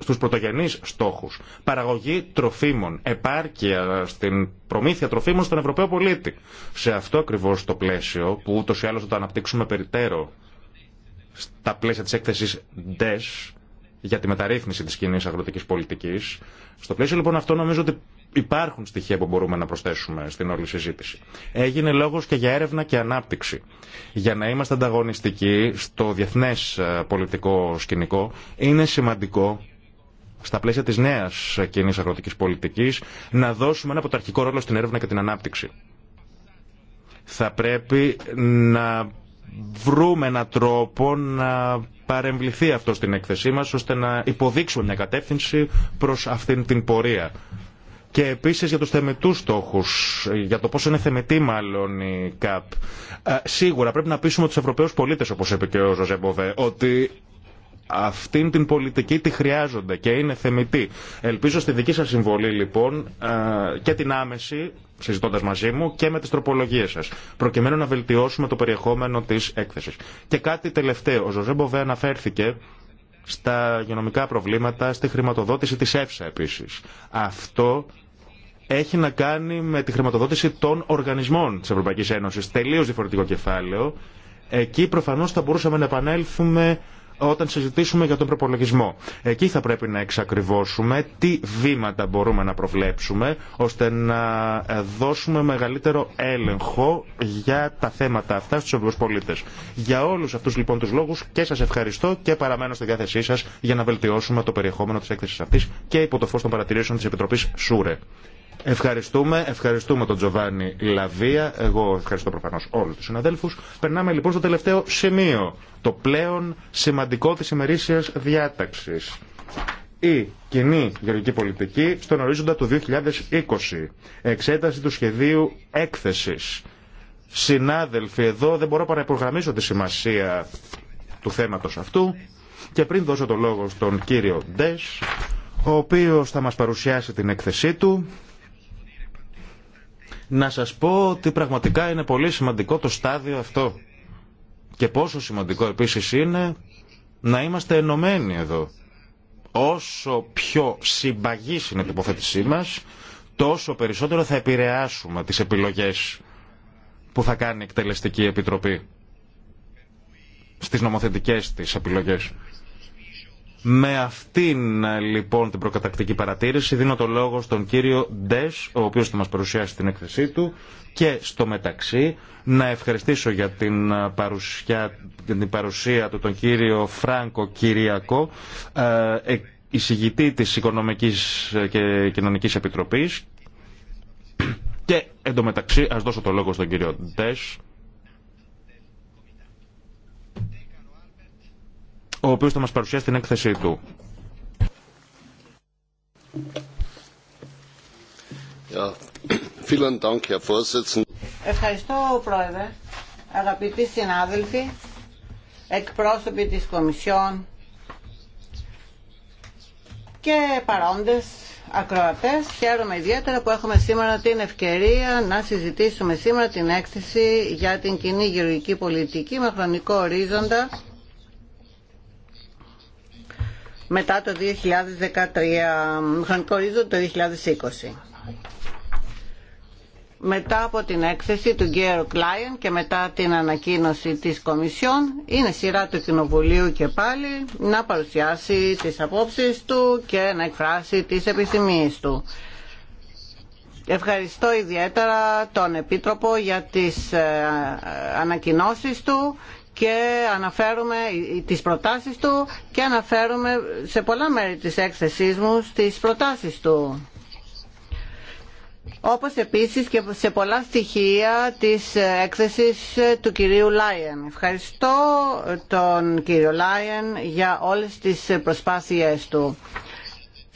στου πρωτογενεί στόχου. Παραγωγή τροφίμων, επάρκεια στην προμήθεια τροφίμων στον Ευρωπαίο πολίτη. Σε αυτό ακριβώ το πλαίσιο, που ούτω ή άλλω θα το αναπτύξουμε περιττέρω στα πλαίσια τη έκθεση DES για τη μεταρρύθμιση τη κοινή αγροτική πολιτική. Στο πλαίσιο λοιπόν αυτό νομίζω ότι υπάρχουν στοιχεία που μπορούμε να προσθέσουμε στην όλη συζήτηση. Έγινε λόγος και για έρευνα και ανάπτυξη. Για να είμαστε ανταγωνιστικοί στο διεθνέ ε, πολιτικό σκηνικό είναι σημαντικό στα πλαίσια της νέας ε, κοινή αγροτικής πολιτικής να δώσουμε ένα πρωταρχικό ρόλο στην έρευνα και την ανάπτυξη. Θα πρέπει να βρούμε έναν τρόπο να παρεμβληθεί αυτό στην έκθεσή μας ώστε να υποδείξουμε μια κατεύθυνση προς αυτήν την πορεία και επίσης για τους θεμετούς στόχους, για το πόσο είναι θεμετή μάλλον η ΚΑΠ. Ε, σίγουρα πρέπει να πείσουμε τους Ευρωπαίους πολίτες, όπως είπε και ο Ζωζεμποβέ, ότι αυτήν την πολιτική τη χρειάζονται και είναι θεμητή. Ελπίζω στη δική σας συμβολή λοιπόν ε, και την άμεση, συζητώντα μαζί μου, και με τις τροπολογίες σας, προκειμένου να βελτιώσουμε το περιεχόμενο της έκθεσης. Και κάτι τελευταίο, ο Ζωζέμποβε αναφέρθηκε στα υγειονομικά προβλήματα, στη χρηματοδότηση της ΕΦΣΑ επίσης. Αυτό έχει να κάνει με τη χρηματοδότηση των οργανισμών της Ευρωπαϊκής Ένωσης. Τελείως διαφορετικό κεφάλαιο. Εκεί προφανώς θα μπορούσαμε να επανέλθουμε όταν συζητήσουμε για τον προπολογισμό. Εκεί θα πρέπει να εξακριβώσουμε τι βήματα μπορούμε να προβλέψουμε ώστε να δώσουμε μεγαλύτερο έλεγχο για τα θέματα αυτά στους ευρωπαϊκούς Για όλους αυτούς λοιπόν τους λόγους και σας ευχαριστώ και παραμένω στη διάθεσή σας για να βελτιώσουμε το περιεχόμενο της έκθεσης αυτής και υπό το φως των παρατηρήσεων της Επιτροπής ΣΟΥΡΕ. Ευχαριστούμε, ευχαριστούμε τον Τζοβάνι Λαβία. Εγώ ευχαριστώ προφανώ όλου του συναδέλφου. Περνάμε λοιπόν στο τελευταίο σημείο. Το πλέον σημαντικό τη ημερήσια διάταξη. Η κοινή γεωργική πολιτική στον ορίζοντα του 2020. Εξέταση του σχεδίου έκθεση. Συνάδελφοι, εδώ δεν μπορώ παρά να υπογραμμίσω τη σημασία του θέματο αυτού και πριν δώσω το λόγο στον κύριο Ντε, ο οποίος θα μας παρουσιάσει την έκθεσή του, να σας πω ότι πραγματικά είναι πολύ σημαντικό το στάδιο αυτό. Και πόσο σημαντικό επίσης είναι να είμαστε ενωμένοι εδώ. Όσο πιο συμπαγής είναι η τοποθέτησή μας, τόσο περισσότερο θα επηρεάσουμε τις επιλογές που θα κάνει η Εκτελεστική Επιτροπή στις νομοθετικές της επιλογές. Με αυτήν λοιπόν την προκατακτική παρατήρηση δίνω το λόγο στον κύριο Ντες, ο οποίος θα μας παρουσιάσει την έκθεσή του και στο μεταξύ να ευχαριστήσω για την ε, παρουσία, την παρουσία του τον κύριο Φράνκο Κυριακό, ε, ε, εισηγητή της Οικονομικής και Κοινωνικής Επιτροπής και εντωμεταξύ ας δώσω το λόγο στον κύριο Ντες ο οποίος θα μας παρουσιάσει την έκθεσή του. Ευχαριστώ, Πρόεδρε. Αγαπητοί συνάδελφοι, εκπρόσωποι της Κομισιόν και παρόντες ακροατές, χαίρομαι ιδιαίτερα που έχουμε σήμερα την ευκαιρία να συζητήσουμε σήμερα την έκθεση για την κοινή γεωργική πολιτική με χρονικό ορίζοντα μετά το 2013, χρονικό το 2020. Μετά από την έκθεση του Γκέρο Κλάιεν και μετά την ανακοίνωση της Κομισιόν, είναι σειρά του Κοινοβουλίου και πάλι να παρουσιάσει τις απόψεις του και να εκφράσει τις επιθυμίες του. Ευχαριστώ ιδιαίτερα τον Επίτροπο για τις ε, ανακοινώσεις του και αναφέρουμε τις προτάσεις του και αναφέρουμε σε πολλά μέρη της έκθεσής μου στις προτάσεις του. Όπως επίσης και σε πολλά στοιχεία της έκθεσης του κυρίου Λάιεν. Ευχαριστώ τον κύριο Λάιεν για όλες τις προσπάθειές του.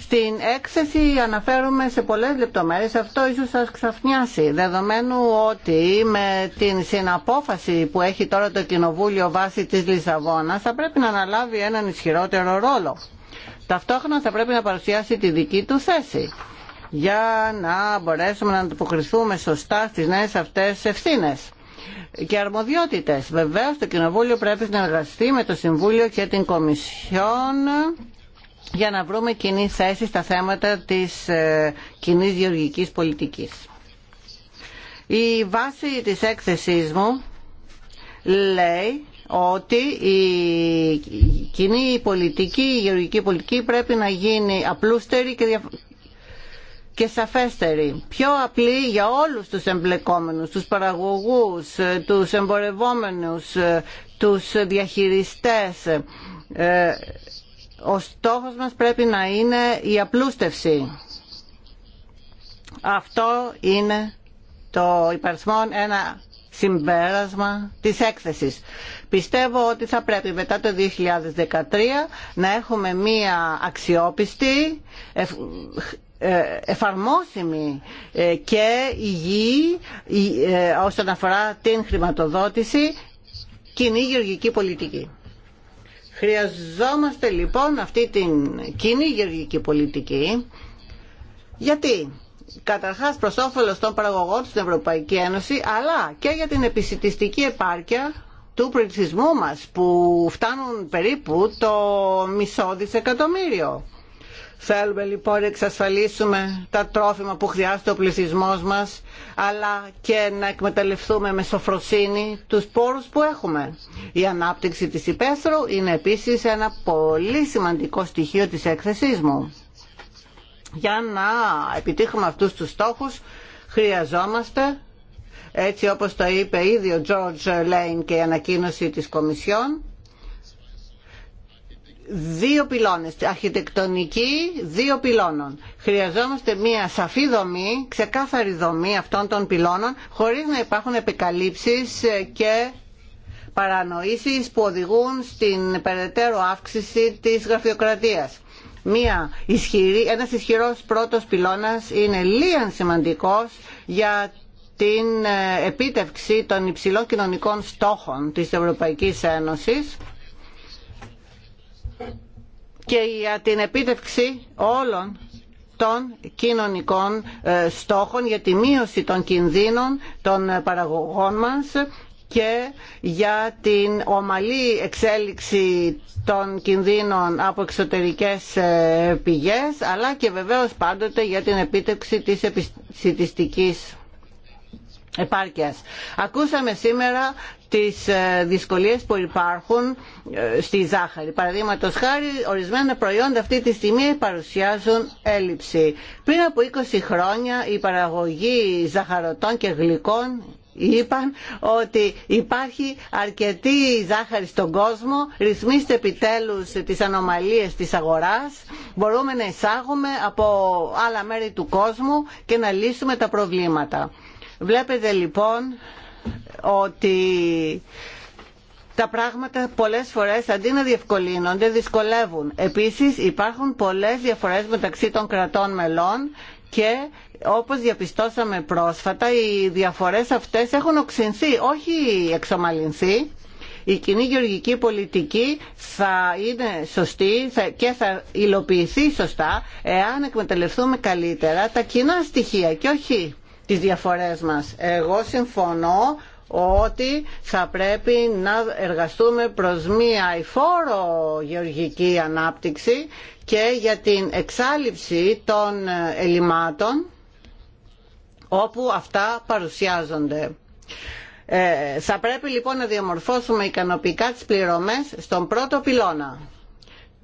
Στην έκθεση αναφέρουμε σε πολλές λεπτομέρειες, αυτό ίσως σας ξαφνιάσει, δεδομένου ότι με την συναπόφαση που έχει τώρα το Κοινοβούλιο βάσει της Λισαβόνας θα πρέπει να αναλάβει έναν ισχυρότερο ρόλο. Ταυτόχρονα θα πρέπει να παρουσιάσει τη δική του θέση για να μπορέσουμε να αντιποκριθούμε σωστά στις νέες αυτές ευθύνε. και αρμοδιότητες. Βεβαίως το Κοινοβούλιο πρέπει να εργαστεί με το Συμβούλιο και την Κομισιόν για να βρούμε κοινή θέση στα θέματα της ε, κοινή γεωργικής πολιτικής. Η βάση της έκθεσής μου λέει ότι η κοινή πολιτική, η γεωργική πολιτική πρέπει να γίνει απλούστερη και, και σαφέστερη. Πιο απλή για όλους τους εμπλεκόμενους, τους παραγωγούς, ε, τους εμπορευόμενους, ε, τους διαχειριστές ο στόχος μας πρέπει να είναι η απλούστευση. Αυτό είναι το υπερσμόν ένα συμπέρασμα της έκθεσης. Πιστεύω ότι θα πρέπει μετά το 2013 να έχουμε μία αξιόπιστη, ε, εφαρμόσιμη ε, και υγιή ε, όσον αφορά την χρηματοδότηση κοινή γεωργική πολιτική. Χρειαζόμαστε λοιπόν αυτή την κοινή γεωργική πολιτική γιατί καταρχάς προς όφελος των παραγωγών στην Ευρωπαϊκή Ένωση αλλά και για την επισητιστική επάρκεια του πληθυσμού μας που φτάνουν περίπου το μισό δισεκατομμύριο. Θέλουμε λοιπόν να εξασφαλίσουμε τα τρόφιμα που χρειάζεται ο πληθυσμός μας, αλλά και να εκμεταλλευτούμε με σοφροσύνη τους πόρους που έχουμε. Η ανάπτυξη της υπαίθρου είναι επίσης ένα πολύ σημαντικό στοιχείο της έκθεσή μου. Για να επιτύχουμε αυτούς τους στόχους χρειαζόμαστε, έτσι όπως το είπε ήδη ο George Lane και η ανακοίνωση της Κομισιόν, δύο πυλώνες, αρχιτεκτονική δύο πυλώνων. Χρειαζόμαστε μία σαφή δομή, ξεκάθαρη δομή αυτών των πυλώνων, χωρίς να υπάρχουν επικαλύψεις και παρανοήσεις που οδηγούν στην περαιτέρω αύξηση της γραφειοκρατίας. Μία ισχυρή, ένας ισχυρός πρώτος πυλώνας είναι λίγαν σημαντικός για την επίτευξη των υψηλών κοινωνικών στόχων της Ευρωπαϊκής Ένωσης και για την επίτευξη όλων των κοινωνικών ε, στόχων για τη μείωση των κινδύνων των ε, παραγωγών μας και για την ομαλή εξέλιξη των κινδύνων από εξωτερικές ε, πηγές αλλά και βεβαίως πάντοτε για την επίτευξη της επιστημιστικής επάρκειας. Ακούσαμε σήμερα τις ε, δυσκολίες που υπάρχουν ε, στη ζάχαρη. Παραδείγματο χάρη, ορισμένα προϊόντα αυτή τη στιγμή παρουσιάζουν έλλειψη. Πριν από 20 χρόνια η παραγωγή ζαχαρωτών και γλυκών είπαν ότι υπάρχει αρκετή ζάχαρη στον κόσμο, ρυθμίστε επιτέλους τις ανομαλίες της αγοράς, μπορούμε να εισάγουμε από άλλα μέρη του κόσμου και να λύσουμε τα προβλήματα. Βλέπετε λοιπόν ότι τα πράγματα πολλές φορές αντί να διευκολύνονται δυσκολεύουν. Επίσης υπάρχουν πολλές διαφορές μεταξύ των κρατών μελών και όπως διαπιστώσαμε πρόσφατα οι διαφορές αυτές έχουν οξυνθεί, όχι εξομαλυνθεί. Η κοινή γεωργική πολιτική θα είναι σωστή και θα υλοποιηθεί σωστά εάν εκμεταλλευτούμε καλύτερα τα κοινά στοιχεία και όχι τις διαφορές μας. Εγώ συμφωνώ ότι θα πρέπει να εργαστούμε προς μία υφόρο γεωργική ανάπτυξη και για την εξάλληψη των ελλημάτων όπου αυτά παρουσιάζονται. Ε, θα πρέπει λοιπόν να διαμορφώσουμε ικανοποιικά τις πληρωμές στον πρώτο πυλώνα.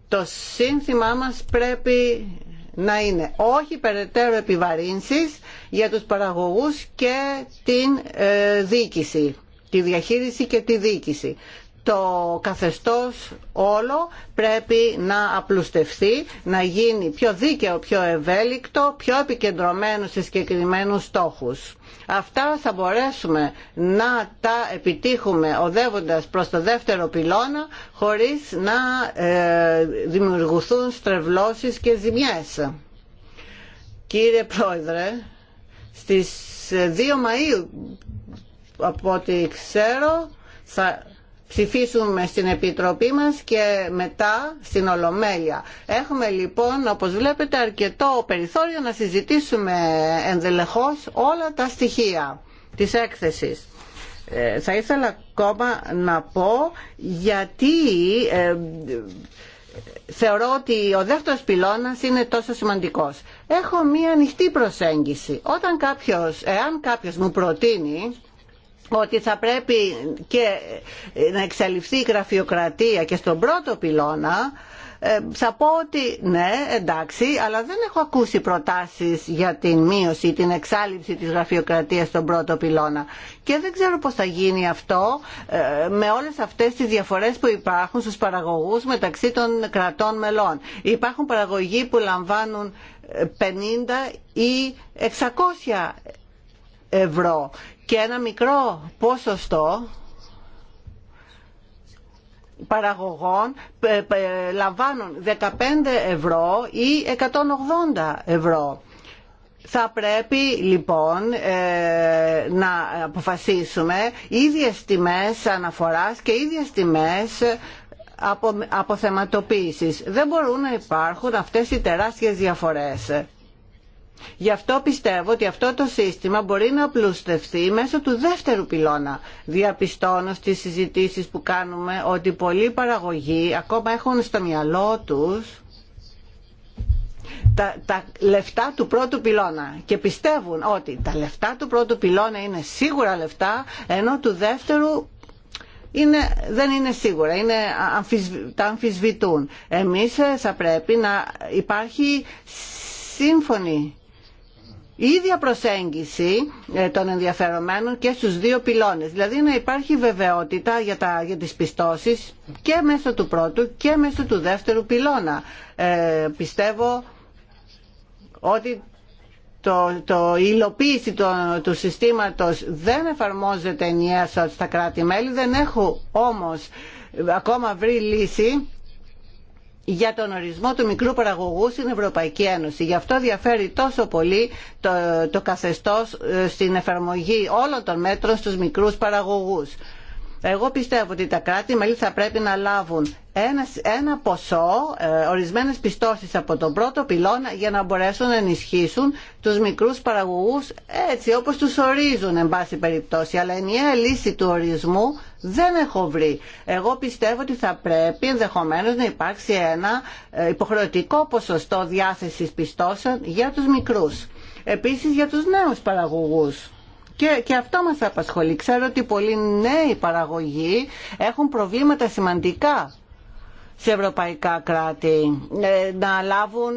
Το σύνθημά μας πρέπει να είναι όχι περαιτέρω επιβαρύνσεις για τους παραγωγούς και την ε, δίκηση, τη διαχείριση και τη δίκηση. Το καθεστώς όλο πρέπει να απλουστευθεί, να γίνει πιο δίκαιο, πιο ευέλικτο, πιο επικεντρωμένο σε συγκεκριμένους στόχους. Αυτά θα μπορέσουμε να τα επιτύχουμε οδεύοντας προς το δεύτερο πυλώνα χωρίς να ε, δημιουργηθούν στρεβλώσεις και ζημιές. Κύριε Πρόεδρε, στις 2 ε, Μαΐου από ό,τι ξέρω θα ψηφίσουμε στην Επιτροπή μας και μετά στην Ολομέλεια. Έχουμε λοιπόν, όπως βλέπετε, αρκετό περιθώριο να συζητήσουμε ενδελεχώς όλα τα στοιχεία της έκθεσης. Ε, θα ήθελα ακόμα να πω γιατί ε, θεωρώ ότι ο δεύτερος πυλώνας είναι τόσο σημαντικός. Έχω μία ανοιχτή προσέγγιση. Όταν κάποιος, εάν κάποιος μου προτείνει ότι θα πρέπει και να εξαλειφθεί η γραφειοκρατία και στον πρώτο πυλώνα ε, θα πω ότι ναι, εντάξει, αλλά δεν έχω ακούσει προτάσεις για την μείωση ή την εξάλληψη της γραφειοκρατίας στον πρώτο πυλώνα. Και δεν ξέρω πώς θα γίνει αυτό ε, με όλες αυτές τις διαφορές που υπάρχουν στους παραγωγούς μεταξύ των κρατών μελών. Υπάρχουν παραγωγοί που λαμβάνουν 50 ε, ή 600 ευρώ και ένα μικρό ποσοστό παραγωγών ε, ε, λαμβάνουν 15 ευρώ ή 180 ευρώ. Θα πρέπει λοιπόν ε, να αποφασίσουμε ίδιες τιμές αναφοράς και ίδιες τιμές αποθεματοποίησης. Δεν μπορούν να υπάρχουν αυτές οι τεράστιες διαφορές. Γι' αυτό πιστεύω ότι αυτό το σύστημα μπορεί να απλουστευτεί μέσω του δεύτερου πυλώνα. Διαπιστώνω στις συζητήσεις που κάνουμε ότι πολλοί παραγωγοί ακόμα έχουν στο μυαλό τους τα, λεφτά του πρώτου πυλώνα και πιστεύουν ότι τα λεφτά του πρώτου πυλώνα είναι σίγουρα λεφτά ενώ του δεύτερου είναι, δεν είναι σίγουρα, είναι, τα αμφισβητούν. Εμείς ε, θα πρέπει να υπάρχει σύμφωνη η ίδια προσέγγιση ε, των ενδιαφερομένων και στους δύο πυλώνες. Δηλαδή να υπάρχει βεβαιότητα για, τα, για τις πιστώσεις και μέσω του πρώτου και μέσω του δεύτερου πυλώνα. Ε, πιστεύω ότι το, το η υλοποίηση του συστήματος δεν εφαρμόζεται ενιαία στα κράτη-μέλη, δεν έχω όμως ακόμα βρει λύση για τον ορισμό του μικρού παραγωγού στην Ευρωπαϊκή Ένωση. Γι' αυτό διαφέρει τόσο πολύ το, το καθεστώς ε, στην εφαρμογή όλων των μέτρων στους μικρούς παραγωγούς. Εγώ πιστεύω ότι τα κράτη-μέλη θα πρέπει να λάβουν ένα, ένα ποσό, ε, ορισμένες πιστώσεις από τον πρώτο πυλώνα για να μπορέσουν να ενισχύσουν τους μικρούς παραγωγούς έτσι όπως τους ορίζουν εν πάση περιπτώσει. Αλλά ενιαία λύση του ορισμού δεν έχω βρει. Εγώ πιστεύω ότι θα πρέπει ενδεχομένως να υπάρξει ένα ε, υποχρεωτικό ποσοστό διάθεσης πιστώσεων για τους μικρούς. Επίσης για τους νέους παραγωγούς και, και αυτό μας απασχολεί. Ξέρω ότι πολλοί νέοι παραγωγοί έχουν προβλήματα σημαντικά σε ευρωπαϊκά κράτη ε, να λάβουν,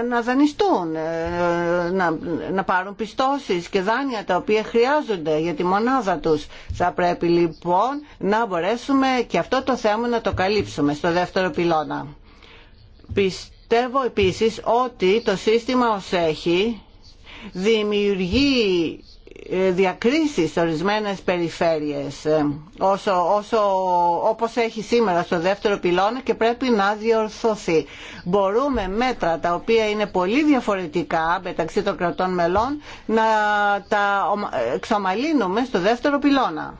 ε, να δανειστούν, ε, να, να πάρουν πιστώσεις και δάνεια τα οποία χρειάζονται για τη μονάδα τους. Θα πρέπει λοιπόν να μπορέσουμε και αυτό το θέμα να το καλύψουμε στο δεύτερο πυλώνα. Πιστεύω επίσης ότι το σύστημα ως έχει δημιουργεί ε, Διακρίσει σε ορισμένε περιφέρειες ε, όσο, όπως έχει σήμερα στο δεύτερο πυλώνα και πρέπει να διορθωθεί. Μπορούμε μέτρα τα οποία είναι πολύ διαφορετικά μεταξύ των κρατών μελών να τα εξομαλύνουμε στο δεύτερο πυλώνα.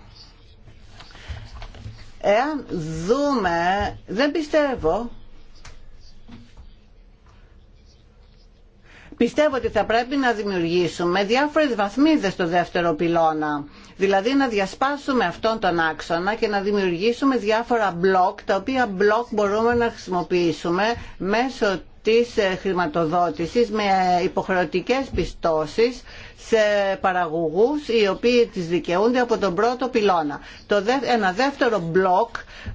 Εάν δούμε, δεν πιστεύω Πιστεύω ότι θα πρέπει να δημιουργήσουμε διάφορες βαθμίδες στο δεύτερο πυλώνα. Δηλαδή να διασπάσουμε αυτόν τον άξονα και να δημιουργήσουμε διάφορα μπλοκ, τα οποία μπλοκ μπορούμε να χρησιμοποιήσουμε μέσω της ε, χρηματοδότησης με υποχρεωτικές πιστώσεις σε παραγωγούς οι οποίοι τις δικαιούνται από τον πρώτο πυλώνα. Το ένα δεύτερο μπλοκ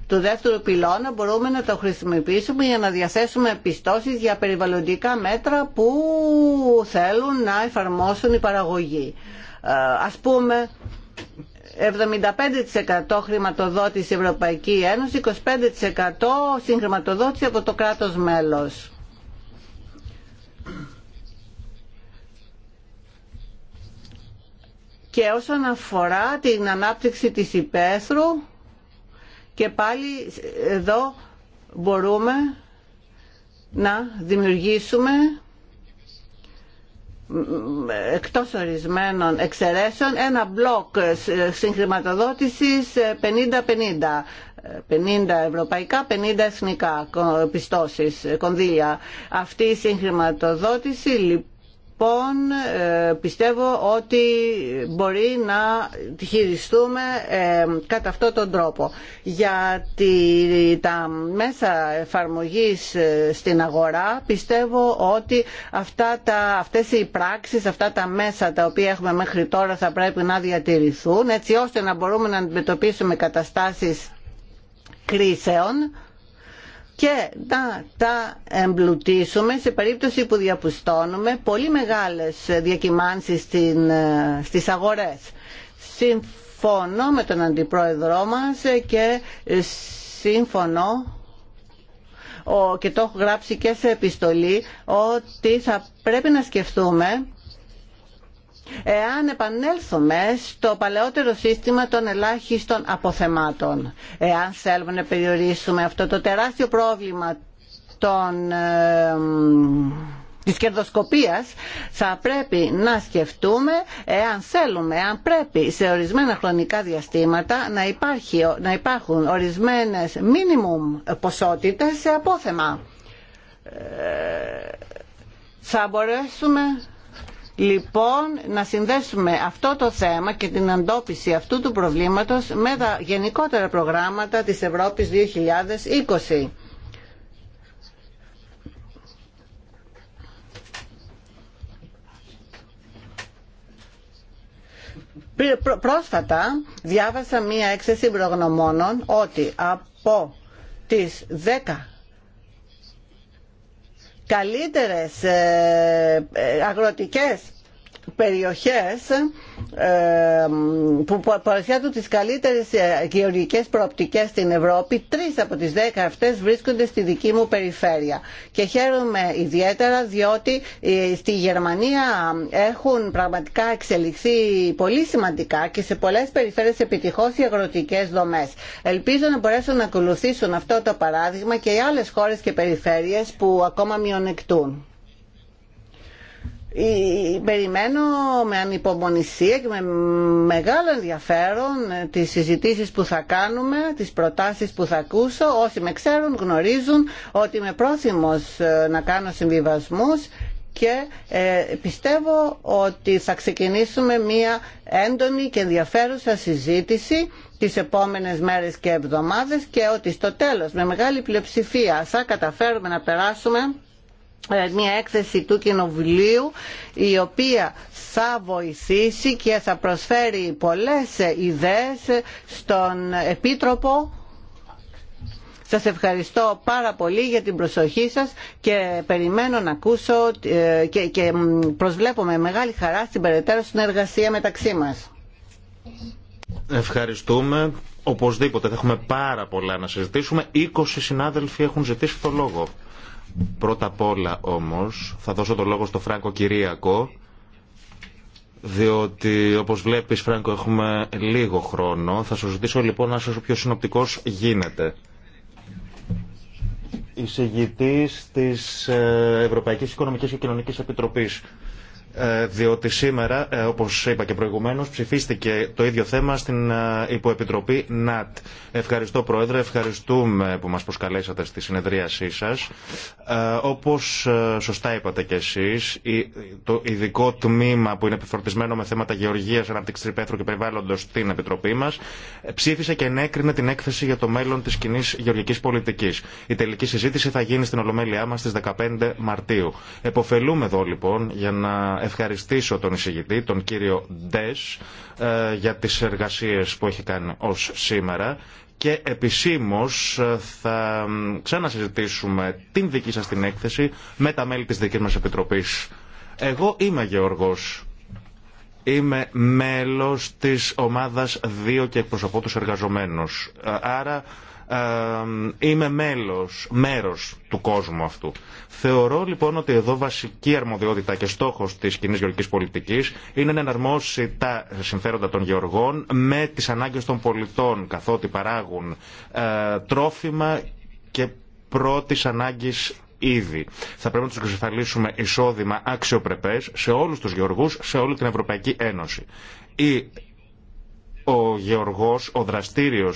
του δεύτερου πυλώνα μπορούμε να το χρησιμοποιήσουμε για να διαθέσουμε πιστώσεις για περιβαλλοντικά μέτρα που θέλουν να εφαρμόσουν οι παραγωγοί. Ε, ας πούμε 75% χρηματοδότηση Ευρωπαϊκή Ένωση, 25% συγχρηματοδότηση από το κράτος μέλος. Και όσον αφορά την ανάπτυξη της υπαίθρου, και πάλι εδώ μπορούμε να δημιουργήσουμε εκτός ορισμένων εξαιρέσεων ένα μπλοκ συγχρηματοδότησης 50-50. Ε, 50 ευρωπαϊκά, 50 εθνικά πιστώσεις, κονδύλια. Αυτή η συγχρηματοδότηση λοιπόν ε, πιστεύω ότι μπορεί να χειριστούμε ε, κατά αυτόν τον τρόπο. Για τα μέσα εφαρμογής ε, στην αγορά πιστεύω ότι αυτά τα, αυτές οι πράξεις, αυτά τα μέσα τα οποία έχουμε μέχρι τώρα θα πρέπει να διατηρηθούν έτσι ώστε να μπορούμε να αντιμετωπίσουμε καταστάσεις κρίσεων και να τα εμπλουτίσουμε σε περίπτωση που διαπιστώνουμε πολύ μεγάλες διακυμάνσεις στις αγορές. Συμφωνώ με τον Αντιπρόεδρό μας και συμφωνώ και το έχω γράψει και σε επιστολή ότι θα πρέπει να σκεφτούμε εάν επανέλθουμε στο παλαιότερο σύστημα των ελάχιστων αποθεμάτων, εάν θέλουμε να περιορίσουμε αυτό το τεράστιο πρόβλημα των, ε, της κερδοσκοπίας θα πρέπει να σκεφτούμε εάν θέλουμε, εάν πρέπει σε ορισμένα χρονικά διαστήματα να, υπάρχει, να υπάρχουν ορισμένες μίνιμουμ ποσότητες σε απόθεμα. Ε, θα μπορέσουμε Λοιπόν, να συνδέσουμε αυτό το θέμα και την αντόπιση αυτού του προβλήματος με τα γενικότερα προγράμματα της Ευρώπης 2020. Πρόσφατα διάβασα μία έξεση προγνωμόνων ότι από τις 10 καλύτερες ε, ε, αγροτικές περιοχές που παρουσιάζουν τις καλύτερες ε, γεωργικές προοπτικές στην Ευρώπη. Τρεις από τις δέκα αυτές βρίσκονται στη δική μου περιφέρεια. Και χαίρομαι ιδιαίτερα διότι ε, στη Γερμανία έχουν πραγματικά εξελιχθεί πολύ σημαντικά και σε πολλές περιφέρειες επιτυχώς οι αγροτικές δομές. Ελπίζω να μπορέσουν να ακολουθήσουν αυτό το παράδειγμα και οι άλλες χώρες και περιφέρειες που ακόμα μειονεκτούν. Περιμένω με ανυπομονησία και με μεγάλο ενδιαφέρον τις συζητήσεις που θα κάνουμε, τις προτάσεις που θα ακούσω. Όσοι με ξέρουν γνωρίζουν ότι είμαι πρόθυμος ε, να κάνω συμβιβασμούς και ε, πιστεύω ότι θα ξεκινήσουμε μία έντονη και ενδιαφέρουσα συζήτηση τις επόμενες μέρες και εβδομάδες και ότι στο τέλος με μεγάλη πλειοψηφία θα καταφέρουμε να περάσουμε ε, μια έκθεση του Κοινοβουλίου η οποία θα βοηθήσει και θα προσφέρει πολλές ιδέες στον Επίτροπο. Σας ευχαριστώ πάρα πολύ για την προσοχή σας και περιμένω να ακούσω ε, και, προσβλέπω με μεγάλη χαρά στην περαιτέρω συνεργασία μεταξύ μας. Ευχαριστούμε. Οπωσδήποτε θα έχουμε πάρα πολλά να συζητήσουμε. 20 συνάδελφοι έχουν ζητήσει το λόγο. Πρώτα απ' όλα όμως θα δώσω το λόγο στο Φράνκο Κυρίακο διότι όπως βλέπεις Φράγκο, έχουμε λίγο χρόνο. Θα σου ζητήσω λοιπόν να είσαι ο πιο συνοπτικός γίνεται. Εισηγητής της ε, Ευρωπαϊκής Οικονομικής και Κοινωνικής Επιτροπής ε, διότι σήμερα, ε, όπως είπα και προηγουμένως, ψηφίστηκε το ίδιο θέμα στην ε, Υποεπιτροπή ΝΑΤ. Ευχαριστώ Πρόεδρε, ευχαριστούμε που μας προσκαλέσατε στη συνεδρίασή σας. Όπως σωστά είπατε κι εσείς, το ειδικό τμήμα που είναι επιφορτισμένο με θέματα γεωργίας, ανάπτυξης υπαίθρου και περιβάλλοντος στην Επιτροπή μας, ψήφισε και ενέκρινε την έκθεση για το μέλλον της κοινή γεωργικής πολιτικής. Η τελική συζήτηση θα γίνει στην Ολομέλειά μας στις 15 Μαρτίου. Εποφελούμε εδώ λοιπόν για να ευχαριστήσω τον εισηγητή, τον κύριο Ντες, ε, για τις εργασίες που έχει κάνει ως σήμερα και επισήμως ε, θα ξανασυζητήσουμε την δική σας την έκθεση με τα μέλη της δικής μας Επιτροπής. Εγώ είμαι Γεωργός. Είμαι μέλος της ομάδας 2 και εκπροσωπώ τους εργαζομένους. Ε, άρα είμαι μέλος, μέρος του κόσμου αυτού. Θεωρώ λοιπόν ότι εδώ βασική αρμοδιότητα και στόχος της κοινή γεωργικής πολιτικής είναι να εναρμόσει τα συμφέροντα των γεωργών με τις ανάγκες των πολιτών καθότι παράγουν ε, τρόφιμα και πρώτης ανάγκης ήδη. Θα πρέπει να του εξασφαλίσουμε εισόδημα αξιοπρεπέ σε όλου του γεωργού, σε όλη την Ευρωπαϊκή Ένωση. Ή ο γεωργό, ο δραστήριο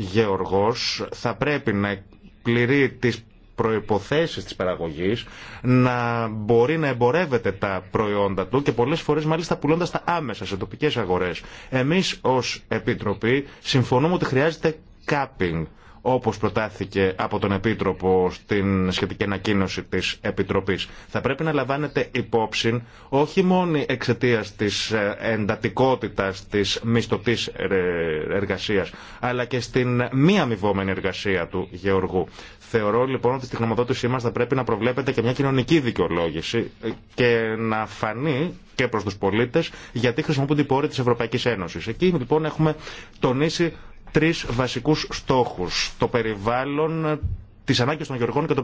γεωργός θα πρέπει να πληρεί τις προϋποθέσεις της παραγωγής, να μπορεί να εμπορεύεται τα προϊόντα του και πολλές φορές μάλιστα πουλώντας τα άμεσα σε τοπικές αγορές. Εμείς ως Επιτροπή συμφωνούμε ότι χρειάζεται κάπινγκ όπως προτάθηκε από τον Επίτροπο στην σχετική ανακοίνωση της Επιτροπής. Θα πρέπει να λαμβάνετε υπόψη όχι μόνο εξαιτία της ε, εντατικότητας της μισθωτής ε, ε, εργασίας, αλλά και στην μη αμοιβόμενη εργασία του Γεωργού. Θεωρώ λοιπόν ότι στη χρηματοδότησή μας θα πρέπει να προβλέπεται και μια κοινωνική δικαιολόγηση και να φανεί και προς τους πολίτες γιατί χρησιμοποιούνται οι πόροι της Ευρωπαϊκής Ένωσης. Εκεί λοιπόν έχουμε τονίσει Τρει βασικούς στόχους. Το περιβάλλον, τις ανάγκες των γεωργών και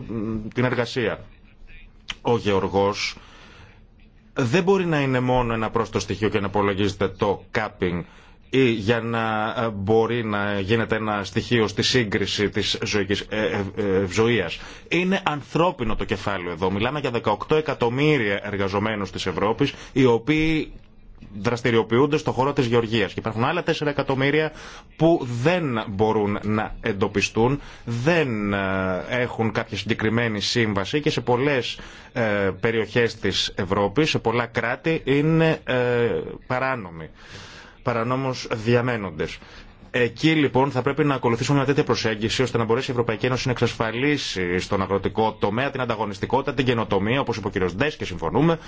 την εργασία. Ο γεωργό δεν μπορεί να είναι μόνο ένα πρόστο στοιχείο και να υπολογίζεται το κάπινγκ ή για να ε, μπορεί να γίνεται ένα στοιχείο στη σύγκριση της ζωικής ε, ε, Είναι ανθρώπινο το κεφάλαιο εδώ. Μιλάμε για 18 εκατομμύρια εργαζομένους της Ευρώπης, οι οποίοι δραστηριοποιούνται στον χώρο της γεωργίας. Και υπάρχουν άλλα 4 εκατομμύρια που δεν μπορούν να εντοπιστούν, δεν ε, έχουν κάποια συγκεκριμένη σύμβαση και σε πολλές ε, περιοχές της Ευρώπης, σε πολλά κράτη είναι ε, παράνομοι, παρανόμως διαμένοντες. Εκεί λοιπόν θα πρέπει να ακολουθήσουμε μια τέτοια προσέγγιση ώστε να μπορέσει η Ευρωπαϊκή Ένωση να εξασφαλίσει στον αγροτικό τομέα την ανταγωνιστικότητα, την καινοτομία, όπω είπε ο κ. Ντέ και συμφωνούμε,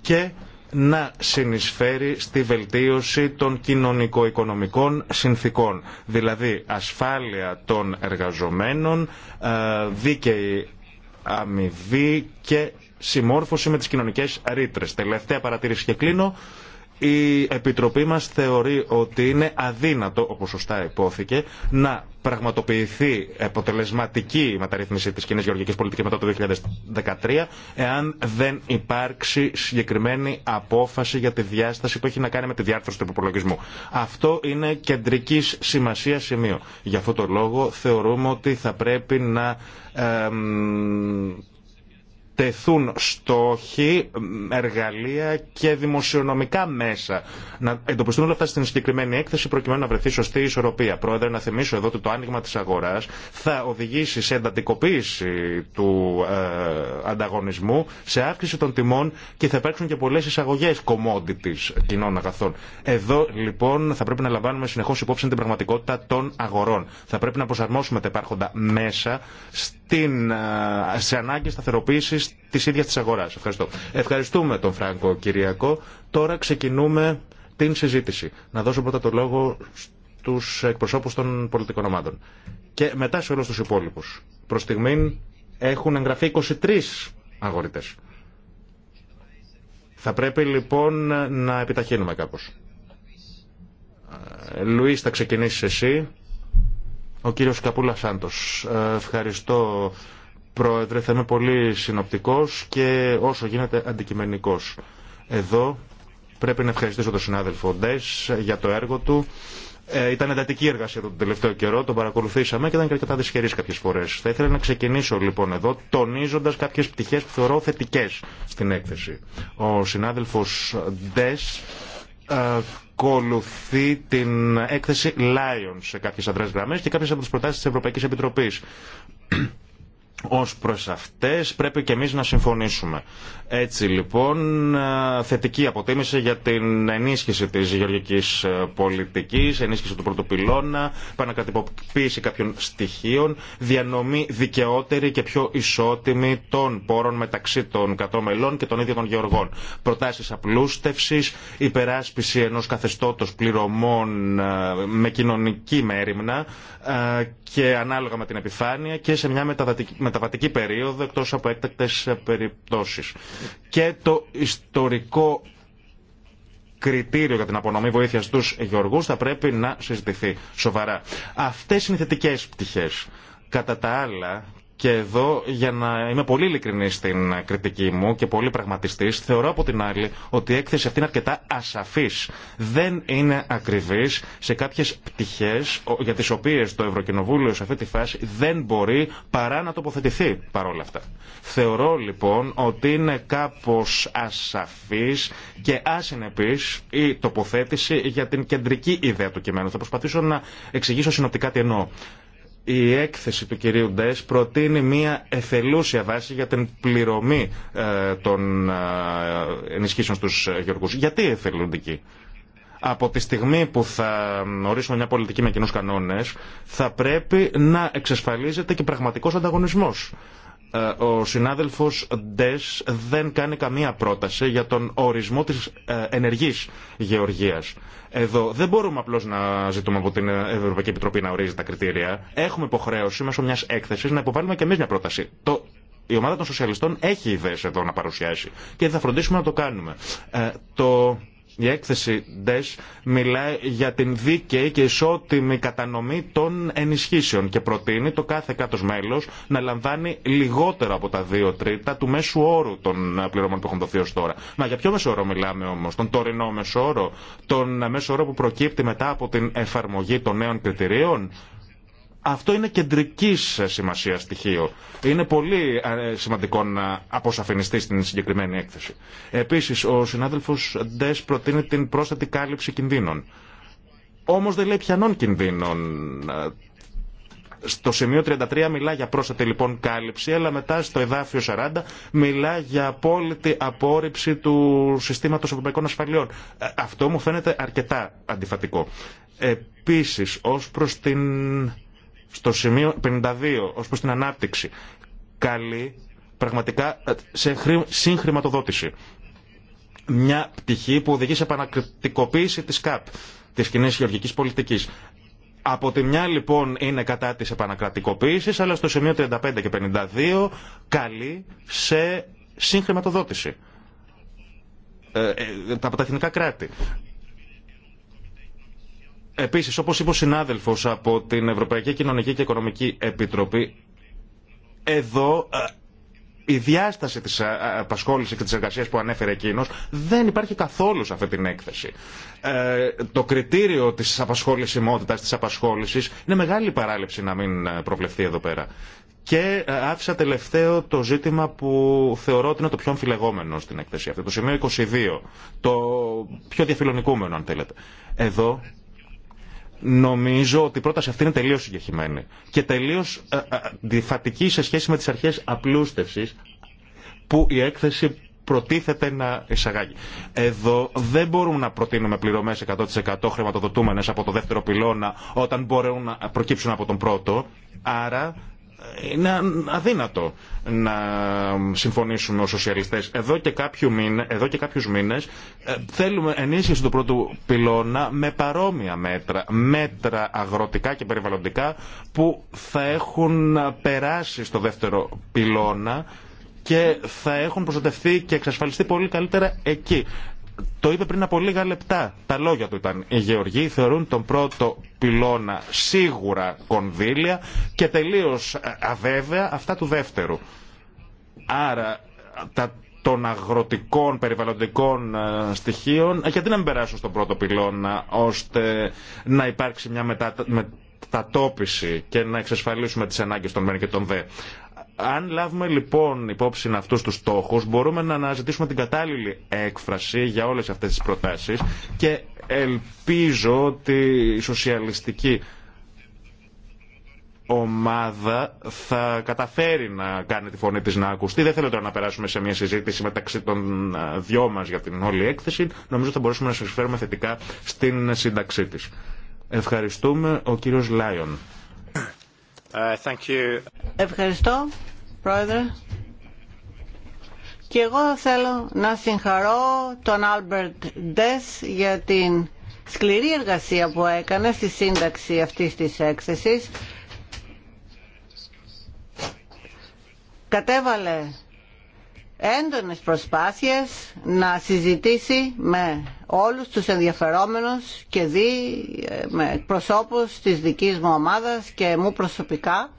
και να συνεισφέρει στη βελτίωση των κοινωνικο-οικονομικών συνθήκων, δηλαδή ασφάλεια των εργαζομένων, ε, δίκαιη αμοιβή και συμμόρφωση με τις κοινωνικές ρήτρες. Τελευταία παρατήρηση και κλείνω. Η Επιτροπή μας θεωρεί ότι είναι αδύνατο, όπως σωστά υπόθηκε, να πραγματοποιηθεί αποτελεσματική μεταρρύθμιση της κοινή γεωργικής πολιτικής μετά το 2013, εάν δεν υπάρξει συγκεκριμένη απόφαση για τη διάσταση που έχει να κάνει με τη διάρθρωση του υπολογισμού. Αυτό είναι κεντρικής σημασία σημείο. Για αυτό το λόγο θεωρούμε ότι θα πρέπει να τεθούν στόχοι, εργαλεία και δημοσιονομικά μέσα. Να εντοπιστούν όλα αυτά στην συγκεκριμένη έκθεση προκειμένου να βρεθεί σωστή ισορροπία. Πρόεδρε, να θυμίσω εδώ ότι το άνοιγμα τη αγορά θα οδηγήσει σε εντατικοποίηση του ε, ανταγωνισμού, σε αύξηση των τιμών και θα υπάρξουν και πολλέ εισαγωγέ commodities κοινών αγαθών. Εδώ λοιπόν θα πρέπει να λαμβάνουμε συνεχώ υπόψη την πραγματικότητα των αγορών. Θα πρέπει να προσαρμόσουμε τα υπάρχοντα μέσα στην, ε, σε ανάγκη σταθεροποίηση Τη ίδια τη αγοράς. Ευχαριστώ. Ευχαριστούμε τον Φράγκο Κυριακό. Τώρα ξεκινούμε την συζήτηση. Να δώσω πρώτα το λόγο στου εκπροσώπους των πολιτικών ομάδων. Και μετά σε όλους του υπόλοιπου. Προ στιγμήν έχουν εγγραφεί 23 αγορητέ. Θα πρέπει λοιπόν να επιταχύνουμε κάπως. Ε, Λουίς θα ξεκινήσεις εσύ. Ο κύριος Καπούλα Σάντος. Ε, ευχαριστώ Πρόεδρε, θα είμαι πολύ συνοπτικός και όσο γίνεται αντικειμενικός. Εδώ πρέπει να ευχαριστήσω τον συνάδελφο Ντες για το έργο του. Ε, ήταν εντατική εργασία τον τελευταίο καιρό, τον παρακολουθήσαμε και ήταν και αρκετά δυσχερή κάποιε φορέ. Θα ήθελα να ξεκινήσω λοιπόν εδώ τονίζοντα κάποιε πτυχέ που θεωρώ θετικέ στην έκθεση. Ο συνάδελφο Ντε ακολουθεί την έκθεση Lions σε κάποιε αδρέ γραμμέ και κάποιε από τι προτάσει τη Ευρωπαϊκή Επιτροπή ως προς αυτές πρέπει και εμείς να συμφωνήσουμε. Έτσι λοιπόν θετική αποτίμηση για την ενίσχυση της γεωργικής πολιτικής, ενίσχυση του πρωτοπυλώνα, επανακατυποποίηση κάποιων στοιχείων, διανομή δικαιότερη και πιο ισότιμη των πόρων μεταξύ των κατώμελών και των ίδιων των γεωργών. Προτάσεις απλούστευσης, υπεράσπιση ενός καθεστώτος πληρωμών με κοινωνική μέρημνα και ανάλογα με την επιφάνεια και σε μια μεταδοτική μεταβατική περίοδο εκτό από έκτακτε περιπτώσει. Και το ιστορικό κριτήριο για την απονομή βοήθεια στου γεωργού θα πρέπει να συζητηθεί σοβαρά. Αυτέ είναι οι θετικές πτυχές. Κατά τα άλλα, και εδώ, για να είμαι πολύ ειλικρινή στην κριτική μου και πολύ πραγματιστή, θεωρώ από την άλλη ότι η έκθεση αυτή είναι αρκετά ασαφή. Δεν είναι ακριβή σε κάποιε πτυχέ για τι οποίε το Ευρωκοινοβούλιο σε αυτή τη φάση δεν μπορεί παρά να τοποθετηθεί παρόλα αυτά. Θεωρώ λοιπόν ότι είναι κάπω ασαφή και άσυνεπή η τοποθέτηση για την κεντρική ιδέα του κειμένου. Θα προσπαθήσω να εξηγήσω συνοπτικά τι εννοώ η έκθεση του κυρίου Ντες προτείνει μια εθελούσια βάση για την πληρωμή ε, των ε, ενισχύσεων στους γεωργούς. Γιατί εθελοντική. Από τη στιγμή που θα ορίσουμε μια πολιτική με κοινού κανόνες θα πρέπει να εξασφαλίζεται και πραγματικός ανταγωνισμός. Ε, ο συνάδελφος Ντες δεν κάνει καμία πρόταση για τον ορισμό της ε, ενεργής γεωργίας. Εδώ δεν μπορούμε απλώς να ζητούμε από την Ευρωπαϊκή Επιτροπή να ορίζει τα κριτήρια. Έχουμε υποχρέωση μέσω μιας έκθεσης να υποβάλουμε και εμείς μια πρόταση. Το η ομάδα των σοσιαλιστών έχει ιδέες εδώ να παρουσιάσει και θα φροντίσουμε να το κάνουμε. Ε, το η έκθεση DES μιλάει για την δίκαιη και ισότιμη κατανομή των ενισχύσεων και προτείνει το κάθε κάτω μέλο να λαμβάνει λιγότερο από τα δύο τρίτα του μέσου όρου των πληρώμων που έχουν δοθεί ω τώρα. Μα για ποιο μέσο όρο μιλάμε όμω, τον τωρινό μέσο όρο, τον μέσο όρο που προκύπτει μετά από την εφαρμογή των νέων κριτηρίων αυτό είναι κεντρική σημασία στοιχείο. Είναι πολύ ε, σημαντικό να αποσαφινιστεί στην συγκεκριμένη έκθεση. Επίση, ο συνάδελφο Ντε προτείνει την πρόσθετη κάλυψη κινδύνων. Όμω δεν λέει πιανών κινδύνων. Ε, στο σημείο 33 μιλά για πρόσθετη λοιπόν κάλυψη, αλλά μετά στο εδάφιο 40 μιλά για απόλυτη απόρριψη του συστήματο ευρωπαϊκών ασφαλιών. Ε, αυτό μου φαίνεται αρκετά αντιφατικό. Επίση, ω προ την στο σημείο 52 ως προς την ανάπτυξη καλή πραγματικά ε, σε συγχρηματοδότηση. Μια πτυχή που οδηγεί σε επανακριτικοποίηση της ΚΑΠ, της κοινή γεωργικής πολιτικής. Από τη μια λοιπόν είναι κατά της επανακρατικοποίηση, αλλά στο σημείο 35 και 52 καλεί σε συγχρηματοδότηση ε, ε, από τα εθνικά κράτη. Επίσης, όπως είπε ο συνάδελφος από την Ευρωπαϊκή Κοινωνική και Οικονομική Επιτροπή, εδώ ε, η διάσταση της ε, απασχόλησης και της εργασίας που ανέφερε εκείνος δεν υπάρχει καθόλου σε αυτή την έκθεση. Ε, το κριτήριο της απασχόλησιμότητας, της απασχόλησης, είναι μεγάλη παράληψη να μην ε, προβλεφθεί εδώ πέρα. Και άφησα τελευταίο το ζήτημα που θεωρώ ότι είναι το πιο αμφιλεγόμενο στην έκθεση αυτή, το σημείο 22, το πιο διαφιλονικούμενο αν θέλετε. Εδώ Νομίζω ότι η πρόταση αυτή είναι τελείω συγκεχημένη και τελείω ε, ε, αντιφατική σε σχέση με τι αρχέ απλούστευση που η έκθεση προτίθεται να εισαγάγει. Εδώ δεν μπορούμε να προτείνουμε πληρωμέ 100% χρηματοδοτούμενε από το δεύτερο πυλώνα όταν μπορούν να προκύψουν από τον πρώτο. Άρα είναι αδύνατο να συμφωνήσουμε ως σοσιαλιστές. Εδώ και, κάποιου μήνε, εδώ και κάποιους μήνες ε, θέλουμε ενίσχυση του πρώτου πυλώνα με παρόμοια μέτρα, μέτρα αγροτικά και περιβαλλοντικά που θα έχουν περάσει στο δεύτερο πυλώνα και θα έχουν προστατευτεί και εξασφαλιστεί πολύ καλύτερα εκεί. Το είπε πριν από λίγα λεπτά. Τα λόγια του ήταν. Οι Γεωργοί θεωρούν τον πρώτο πυλώνα σίγουρα κονδύλια και τελείω ε, αβέβαια αυτά του δεύτερου. Άρα τα των αγροτικών περιβαλλοντικών ε, στοιχείων, ε, γιατί να μην περάσουν στον πρώτο πυλώνα, ώστε να υπάρξει μια μετατόπιση και να εξασφαλίσουμε τις ανάγκες των μεν και των δε. Αν λάβουμε λοιπόν υπόψη αυτού του στόχου, μπορούμε να αναζητήσουμε την κατάλληλη έκφραση για όλε αυτέ τι προτάσει και ελπίζω ότι η σοσιαλιστική ομάδα θα καταφέρει να κάνει τη φωνή της να ακουστεί. Δεν θέλω τώρα να περάσουμε σε μια συζήτηση μεταξύ των δυο μας για την όλη έκθεση. Νομίζω θα μπορούσαμε να σας φέρουμε θετικά στην σύνταξή της. Ευχαριστούμε ο κύριος Λάιον. Ε, Ευχαριστώ. Πρόεδρε. Και εγώ θέλω να συγχαρώ τον Άλμπερτ Ντες για την σκληρή εργασία που έκανε στη σύνταξη αυτής της έκθεσης. Κατέβαλε έντονες προσπάθειες να συζητήσει με όλους τους ενδιαφερόμενους και δι' ε, με προσώπους της δικής μου ομάδας και μου προσωπικά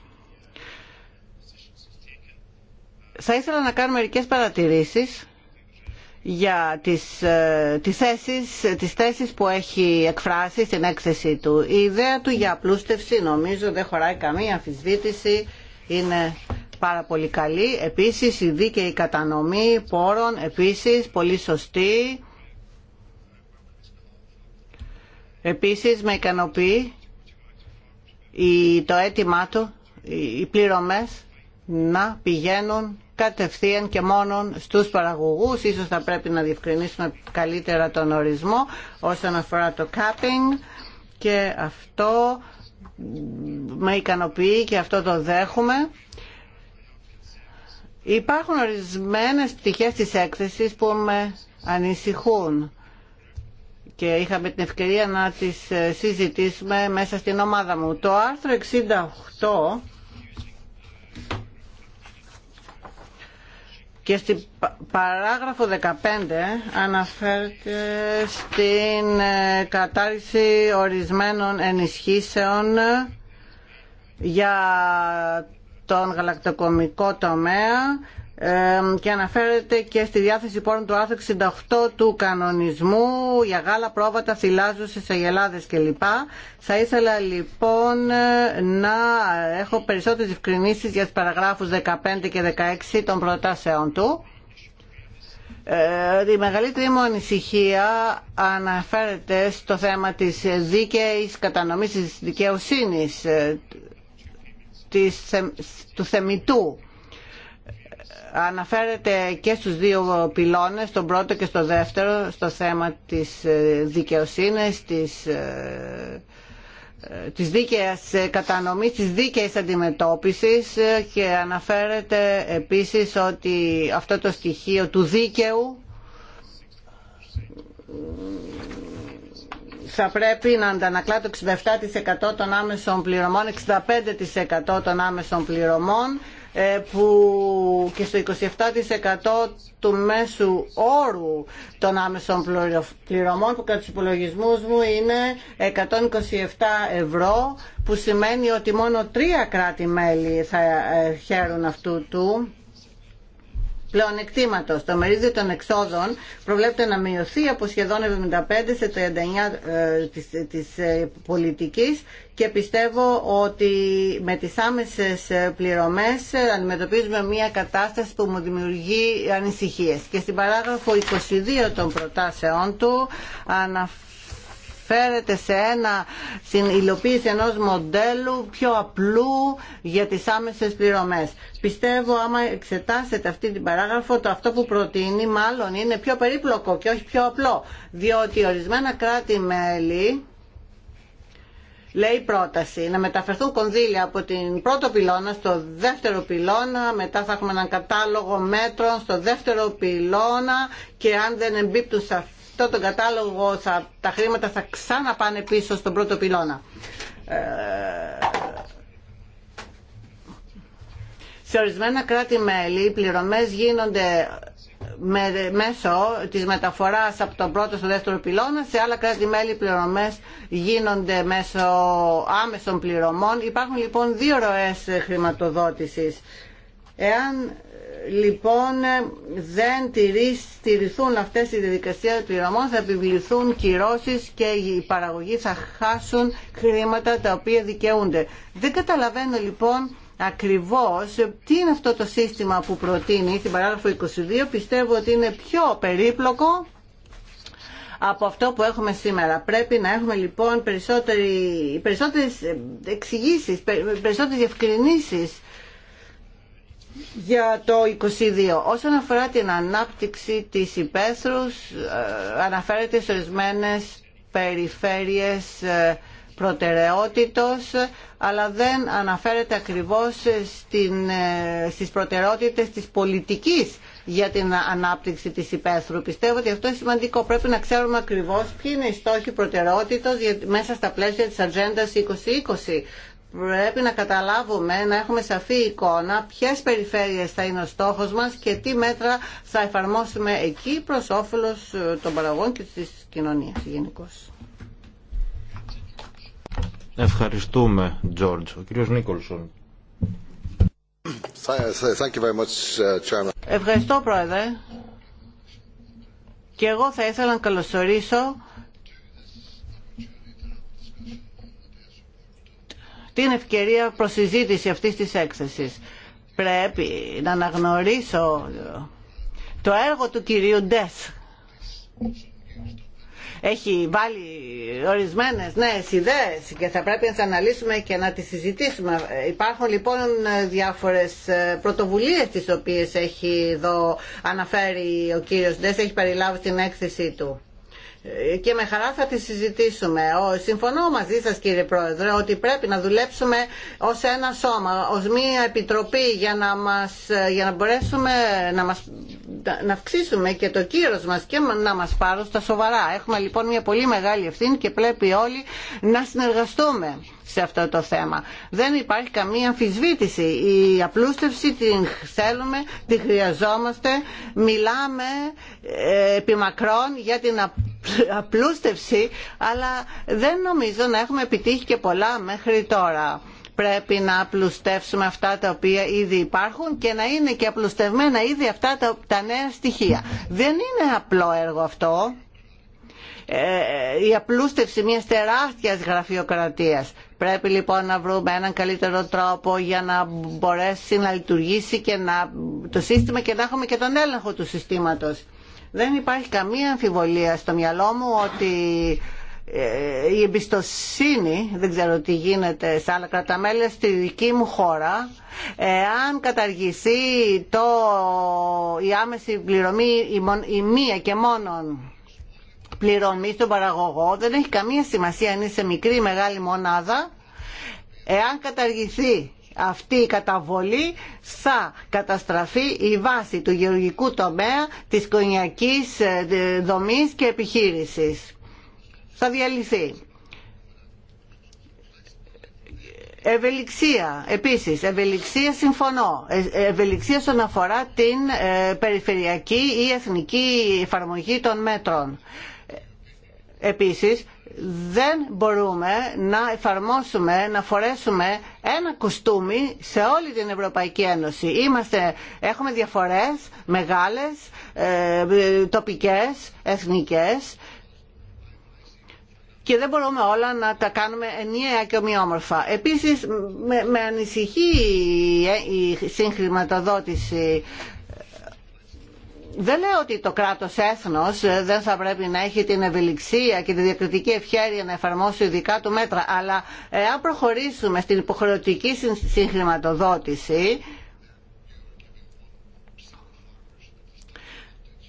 Θα ήθελα να κάνω μερικές παρατηρήσεις για τις, ε, τις, θέσεις, τις θέσεις που έχει εκφράσει στην έκθεσή του. Η ιδέα του για απλούστευση νομίζω δεν χωράει καμία αμφισβήτηση, είναι πάρα πολύ καλή. Επίσης η δίκαιη κατανομή πόρων, επίσης πολύ σωστή. Επίσης με ικανοποιεί το αίτημά του, οι πληρωμές να πηγαίνουν κατευθείαν και μόνον στους παραγωγούς. Ίσως θα πρέπει να διευκρινίσουμε καλύτερα τον ορισμό όσον αφορά το capping και αυτό με ικανοποιεί και αυτό το δέχουμε. Υπάρχουν ορισμένες πτυχές της έκθεσης που με ανησυχούν και είχαμε την ευκαιρία να τις συζητήσουμε μέσα στην ομάδα μου. Το άρθρο 68 και στην παράγραφο 15 αναφέρεται στην ε, κατάρριση ορισμένων ενισχύσεων για τον γαλακτοκομικό τομέα και αναφέρεται και στη διάθεση πόρων του άρθρου 68 του κανονισμού για γάλα, πρόβατα, θυλάζουσες, αγελάδες κλπ. Θα ήθελα λοιπόν να έχω περισσότερες διευκρινήσεις για τις παραγράφους 15 και 16 των προτάσεων του. Ε, η μεγαλύτερη μου ανησυχία αναφέρεται στο θέμα της δίκαιης κατανομής της δικαιοσύνης, ε, της, του θεμητού αναφέρεται και στους δύο πυλώνες, στον πρώτο και στο δεύτερο, στο θέμα της ε, δικαιοσύνης, της, ε, ε, της δίκαιας κατανομής, της δίκαιης αντιμετώπισης και αναφέρεται επίσης ότι αυτό το στοιχείο του δίκαιου θα πρέπει να αντανακλά το 67% των άμεσων πληρωμών, 65% των άμεσων πληρωμών ε, που και στο 27% του μέσου όρου των άμεσων πληρωμών που κατά τους υπολογισμούς μου είναι 127 ευρώ που σημαίνει ότι μόνο τρία κράτη-μέλη θα ε, χαίρουν αυτού του Πλεονεκτήματο. Το μερίδιο των εξόδων προβλέπεται να μειωθεί από σχεδόν 75% σε 39% ε, της ε, πολιτικής και πιστεύω ότι με τις άμεσες ε, πληρωμές αντιμετωπίζουμε μια κατάσταση που μου δημιουργεί ανησυχίες. Και στην παράγραφο 22 των προτάσεών του αναφέρω αναφέρεται σε ένα, στην υλοποίηση ενός μοντέλου πιο απλού για τις άμεσες πληρωμές. Πιστεύω άμα εξετάσετε αυτή την παράγραφο το αυτό που προτείνει μάλλον είναι πιο περίπλοκο και όχι πιο απλό διότι ορισμένα κράτη-μέλη λέει πρόταση να μεταφερθούν κονδύλια από την πρώτο πυλώνα στο δεύτερο πυλώνα, μετά θα έχουμε έναν κατάλογο μέτρων στο δεύτερο πυλώνα και αν δεν εμπίπτουν σε αυτό κατάλογο θα, τα χρήματα θα ξαναπάνε πίσω στον πρώτο πυλώνα. Ε, σε ορισμένα κράτη-μέλη οι πληρωμές γίνονται μέσω της μεταφοράς από τον πρώτο στο δεύτερο πυλώνα σε άλλα κράτη-μέλη οι πληρωμές γίνονται μέσω άμεσων πληρωμών υπάρχουν λοιπόν δύο ροές χρηματοδότησης εάν λοιπόν ε, δεν τηρηθούν αυτές οι διαδικασίες πληρωμών θα επιβληθούν κυρώσεις και οι παραγωγοί θα χάσουν χρήματα τα οποία δικαιούνται. Δεν καταλαβαίνω λοιπόν ακριβώς ε, τι είναι αυτό το σύστημα που προτείνει στην παράγραφο 22. Πιστεύω ότι είναι πιο περίπλοκο από αυτό που έχουμε σήμερα. Πρέπει να έχουμε λοιπόν περισσότερες ε, εξηγήσεις, περισσότερες διευκρινήσεις για το 22. Όσον αφορά την ανάπτυξη της υπαίθρους, ε, αναφέρεται σε ορισμένε περιφέρειες ε, προτεραιότητος, αλλά δεν αναφέρεται ακριβώς στην, ε, στις προτεραιότητες της πολιτικής για την ανάπτυξη της υπαίθρου. Πιστεύω ότι αυτό είναι σημαντικό. Πρέπει να ξέρουμε ακριβώς ποιοι είναι οι στόχοι προτεραιότητος μέσα στα πλαίσια της Ατζέντα 2020 πρέπει να καταλάβουμε, να έχουμε σαφή εικόνα ποιες περιφέρειες θα είναι ο στόχος μας και τι μέτρα θα εφαρμόσουμε εκεί προς όφελος ε, των παραγών και της κοινωνίας γενικώ. Ευχαριστούμε, Τζόρτζ. Ο κύριος Νίκολσον. Thank you very much, uh, Chairman. Ευχαριστώ, Πρόεδρε. Και εγώ θα ήθελα να καλωσορίσω την ευκαιρία προσυζήτηση αυτής της έκθεσης. Πρέπει να αναγνωρίσω το έργο του κυρίου Ντες. Έχει βάλει ορισμένες νέες ιδέες και θα πρέπει να τις αναλύσουμε και να τις συζητήσουμε. Υπάρχουν λοιπόν διάφορες πρωτοβουλίες τις οποίες έχει εδώ αναφέρει ο κύριος Ντες, έχει περιλάβει στην έκθεσή του και με χαρά θα τη συζητήσουμε. Συμφωνώ μαζί σας κύριε Πρόεδρε ότι πρέπει να δουλέψουμε ως ένα σώμα, ως μία επιτροπή για να, μας, για να μπορέσουμε να, μας, να αυξήσουμε και το κύρος μας και να μας πάρουν στα σοβαρά. Έχουμε λοιπόν μια πολύ μεγάλη ευθύνη και πρέπει όλοι να συνεργαστούμε σε αυτό το θέμα. Δεν υπάρχει καμία αμφισβήτηση. Η απλούστευση την θέλουμε, τη χρειαζόμαστε. Μιλάμε ε, επιμακρών για την απλούστευση, αλλά δεν νομίζω να έχουμε επιτύχει και πολλά μέχρι τώρα πρέπει να απλουστεύσουμε αυτά τα οποία ήδη υπάρχουν και να είναι και απλουστευμένα ήδη αυτά τα, τα νέα στοιχεία. Δεν είναι απλό έργο αυτό. Ε, η απλούστευση μιας τεράστιας γραφειοκρατίας. Πρέπει λοιπόν να βρούμε έναν καλύτερο τρόπο για να μπορέσει να λειτουργήσει και να, το σύστημα και να έχουμε και τον έλεγχο του συστήματος. Δεν υπάρχει καμία αμφιβολία στο μυαλό μου ότι ε, η εμπιστοσύνη, δεν ξέρω τι γίνεται σε άλλα κραταμέλια, στη δική μου χώρα, αν καταργηθεί το, η άμεση πληρωμή η, η μία και μόνον πληρωμή στον παραγωγό δεν έχει καμία σημασία αν είσαι μικρή ή μεγάλη μικρή ή μεγάλη μονάδα. Εάν καταργηθεί αυτή η καταβολή θα καταστραφεί η βάση του γεωργικού τομέα της κονιακής ε, δομής και επιχείρησης. Θα διαλυθεί. Ευελιξία, επίσης, ευελιξία συμφωνώ. Ε, ευελιξία στον αφορά την ε, περιφερειακή ή εθνική εφαρμογή των μέτρων. Επίσης, δεν μπορούμε να εφαρμόσουμε, να φορέσουμε ένα κουστούμι σε όλη την Ευρωπαϊκή Ένωση. Είμαστε, έχουμε διαφορές μεγάλες, ε, τοπικές, εθνικές και δεν μπορούμε όλα να τα κάνουμε ενιαία και ομοιόμορφα. Επίσης, με, με ανησυχεί η, η συγχρηματοδότηση δεν λέω ότι το κράτος έθνος ε, δεν θα πρέπει να έχει την ευελιξία και τη διακριτική ευχέρεια να εφαρμόσει ειδικά του μέτρα, αλλά εάν προχωρήσουμε στην υποχρεωτική συγχρηματοδότηση,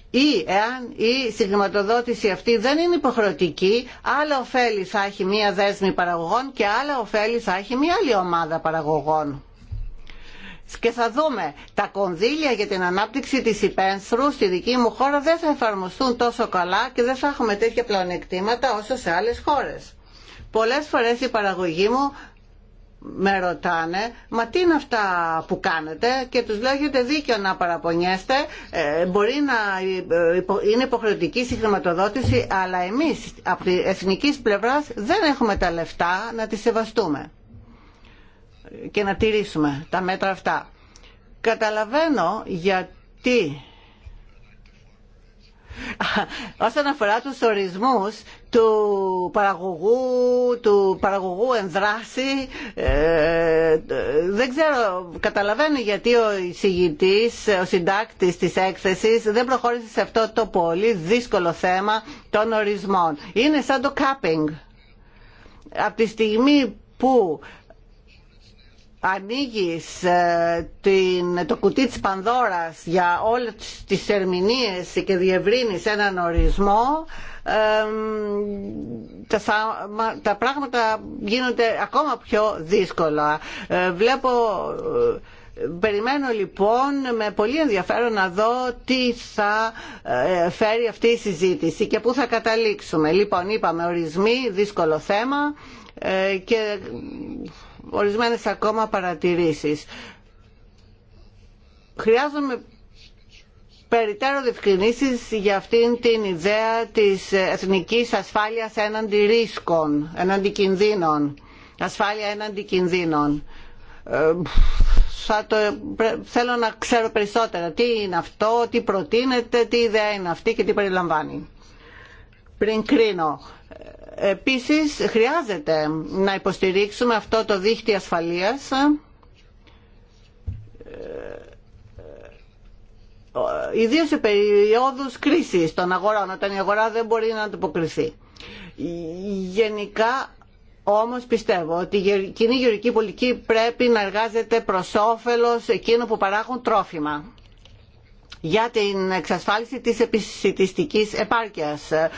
ή εάν η συγχρηματοδότηση αυτή δεν είναι υποχρεωτική, άλλα ωφέλη θα έχει μία δέσμη παραγωγών και άλλα ωφέλη θα έχει μία άλλη ομάδα παραγωγών και θα δούμε τα κονδύλια για την ανάπτυξη της υπένθρου στη δική μου χώρα δεν θα εφαρμοστούν τόσο καλά και δεν θα έχουμε τέτοια πλανεκτήματα όσο σε άλλες χώρες. Πολλές φορές η παραγωγή μου με ρωτάνε «Μα τι είναι αυτά που κάνετε» και τους λέω δίκιο να παραπονιέστε, ε, μπορεί να ε, είναι υποχρεωτική η χρηματοδότηση, αλλά εμείς από την εθνικής πλευρά δεν έχουμε τα λεφτά να τη σεβαστούμε» και να τηρήσουμε τα μέτρα αυτά. Καταλαβαίνω γιατί Όσον αφορά τους ορισμούς του παραγωγού, του παραγωγού ενδράση, ε, δεν ξέρω, καταλαβαίνω γιατί ο εισηγητής, ο συντάκτης της έκθεσης δεν προχώρησε σε αυτό το πολύ δύσκολο θέμα των ορισμών. Είναι σαν το κάπινγκ. Από τη στιγμή που ανοίγεις ε, το κουτί της Πανδώρας για όλες τις ερμηνείες και διευρύνεις έναν ορισμό τα, τα πράγματα γίνονται ακόμα πιο δύσκολα. Ε, βλέπω ε, Περιμένω λοιπόν με πολύ ενδιαφέρον να δω τι θα φέρει αυτή η συζήτηση και πού θα καταλήξουμε. Λοιπόν, είπαμε ορισμοί, δύσκολο θέμα και ορισμένες ακόμα παρατηρήσεις. Χρειάζομαι περιττέρω διευκρινήσεις για αυτήν την ιδέα της εθνικής ασφάλειας έναντι ρίσκων, έναντι κινδύνων. Ασφάλεια έναντι κινδύνων. Ε, το, θέλω να ξέρω περισσότερα τι είναι αυτό, τι προτείνεται, τι ιδέα είναι αυτή και τι περιλαμβάνει. Πριν κρίνω, Επίσης χρειάζεται να υποστηρίξουμε αυτό το δίχτυ ασφαλείας ε, ε, ιδίως σε περιόδους κρίσης των αγορών, όταν η αγορά δεν μπορεί να ανταποκριθεί. Γενικά όμως πιστεύω ότι η κοινή γεωργική πολιτική πρέπει να εργάζεται προς όφελος εκείνων που παράγουν τρόφιμα για την εξασφάλιση της επισητιστικής επάρκειας. Ε,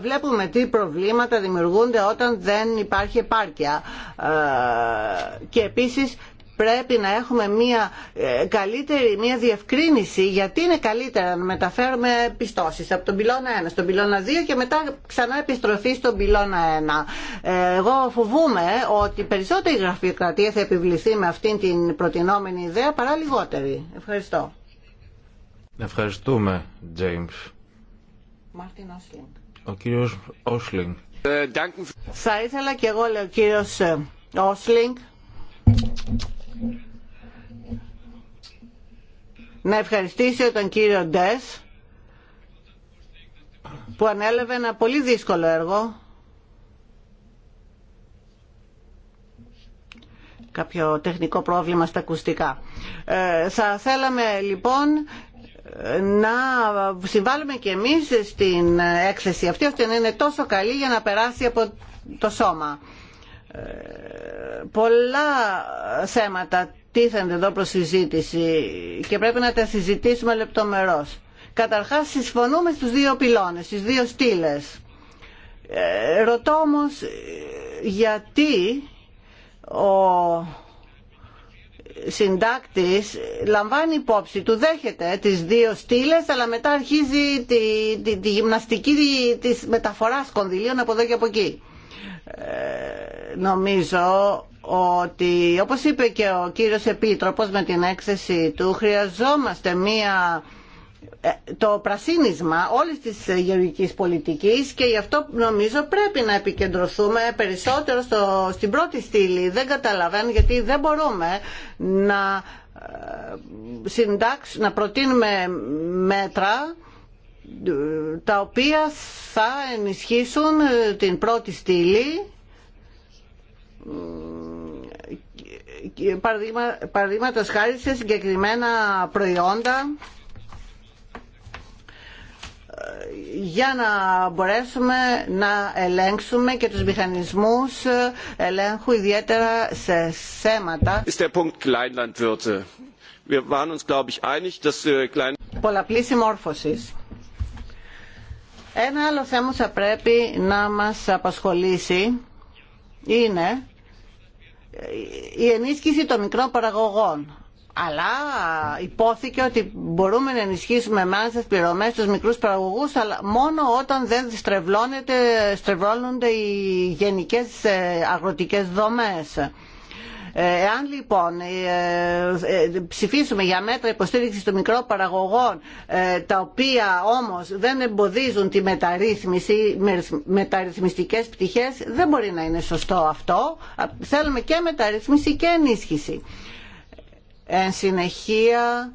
βλέπουμε τι προβλήματα δημιουργούνται όταν δεν υπάρχει επάρκεια. Ε, και επίσης πρέπει να έχουμε μια ε, καλύτερη, μια διευκρίνηση γιατί είναι καλύτερα να μεταφέρουμε πιστώσεις από τον πυλώνα 1 στον πυλώνα 2 και μετά ξανά επιστροφή στον πυλώνα 1. Εγώ φοβούμαι ότι περισσότερη γραφειοκρατία θα επιβληθεί με αυτήν την προτινόμενη ιδέα παρά λιγότερη. Ευχαριστώ. Ευχαριστούμε, James. Ο κύριος Όσλινγκ. Θα ήθελα και εγώ, λέει ο κύριος ε, Όσλινγκ, να ευχαριστήσω τον κύριο Ντες που ανέλαβε ένα πολύ δύσκολο έργο κάποιο τεχνικό πρόβλημα στα ακουστικά. Ε, θα θέλαμε λοιπόν να συμβάλλουμε και εμείς στην έκθεση αυτή ώστε να είναι τόσο καλή για να περάσει από το σώμα. Ε, πολλά θέματα τίθενται εδώ προς συζήτηση και πρέπει να τα συζητήσουμε λεπτομερώς. Καταρχάς συμφωνούμε στους δύο πυλώνες, στις δύο στήλες. Ε, ρωτώ όμως ε, γιατί ο συντάκτης λαμβάνει υπόψη, του δέχεται τις δύο στήλε, αλλά μετά αρχίζει τη, τη, τη γυμναστική της μεταφοράς κονδυλίων από εδώ και από εκεί. Ε, νομίζω ότι όπως είπε και ο κύριος Επίτροπος με την έκθεση του χρειαζόμαστε μία το πρασίνισμα όλης της γεωργικής πολιτικής και γι' αυτό νομίζω πρέπει να επικεντρωθούμε περισσότερο στο, στην πρώτη στήλη. Δεν καταλαβαίνω γιατί δεν μπορούμε να, ε, συντάξ, να προτείνουμε μέτρα ε, τα οποία θα ενισχύσουν ε, την πρώτη στήλη παραδείγματος χάρη σε συγκεκριμένα προϊόντα για να μπορέσουμε να ελέγξουμε και τους μηχανισμούς ελέγχου ιδιαίτερα σε θέματα. Πολλαπλή συμμόρφωση. Ένα άλλο θέμα που θα πρέπει να μας απασχολήσει είναι η ενίσχυση των μικρών παραγωγών αλλά υπόθηκε ότι μπορούμε να ενισχύσουμε εμάς τις πληρωμές στους μικρούς παραγωγούς αλλά μόνο όταν δεν στρεβλώνονται οι γενικές ε, αγροτικές δομές. Ε, εάν λοιπόν ε, ψηφίσουμε για μέτρα υποστήριξης των μικρών παραγωγών τα οποία όμως δεν εμποδίζουν τη μεταρρύθμιση, μεταρρυθμιστικές πτυχές δεν μπορεί να είναι σωστό αυτό. Θέλουμε και μεταρρύθμιση και ενίσχυση εν συνεχεία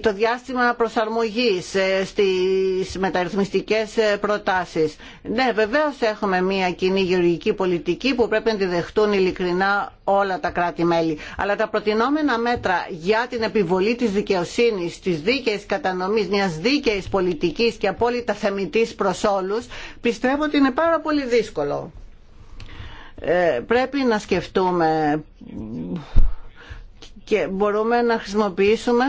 το διάστημα προσαρμογής ε, στις μεταρρυθμιστικές ε, προτάσεις. Ναι, βεβαίως έχουμε μια κοινή γεωργική πολιτική που πρέπει να τη δεχτούν ειλικρινά όλα τα κράτη-μέλη. Αλλά τα προτινόμενα μέτρα για την επιβολή της δικαιοσύνης, της δίκαιης κατανομής, μιας δίκαιης πολιτικής και απόλυτα θεμητής προς όλους, πιστεύω ότι είναι πάρα πολύ δύσκολο. Ε, πρέπει να σκεφτούμε και μπορούμε να χρησιμοποιήσουμε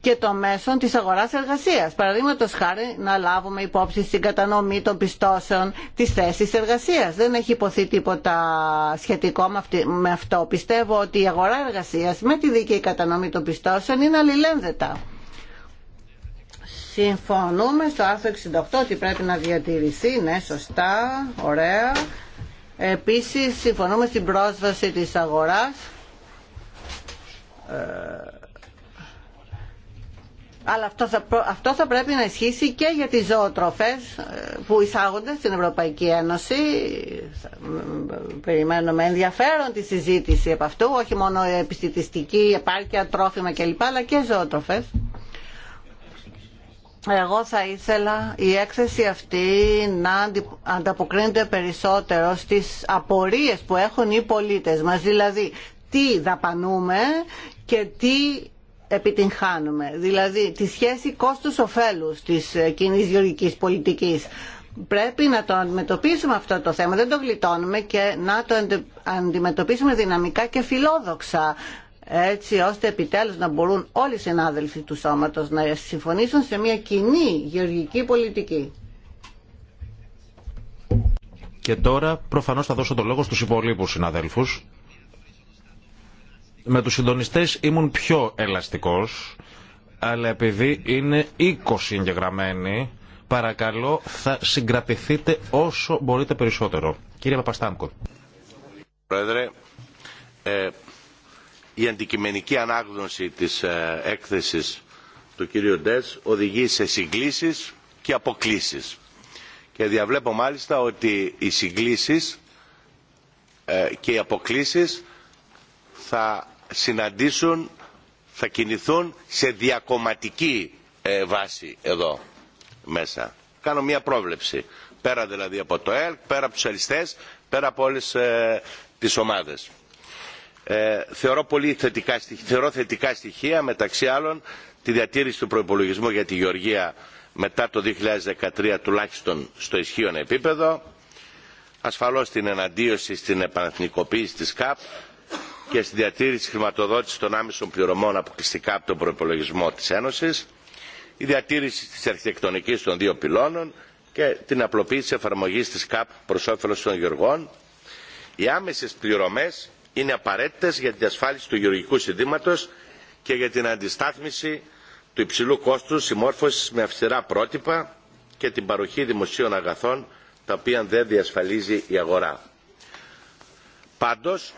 και το μέσο της αγοράς εργασίας. Παραδείγματος χάρη να λάβουμε υπόψη στην κατανομή των πιστώσεων της θέσης εργασίας. Δεν έχει υποθεί τίποτα σχετικό με αυτό. Πιστεύω ότι η αγορά εργασίας με τη δίκαιη κατανομή των πιστώσεων είναι αλληλένδετα. Συμφωνούμε στο άρθρο 68 ότι πρέπει να διατηρηθεί, ναι σωστά, ωραία. Επίσης, συμφωνούμε στην πρόσβαση της αγοράς ε, αλλά αυτό θα, αυτό πρέπει να ισχύσει και για τις ζωοτροφές ε, που εισάγονται στην Ευρωπαϊκή Ένωση. Περιμένουμε ενδιαφέρον τη συζήτηση από αυτού, όχι μόνο επιστημιστική, επάρκεια, τρόφιμα κλπ, αλλά και ζωοτροφές εγώ θα ήθελα η έκθεση αυτή να ανταποκρίνεται περισσότερο στις απορίες που έχουν οι πολίτες μας, δηλαδή τι δαπανούμε και τι επιτυγχάνουμε, δηλαδή τη σχέση κόστους-οφέλους της κοινή γεωργικής πολιτικής. Πρέπει να το αντιμετωπίσουμε αυτό το θέμα, δεν το γλιτώνουμε και να το αντιμετωπίσουμε δυναμικά και φιλόδοξα έτσι ώστε επιτέλους να μπορούν όλοι οι συνάδελφοι του σώματος να συμφωνήσουν σε μια κοινή γεωργική πολιτική. Και τώρα προφανώς θα δώσω το λόγο στους υπολείπους συναδέλφους. Με τους συντονιστές ήμουν πιο ελαστικός, αλλά επειδή είναι 20 εγγεγραμμένοι, παρακαλώ θα συγκρατηθείτε όσο μπορείτε περισσότερο. Κύριε Παπαστάμκο. Πρόεδρε, ε, η αντικειμενική ανάγνωση της ε, έκθεσης του κυρίου Ντες οδηγεί σε συγκλήσεις και αποκλήσεις. Και διαβλέπω μάλιστα ότι οι συγκλήσεις ε, και οι αποκλήσεις θα συναντήσουν, θα κινηθούν σε διακομματική ε, βάση εδώ μέσα. Κάνω μια πρόβλεψη. Πέρα δηλαδή από το ΕΛΚ, πέρα από τους αριστές, πέρα από όλες τις ομάδες. Ε, θεωρώ πολύ θετικά, στοιχεία μεταξύ άλλων τη διατήρηση του προπολογισμού για τη Γεωργία μετά το 2013 τουλάχιστον στο ισχύον επίπεδο, ασφαλώς την εναντίωση στην επαναθνικοποίηση της ΚΑΠ και στη διατήρηση χρηματοδότηση των άμεσων πληρωμών αποκλειστικά από τον προπολογισμό της Ένωσης, η διατήρηση της αρχιτεκτονικής των δύο πυλώνων και την απλοποίηση εφαρμογής της ΚΑΠ προς όφελος των γεωργών, οι άμεσες πληρωμές είναι απαραίτητε για την ασφάλιση του γεωργικού συντήματο και για την αντιστάθμιση του υψηλού κόστου συμμόρφωσης με αυστηρά πρότυπα και την παροχή δημοσίων αγαθών τα οποία δεν διασφαλίζει η αγορά. Πάντως,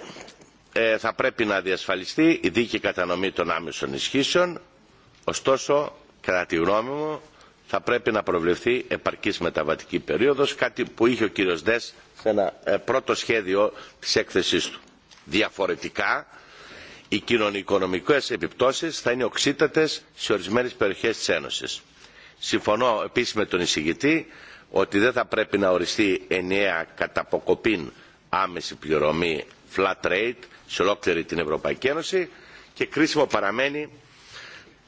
ε, θα πρέπει να διασφαλιστεί η δίκαιη κατανομή των άμεσων ισχύσεων, ωστόσο, κατά τη γνώμη μου, θα πρέπει να προβλεφθεί επαρκή μεταβατική περίοδο κάτι που είχε ο κ. Δε σε ένα ε, πρώτο σχέδιο τη έκθεση του. Διαφορετικά, οι κοινωνικονομικές επιπτώσεις θα είναι οξύτατες σε ορισμένες περιοχές της Ένωσης. Συμφωνώ επίσης με τον εισηγητή ότι δεν θα πρέπει να οριστεί ενιαία καταποκοπήν άμεση πληρωμή flat rate σε ολόκληρη την Ευρωπαϊκή Ένωση και κρίσιμο παραμένει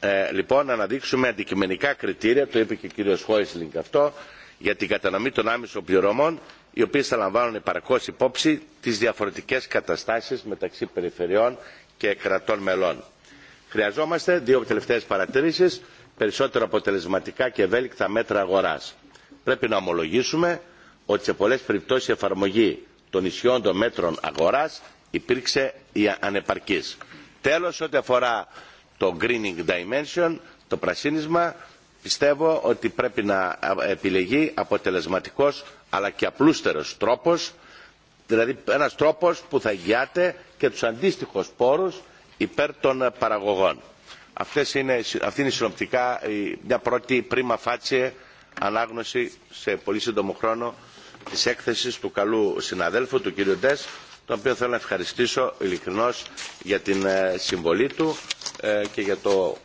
ε, λοιπόν να αναδείξουμε αντικειμενικά κριτήρια, το είπε και ο κ. Χόισλινγκ αυτό, για την κατανομή των άμεσων πληρωμών οι οποίες θα λαμβάνουν υπόψη τις διαφορετικές καταστάσεις μεταξύ περιφερειών και κρατών μελών. Χρειαζόμαστε δύο τελευταίες παρατηρήσεις, περισσότερο αποτελεσματικά και ευέλικτα μέτρα αγοράς. Πρέπει να ομολογήσουμε ότι σε πολλές περιπτώσεις η εφαρμογή των ισιών των μέτρων αγοράς υπήρξε η ανεπαρκής. Τέλος, ό,τι αφορά το greening dimension, το πρασίνισμα, πιστεύω ότι πρέπει να επιλεγεί αποτελεσματικός αλλά και απλούστερος τρόπος δηλαδή ένας τρόπος που θα γιάται και τους αντίστοιχους πόρους υπέρ των παραγωγών. Αυτές είναι, αυτή είναι συνοπτικά μια πρώτη πρίμα φάτσιε ανάγνωση σε πολύ σύντομο χρόνο της έκθεσης του καλού συναδέλφου του κ. Ντες τον οποίο θέλω να ευχαριστήσω ειλικρινώς για την ε, συμβολή του ε, και για το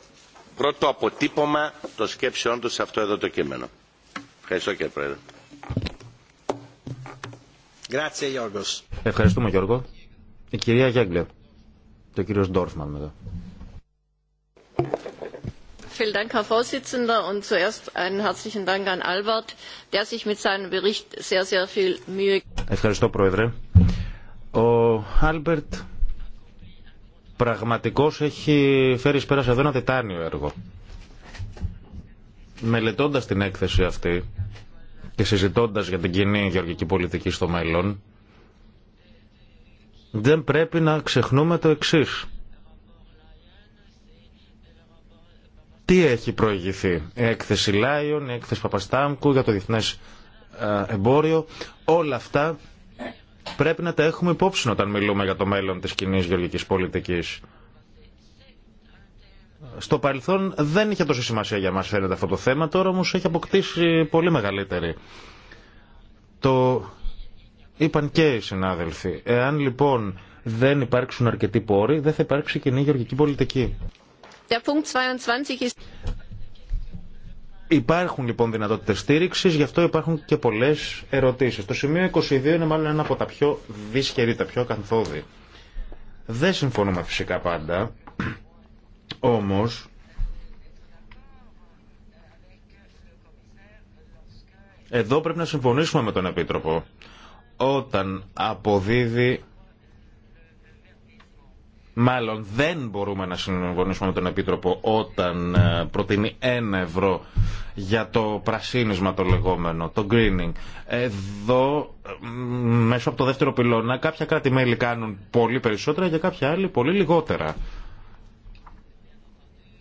πρώτο αποτύπωμα των σκέψεών του σε αυτό εδώ το κείμενο. Ευχαριστώ κύριε Πρόεδρε. Γιώργος. Ευχαριστούμε Γιώργο. Η κυρία Γέγκλε. Το κύριο Ντόρφμαν μετά. Vielen Dank, Herr Vorsitzender, und zuerst einen herzlichen Dank an Albert, der sich mit seinem Bericht sehr, sehr viel Mühe. Ευχαριστώ, Πρόεδρε. Ο Άλμπερτ πραγματικός έχει φέρει πέρα σε εδώ ένα τετάνιο έργο. Μελετώντας την έκθεση αυτή και συζητώντας για την κοινή γεωργική πολιτική στο μέλλον, δεν πρέπει να ξεχνούμε το εξής. Τι έχει προηγηθεί. Η έκθεση Λάιον, η έκθεση Παπαστάμκου για το διεθνές ε, εμπόριο. Όλα αυτά πρέπει να τα έχουμε υπόψη όταν μιλούμε για το μέλλον της κοινή γεωργικής πολιτικής. Στο παρελθόν δεν είχε τόση σημασία για μας φαίνεται αυτό το θέμα, τώρα όμως έχει αποκτήσει πολύ μεγαλύτερη. Το είπαν και οι συνάδελφοι. Εάν λοιπόν δεν υπάρξουν αρκετοί πόροι, δεν θα υπάρξει κοινή γεωργική πολιτική. Υπάρχουν λοιπόν δυνατότητε στήριξη, γι' αυτό υπάρχουν και πολλέ ερωτήσει. Το σημείο 22 είναι μάλλον ένα από τα πιο δύσχεροι, τα πιο ακαθόδη. Δεν συμφωνούμε φυσικά πάντα, όμω εδώ πρέπει να συμφωνήσουμε με τον Επίτροπο όταν αποδίδει Μάλλον δεν μπορούμε να συμφωνήσουμε με τον Επίτροπο όταν ε, προτείνει ένα ευρώ για το πρασίνισμα το λεγόμενο, το greening. Εδώ, μέσω από το δεύτερο πυλώνα, κάποια κράτη-μέλη κάνουν πολύ περισσότερα και κάποια άλλοι πολύ λιγότερα.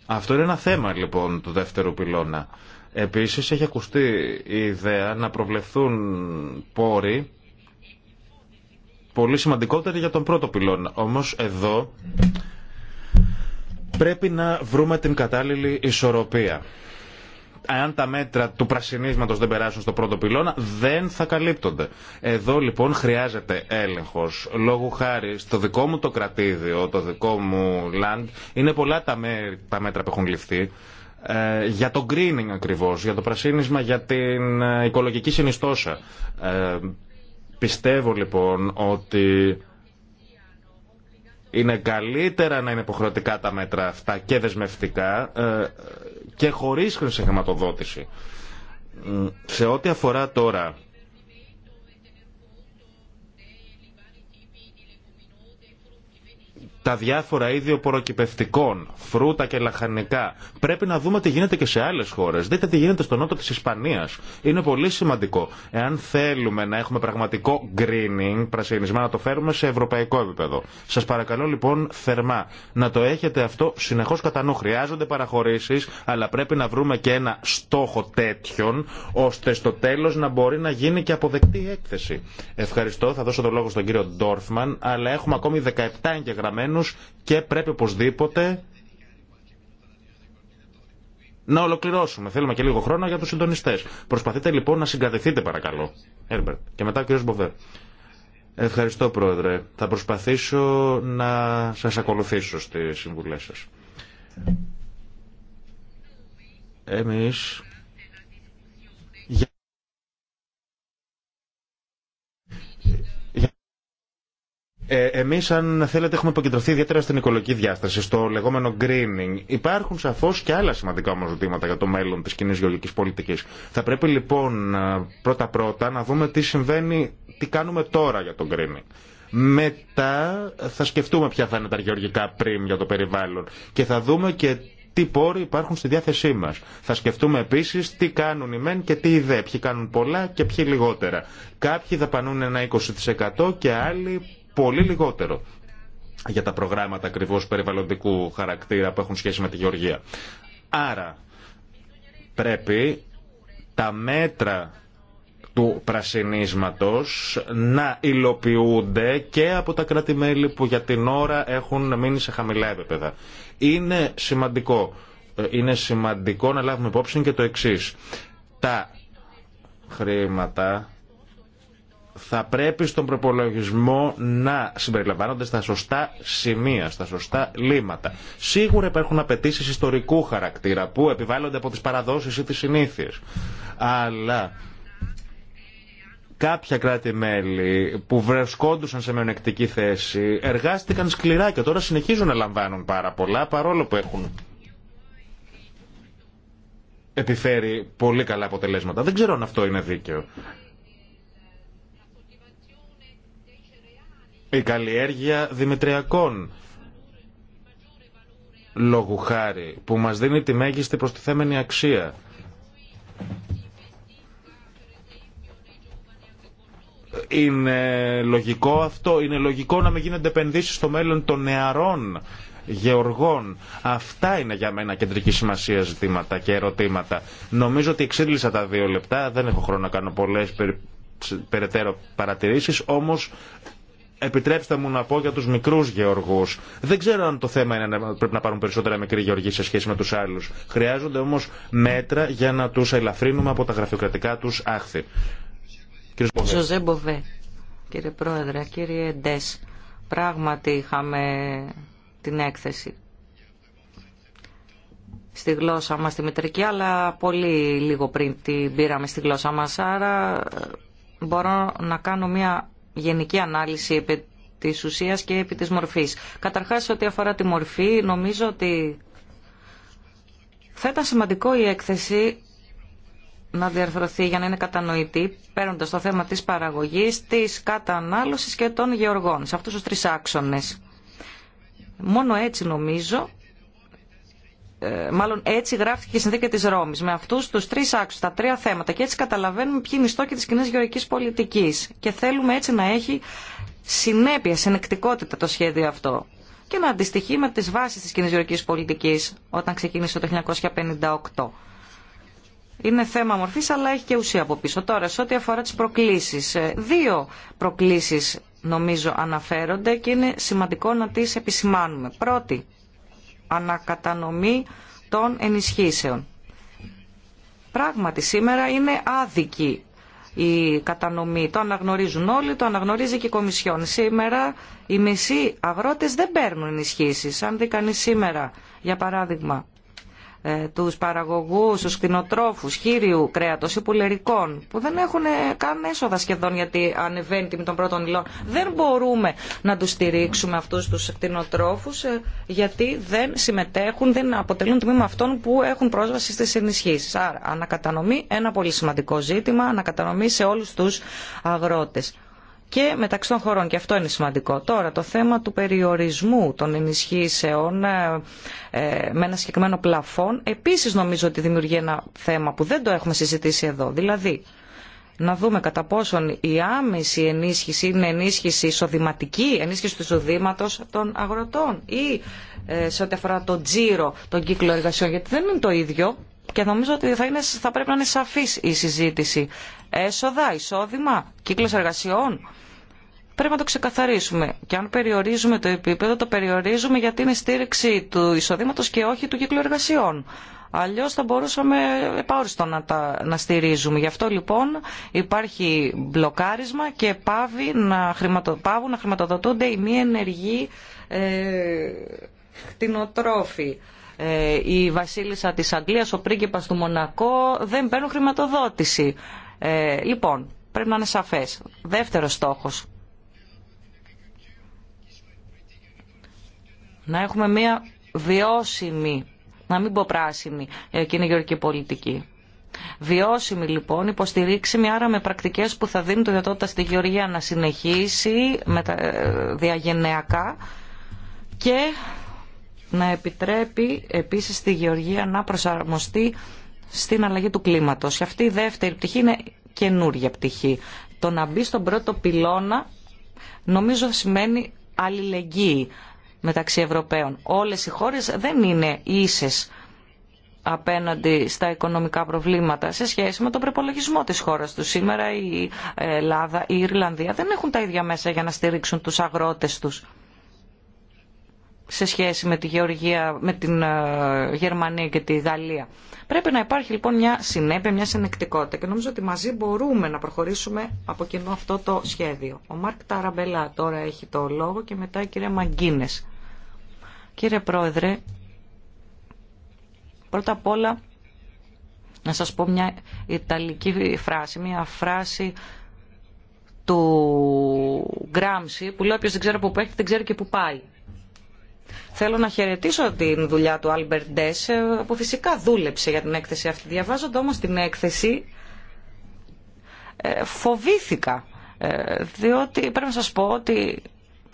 Αυτό είναι ένα θέμα λοιπόν του δεύτερου πυλώνα. Επίσης έχει ακουστεί η ιδέα να προβλεφθούν πόροι πολύ σημαντικότερη για τον πρώτο πυλώνα. Όμως εδώ πρέπει να βρούμε την κατάλληλη ισορροπία. Αν τα μέτρα του πρασινίσματος δεν περάσουν στο πρώτο πυλώνα, δεν θα καλύπτονται. Εδώ λοιπόν χρειάζεται έλεγχος. Λόγω χάρη στο δικό μου το κρατήδιο, το δικό μου land, είναι πολλά τα, μέτρα που έχουν ληφθεί. Ε, για το greening ακριβώς, για το πρασίνισμα, για την ε, οικολογική συνιστόσα. Ε, Πιστεύω λοιπόν ότι είναι καλύτερα να είναι υποχρεωτικά τα μέτρα αυτά και δεσμευτικά ε, και χωρίς χρησιμοποιηματοδότηση. Σε ό,τι αφορά τώρα τα διάφορα είδη οποροκυπευτικών, φρούτα και λαχανικά. Πρέπει να δούμε τι γίνεται και σε άλλε χώρε. Δείτε τι γίνεται στο νότο τη Ισπανία. Είναι πολύ σημαντικό. Εάν θέλουμε να έχουμε πραγματικό greening, πρασινισμά, να το φέρουμε σε ευρωπαϊκό επίπεδο. Σα παρακαλώ λοιπόν θερμά να το έχετε αυτό συνεχώ κατά νου. Χρειάζονται παραχωρήσει, αλλά πρέπει να βρούμε και ένα στόχο τέτοιον, ώστε στο τέλο να μπορεί να γίνει και αποδεκτή έκθεση. Ευχαριστώ. Θα δώσω το λόγο στον κύριο Ντόρφμαν, αλλά έχουμε ακόμη 17 εγγεγραμμένου και πρέπει οπωσδήποτε να ολοκληρώσουμε. Θέλουμε και λίγο χρόνο για τους συντονιστές. Προσπαθείτε λοιπόν να συγκρατηθείτε παρακαλώ. Έρμπερτ. Και μετά ο κ. Μποβέρ. Ευχαριστώ Πρόεδρε. Θα προσπαθήσω να σας ακολουθήσω στις συμβουλές σας. Εμείς ε, Εμεί, αν θέλετε, έχουμε επικεντρωθεί ιδιαίτερα στην οικολογική διάσταση, στο λεγόμενο greening. Υπάρχουν σαφώ και άλλα σημαντικά όμω ζητήματα για το μέλλον τη κοινή γεωργική πολιτική. Θα πρέπει λοιπόν ε, πρώτα-πρώτα να δούμε τι συμβαίνει, τι κάνουμε τώρα για το greening. Μετά θα σκεφτούμε ποια θα είναι τα γεωργικά πριν για το περιβάλλον και θα δούμε και τι πόροι υπάρχουν στη διάθεσή μα. Θα σκεφτούμε επίση τι κάνουν οι μεν και τι οι δε, ποιοι κάνουν πολλά και ποιοι λιγότερα. Κάποιοι θα πανούν ένα 20% και άλλοι πολύ λιγότερο για τα προγράμματα ακριβώ περιβαλλοντικού χαρακτήρα που έχουν σχέση με τη γεωργία. Άρα πρέπει τα μέτρα του πρασινίσματος να υλοποιούνται και από τα κράτη-μέλη που για την ώρα έχουν μείνει σε χαμηλά επίπεδα. Είναι σημαντικό, είναι σημαντικό να λάβουμε υπόψη και το εξής. Τα χρήματα θα πρέπει στον προπολογισμό να συμπεριλαμβάνονται στα σωστά σημεία, στα σωστά λήματα. Σίγουρα υπάρχουν απαιτήσει ιστορικού χαρακτήρα που επιβάλλονται από τις παραδόσεις ή τις συνήθειε. αλλα Αλλά κάποια κράτη-μέλη που βρεσκόντουσαν σε μειονεκτική θέση εργάστηκαν σκληρά και τώρα συνεχίζουν να λαμβάνουν πάρα πολλά παρόλο που έχουν επιφέρει πολύ καλά αποτελέσματα. Δεν ξέρω αν αυτό είναι δίκαιο. η καλλιέργεια δημητριακών λόγου χάρη που μας δίνει τη μέγιστη προστιθέμενη αξία. Είναι λογικό αυτό, είναι λογικό να μην γίνονται επενδύσεις στο μέλλον των νεαρών γεωργών. Αυτά είναι για μένα κεντρική σημασία ζητήματα και ερωτήματα. Νομίζω ότι εξήλυσα τα δύο λεπτά, δεν έχω χρόνο να κάνω πολλές περι... περαιτέρω παρατηρήσεις, όμως Επιτρέψτε μου να πω για του μικρού γεωργού. Δεν ξέρω αν το θέμα είναι να πρέπει να πάρουν περισσότερα μικροί γεωργοί σε σχέση με του άλλου. Χρειάζονται όμω μέτρα για να του ελαφρύνουμε από τα γραφειοκρατικά του άχθη. Κύριε Μποβέ, κύριε Πρόεδρε, κύριε Ντες, πράγματι είχαμε την έκθεση στη γλώσσα μας τη μητρική, αλλά πολύ λίγο πριν την πήραμε στη γλώσσα μας, άρα ε, μπορώ να κάνω μια γενική ανάλυση επί της ουσίας και επί της μορφής. Καταρχάς, ό,τι αφορά τη μορφή, νομίζω ότι θα ήταν σημαντικό η έκθεση να διαρθρωθεί για να είναι κατανοητή, παίρνοντας το θέμα της παραγωγής, της κατανάλωσης και των γεωργών, σε αυτούς τους τρεις άξονες. Μόνο έτσι νομίζω ε, μάλλον έτσι γράφτηκε η συνθήκη τη Ρώμης, με αυτού του τρει άξους, τα τρία θέματα και έτσι καταλαβαίνουμε ποιοι είναι οι στόχοι τη κοινή γεωργική πολιτική. και θέλουμε έτσι να έχει συνέπεια, συνεκτικότητα το σχέδιο αυτό και να αντιστοιχεί με τι βάσει τη κοινή γεωργική πολιτική όταν ξεκίνησε το 1958. Είναι θέμα μορφής αλλά έχει και ουσία από πίσω. Τώρα, σε ό,τι αφορά τι προκλήσει. Ε, δύο προκλήσει νομίζω αναφέρονται και είναι σημαντικό να τις επισημάνουμε. Πρώτη, ανακατανομή των ενισχύσεων. Πράγματι σήμερα είναι άδικη η κατανομή. Το αναγνωρίζουν όλοι, το αναγνωρίζει και η Κομισιόν. Σήμερα οι μισοί αγρότες δεν παίρνουν ενισχύσεις. Αν δει κανείς σήμερα, για παράδειγμα, ε, τους παραγωγούς, τους κτηνοτρόφους, χείριου κρέατος ή πουλερικών που δεν έχουν καν έσοδα σχεδόν γιατί ανεβαίνει τιμή των πρώτων υλών. Δεν μπορούμε να τους στηρίξουμε αυτούς τους κτηνοτρόφους ε, γιατί δεν συμμετέχουν, δεν αποτελούν τμήμα αυτών που έχουν πρόσβαση στις ενισχύσεις. Άρα ανακατανομή ένα πολύ σημαντικό ζήτημα, ανακατανομή σε όλους τους αγρότες και μεταξύ των χωρών. Και αυτό είναι σημαντικό. Τώρα, το θέμα του περιορισμού των ενισχύσεων ε, ε, με ένα συγκεκριμένο πλαφόν, επίσης νομίζω ότι δημιουργεί ένα θέμα που δεν το έχουμε συζητήσει εδώ. Δηλαδή, να δούμε κατά πόσον η άμεση ενίσχυση είναι ενίσχυση εισοδηματική, ενίσχυση του εισοδήματο των αγροτών ή ε, σε ό,τι αφορά τον τζίρο, τον κύκλο εργασιών, γιατί δεν είναι το ίδιο και νομίζω ότι θα, είναι, θα πρέπει να είναι σαφής η συζήτηση. Έσοδα, εισόδημα, κύκλος εργασιών Πρέπει να το ξεκαθαρίσουμε. Και αν περιορίζουμε το επίπεδο, το περιορίζουμε γιατί είναι στήριξη του εισοδήματο και όχι του κύκλου εργασιών. Αλλιώς θα μπορούσαμε επαόριστο να τα να στηρίζουμε. Γι' αυτό λοιπόν υπάρχει μπλοκάρισμα και πάβει να χρηματο, πάβουν να χρηματοδοτούνται οι μη ενεργοί ε, χτινοτρόφοι. Ε, η βασίλισσα της Αγγλίας, ο πρίγκιπας του Μονακό δεν παίρνουν χρηματοδότηση. Ε, λοιπόν, πρέπει να είναι σαφές. Δεύτερος στόχος, να έχουμε μια βιώσιμη, να μην πω πράσινη, εκείνη η γεωργική πολιτική. Βιώσιμη λοιπόν, υποστηρίξιμη, άρα με πρακτικές που θα δίνουν το δυνατότητα στη γεωργία να συνεχίσει με ε, και να επιτρέπει επίσης στη γεωργία να προσαρμοστεί στην αλλαγή του κλίματος. Και αυτή η δεύτερη πτυχή είναι καινούργια πτυχή. Το να μπει στον πρώτο πυλώνα νομίζω σημαίνει αλληλεγγύη μεταξύ Ευρωπαίων. Όλες οι χώρες δεν είναι ίσες απέναντι στα οικονομικά προβλήματα σε σχέση με τον προπολογισμό της χώρας τους. Σήμερα η Ελλάδα, η Ιρλανδία δεν έχουν τα ίδια μέσα για να στηρίξουν τους αγρότες τους σε σχέση με, τη Γεωργία, με την ε, Γερμανία και τη Γαλλία. Πρέπει να υπάρχει λοιπόν μια συνέπεια, μια συνεκτικότητα και νομίζω ότι μαζί μπορούμε να προχωρήσουμε από κοινό αυτό το σχέδιο. Ο Μάρκ Ταραμπελά τώρα έχει το λόγο και μετά η κυρία Μαγκίνες. Κύριε Πρόεδρε, πρώτα απ' όλα να σας πω μια ιταλική φράση, μια φράση του Γκράμση που λέει όποιος δεν ξέρει που παίχνει, δεν ξέρει και που πάει. Θέλω να χαιρετήσω την δουλειά του Άλμπερτ Ντές που φυσικά δούλεψε για την έκθεση αυτή. Διαβάζοντα όμως την έκθεση ε, φοβήθηκα ε, διότι πρέπει να σας πω ότι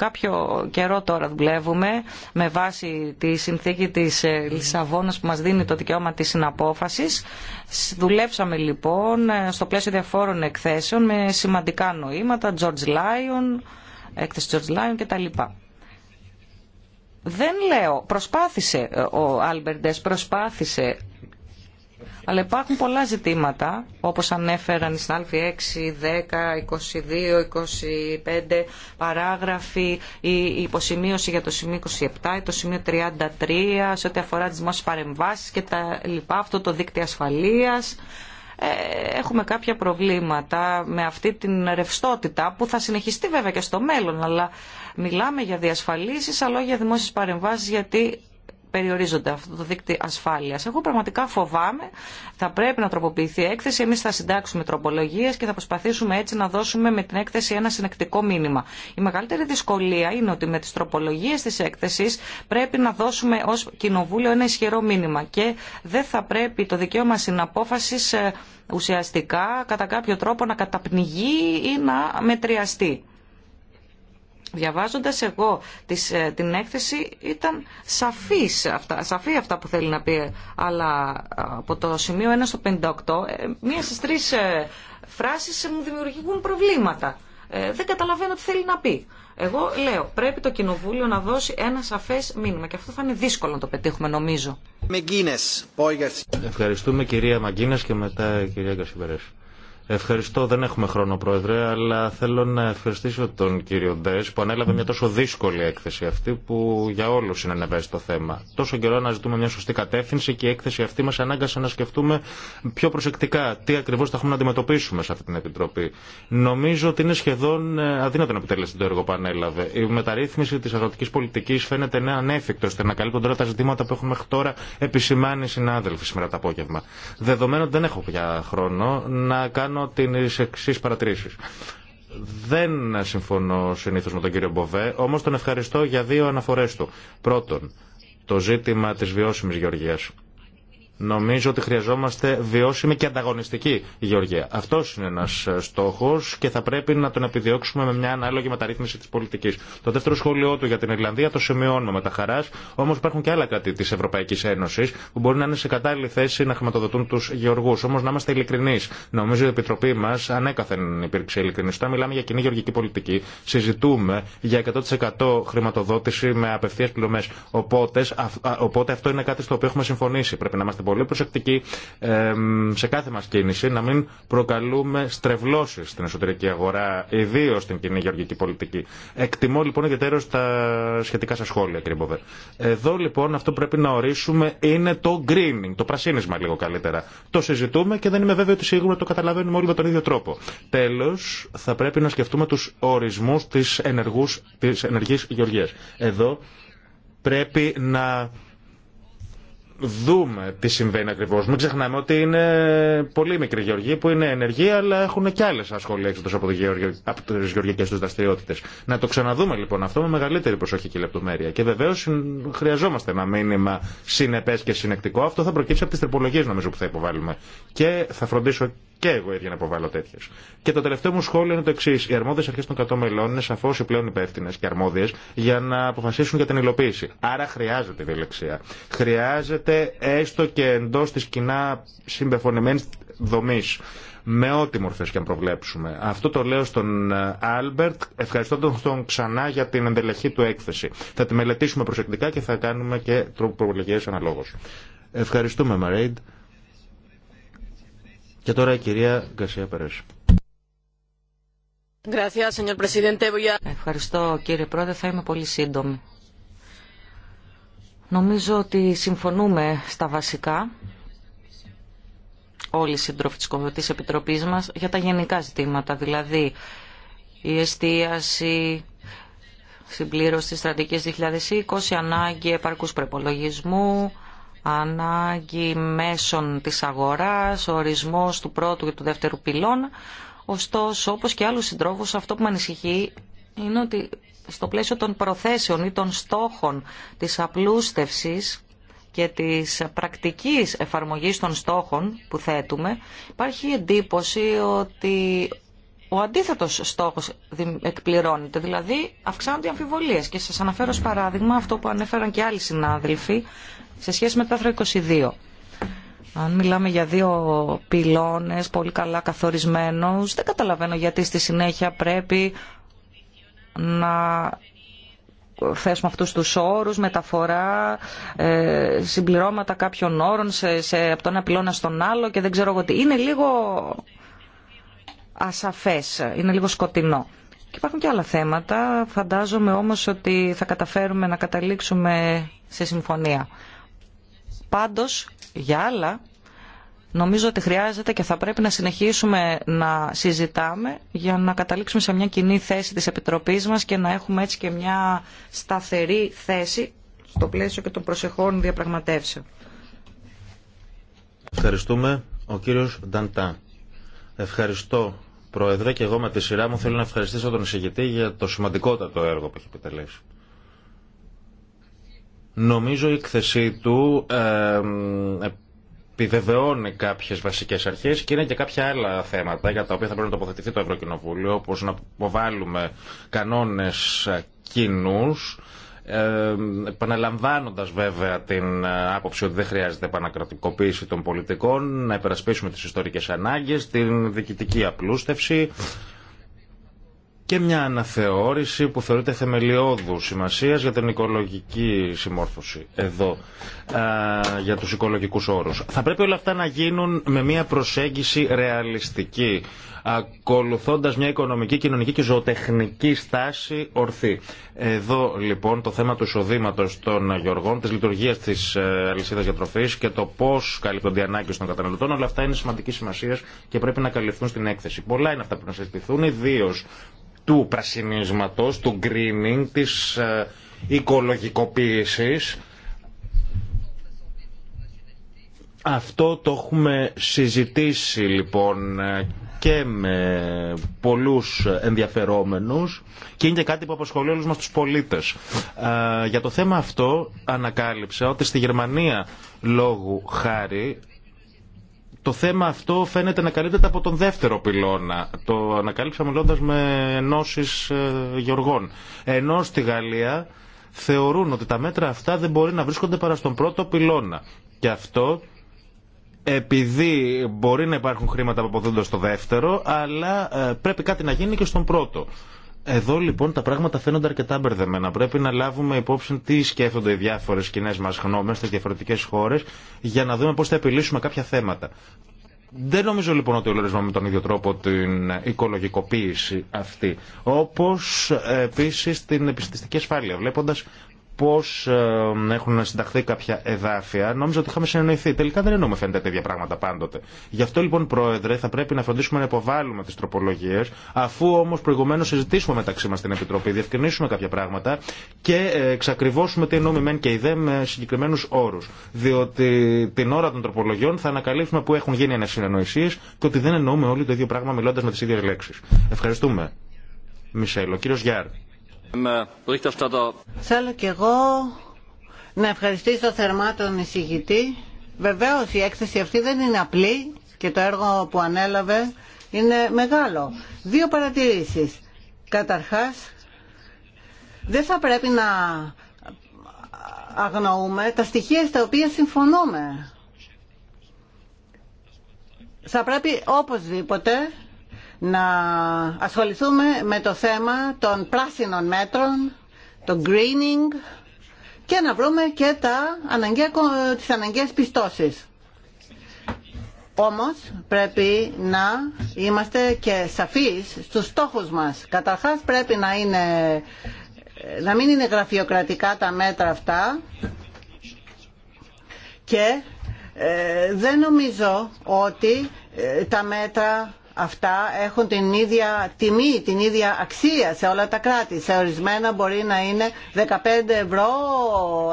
κάποιο καιρό τώρα δουλεύουμε με βάση τη συνθήκη της ε, Λισαβόνας που μας δίνει το δικαίωμα της συναπόφασης. Δουλέψαμε λοιπόν ε, στο πλαίσιο διαφόρων εκθέσεων με σημαντικά νοήματα, George Lyon, έκθεση George Lyon κτλ. Δεν λέω, προσπάθησε ε, ο Άλμπερντες, προσπάθησε αλλά υπάρχουν πολλά ζητήματα, όπως ανέφεραν στην άλφη 6, 10, 22, 25 παράγραφοι, η υποσημείωση για το σημείο 27 ή το σημείο 33 σε ό,τι αφορά τις μας παρεμβάσεις και τα λοιπά, αυτό το δίκτυο ασφαλείας. Ε, έχουμε κάποια προβλήματα με αυτή την ρευστότητα που θα συνεχιστεί βέβαια και στο μέλλον, αλλά μιλάμε για διασφαλίσεις αλλά για δημόσιες παρεμβάσεις γιατί περιορίζονται αυτό το δίκτυο ασφάλεια. Εγώ πραγματικά φοβάμαι, θα πρέπει να τροποποιηθεί η έκθεση. Εμεί θα συντάξουμε τροπολογίε και θα προσπαθήσουμε έτσι να δώσουμε με την έκθεση ένα συνεκτικό μήνυμα. Η μεγαλύτερη δυσκολία είναι ότι με τι τροπολογίε τη έκθεση πρέπει να δώσουμε ω κοινοβούλιο ένα ισχυρό μήνυμα και δεν θα πρέπει το δικαίωμα συναπόφαση ε, ουσιαστικά κατά κάποιο τρόπο να καταπνιγεί ή να μετριαστεί. Διαβάζοντας εγώ ε, την έκθεση ήταν σαφής αυτά, σαφή αυτά που θέλει να πει, αλλά ε, από το σημείο 1 στο 58, ε, μία στις τρεις φράσεις μου δημιουργούν προβλήματα. δεν καταλαβαίνω τι θέλει να πει. Εγώ λέω, πρέπει το Κοινοβούλιο να δώσει ένα σαφές μήνυμα και αυτό θα είναι δύσκολο να το πετύχουμε νομίζω. Ευχαριστούμε κυρία Μαγκίνες και μετά κυρία Κασιμπερέσου. Ευχαριστώ, δεν έχουμε χρόνο πρόεδρε, αλλά θέλω να ευχαριστήσω τον κύριο Ντές που ανέλαβε μια τόσο δύσκολη έκθεση αυτή που για όλους είναι το θέμα. Τόσο καιρό να ζητούμε μια σωστή κατεύθυνση και η έκθεση αυτή μας ανάγκασε να σκεφτούμε πιο προσεκτικά τι ακριβώς θα έχουμε να αντιμετωπίσουμε σε αυτή την Επιτροπή. Νομίζω ότι είναι σχεδόν ε, αδύνατο να επιτελέσει το έργο που ανέλαβε. Η μεταρρύθμιση της αγροτικής πολιτική φαίνεται ένα ανέφικτο ώστε να καλύπτουν τώρα τα ζητήματα που έχουμε τώρα επισημάνει συνάδελφοι σήμερα το απόγευμα. Δεδομένου δεν έχω πια χρόνο να κάνω κάνω την εξή παρατηρήσει. Δεν συμφωνώ συνήθω με τον κύριο Μποβέ, όμω τον ευχαριστώ για δύο αναφορέ του. Πρώτον, το ζήτημα τη βιώσιμη γεωργία. Νομίζω ότι χρειαζόμαστε βιώσιμη και ανταγωνιστική γεωργία. Αυτό είναι ένα ε, στόχο και θα πρέπει να τον επιδιώξουμε με μια ανάλογη μεταρρύθμιση τη πολιτική. Το δεύτερο σχόλιο του για την Ιρλανδία το σημειώνουμε με τα χαρά. Όμω υπάρχουν και άλλα κράτη τη Ευρωπαϊκή Ένωση που μπορεί να είναι σε κατάλληλη θέση να χρηματοδοτούν του γεωργού. Όμω να είμαστε ειλικρινεί. Νομίζω η Επιτροπή μα ανέκαθεν υπήρξε ειλικρινή. Όταν μιλάμε για κοινή γεωργική πολιτική, συζητούμε για 100% χρηματοδότηση με απευθεία πληρωμέ. Οπότε, οπότε αυτό είναι κάτι στο οποίο έχουμε συμφωνήσει. Πρέπει να είμαστε πολύ προσεκτικοί σε κάθε μα κίνηση να μην προκαλούμε στρεβλώσεις στην εσωτερική αγορά, ιδίω στην κοινή γεωργική πολιτική. Εκτιμώ λοιπόν ιδιαίτερα τα σχετικά σα σχόλια, κύριε Μποβέ. Εδώ λοιπόν αυτό που πρέπει να ορίσουμε είναι το greening, το πρασίνισμα λίγο καλύτερα. Το συζητούμε και δεν είμαι βέβαιο ότι σίγουρα το καταλαβαίνουμε όλοι με τον ίδιο τρόπο. Τέλο, θα πρέπει να σκεφτούμε του ορισμού τη ενεργή γεωργία. Εδώ πρέπει να δούμε τι συμβαίνει ακριβώ. Μην ξεχνάμε ότι είναι πολύ μικροί γεωργοί που είναι ενεργοί, αλλά έχουν και άλλε ασχολίε από, από τι γεωργικέ του δραστηριότητε. Να το ξαναδούμε λοιπόν αυτό με μεγαλύτερη προσοχή και λεπτομέρεια. Και βεβαίω χρειαζόμαστε ένα μήνυμα συνεπέ και συνεκτικό. Αυτό θα προκύψει από τι τροπολογίε νομίζω που θα υποβάλουμε. Και θα φροντίσω και εγώ ίδια να αποβάλω τέτοιε. Και το τελευταίο μου σχόλιο είναι το εξή. Οι αρμόδιε αρχέ των 100 μελών είναι σαφώ οι πλέον υπεύθυνε και αρμόδιε για να αποφασίσουν για την υλοποίηση. Άρα χρειάζεται η διελεξία. Χρειάζεται έστω και εντό τη κοινά συμπεφωνημένη δομή με ό,τι μορφέ και αν προβλέψουμε. Αυτό το λέω στον ε, Άλμπερτ, Ευχαριστώ τον ξανά για την εντελεχή του έκθεση. Θα τη μελετήσουμε προσεκτικά και θα κάνουμε και τροπολογίε αναλόγω. Ευχαριστούμε, Μαρέιντ. Και τώρα η κυρία Γκαρσία Περέσου. Ευχαριστώ κύριε Πρόεδρε, θα είμαι πολύ σύντομη. Νομίζω ότι συμφωνούμε στα βασικά όλοι οι σύντροφοι της Επιτροπής μας για τα γενικά ζητήματα, δηλαδή η εστίαση, συμπλήρωση στρατηγικής 2020, ανάγκη επαρκούς προπολογισμού, ανάγκη μέσων της αγοράς, ο ορισμός του πρώτου και του δεύτερου πυλώνα. Ωστόσο, όπως και άλλους συντρόφους, αυτό που με ανησυχεί είναι ότι στο πλαίσιο των προθέσεων ή των στόχων της απλούστευσης και της πρακτικής εφαρμογής των στόχων που θέτουμε, υπάρχει εντύπωση ότι ο αντίθετος στόχος εκπληρώνεται, δηλαδή αυξάνονται οι αμφιβολίες. Και σας αναφέρω ως παράδειγμα αυτό που ανέφεραν και άλλοι συνάδελφοι, σε σχέση με το άθρο 22. Αν μιλάμε για δύο πυλώνες πολύ καλά καθορισμένους, δεν καταλαβαίνω γιατί στη συνέχεια πρέπει να θέσουμε αυτούς τους όρους, μεταφορά, ε, συμπληρώματα κάποιων όρων σε, σε, από τον ένα πυλώνα στον άλλο και δεν ξέρω εγώ τι. Είναι λίγο ασαφές, είναι λίγο σκοτεινό. Και υπάρχουν και άλλα θέματα, φαντάζομαι όμως ότι θα καταφέρουμε να καταλήξουμε σε συμφωνία. Πάντως, για άλλα, νομίζω ότι χρειάζεται και θα πρέπει να συνεχίσουμε να συζητάμε για να καταλήξουμε σε μια κοινή θέση της Επιτροπής μας και να έχουμε έτσι και μια σταθερή θέση στο πλαίσιο και των προσεχών διαπραγματεύσεων. Ευχαριστούμε. Ο κύριος Νταντά. Ευχαριστώ, Πρόεδρε, και εγώ με τη σειρά μου θέλω να ευχαριστήσω τον εισηγητή για το σημαντικότατο έργο που έχει επιτελέσει. Νομίζω η εκθεσή του επιβεβαιώνει κάποιες βασικές αρχές και είναι και κάποια άλλα θέματα για τα οποία θα πρέπει να τοποθετηθεί το Ευρωκοινοβούλιο, όπω να αποβάλουμε κανόνες κοινού, ε, επαναλαμβάνοντα βέβαια την άποψη ότι δεν χρειάζεται επανακρατικοποίηση των πολιτικών, να υπερασπίσουμε τι ιστορικέ ανάγκε, την διοικητική απλούστευση, και μια αναθεώρηση που θεωρείται θεμελιώδου σημασία για την οικολογική συμμόρφωση εδώ, για του οικολογικού όρου. Θα πρέπει όλα αυτά να γίνουν με μια προσέγγιση ρεαλιστική, ακολουθωντα μια οικονομική, κοινωνική και ζωοτεχνική στάση ορθή. Εδώ λοιπόν το θέμα του εισοδήματο των γεωργών, της λειτουργίας της ε, αλυσίδας τροφή και το πώ καλύπτονται οι ανάγκε των καταναλωτών, όλα αυτά είναι σημαντική σημασία και πρέπει να καλυφθούν στην έκθεση. Πολλά είναι αυτά που να συζητηθούν, ιδίω του πρασινίσματος, του greening, της ε, οικολογικοποίησης. Αυτό το έχουμε συζητήσει λοιπόν ε, και με πολλούς ενδιαφερόμενους και είναι και κάτι που απασχολεί όλους μας τους πολίτες. Ε, για το θέμα αυτό ανακάλυψα ότι στη Γερμανία λόγου χάρη το θέμα αυτό φαίνεται να καλύπτεται από τον δεύτερο πυλώνα. Το ανακάλυψα μιλώντα με ενώσει ε, γεωργών. Ενώ στη Γαλλία θεωρούν ότι τα μέτρα αυτά δεν μπορεί να βρίσκονται παρά στον πρώτο πυλώνα. Και αυτό επειδή μπορεί να υπάρχουν χρήματα που αποδίδονται στο δεύτερο, αλλά ε, πρέπει κάτι να γίνει και στον πρώτο. Εδώ λοιπόν τα πράγματα φαίνονται αρκετά μπερδεμένα. Πρέπει να λάβουμε υπόψη τι σκέφτονται οι διάφορε κοινέ μα γνώμε στι διαφορετικέ χώρε για να δούμε πώ θα επιλύσουμε κάποια θέματα. Δεν νομίζω λοιπόν ότι ολοκληρώνουμε με τον ίδιο τρόπο την οικολογικοποίηση αυτή. Όπω ε, επίση την επιστηστική ασφάλεια, βλέποντα πώς ε, έχουν συνταχθεί κάποια εδάφια, νόμιζα ότι είχαμε συνεννοηθεί. Τελικά δεν εννοούμε φαίνεται τα ίδια πράγματα πάντοτε. Γι' αυτό λοιπόν, Πρόεδρε, θα πρέπει να φροντίσουμε να υποβάλουμε τι τροπολογίε, αφού όμω προηγουμένω συζητήσουμε μεταξύ μα την Επιτροπή, διευκρινίσουμε κάποια πράγματα και ε, εξακριβώσουμε τι εννοούμε μεν και ιδέ με συγκεκριμένου όρου. Διότι την ώρα των τροπολογιών θα ανακαλύψουμε που έχουν γίνει ανασυνεννοησίε και ότι δεν εννοούμε όλοι το ίδιο πράγμα μιλώντα με τι ίδιε λέξει. Ευχαριστούμε. Μισελ, ο κύριος Γιάρ. Θέλω κι εγώ να ευχαριστήσω θερμά τον εισηγητή. Βεβαίως η έκθεση αυτή δεν είναι απλή και το έργο που ανέλαβε είναι μεγάλο. Δύο παρατηρήσεις. Καταρχάς, δεν θα πρέπει να αγνοούμε τα στοιχεία στα οποία συμφωνούμε. Θα πρέπει οπωσδήποτε να ασχοληθούμε με το θέμα των πράσινων μέτρων, το greening και να βρούμε και τα αναγκαία, τις αναγκαίες πιστώσεις. Όμως πρέπει να είμαστε και σαφείς στους στόχους μας. Καταρχάς πρέπει να, είναι, να μην είναι γραφειοκρατικά τα μέτρα αυτά και ε, δεν νομίζω ότι ε, τα μέτρα αυτά έχουν την ίδια τιμή, την ίδια αξία σε όλα τα κράτη. Σε ορισμένα μπορεί να είναι 15 ευρώ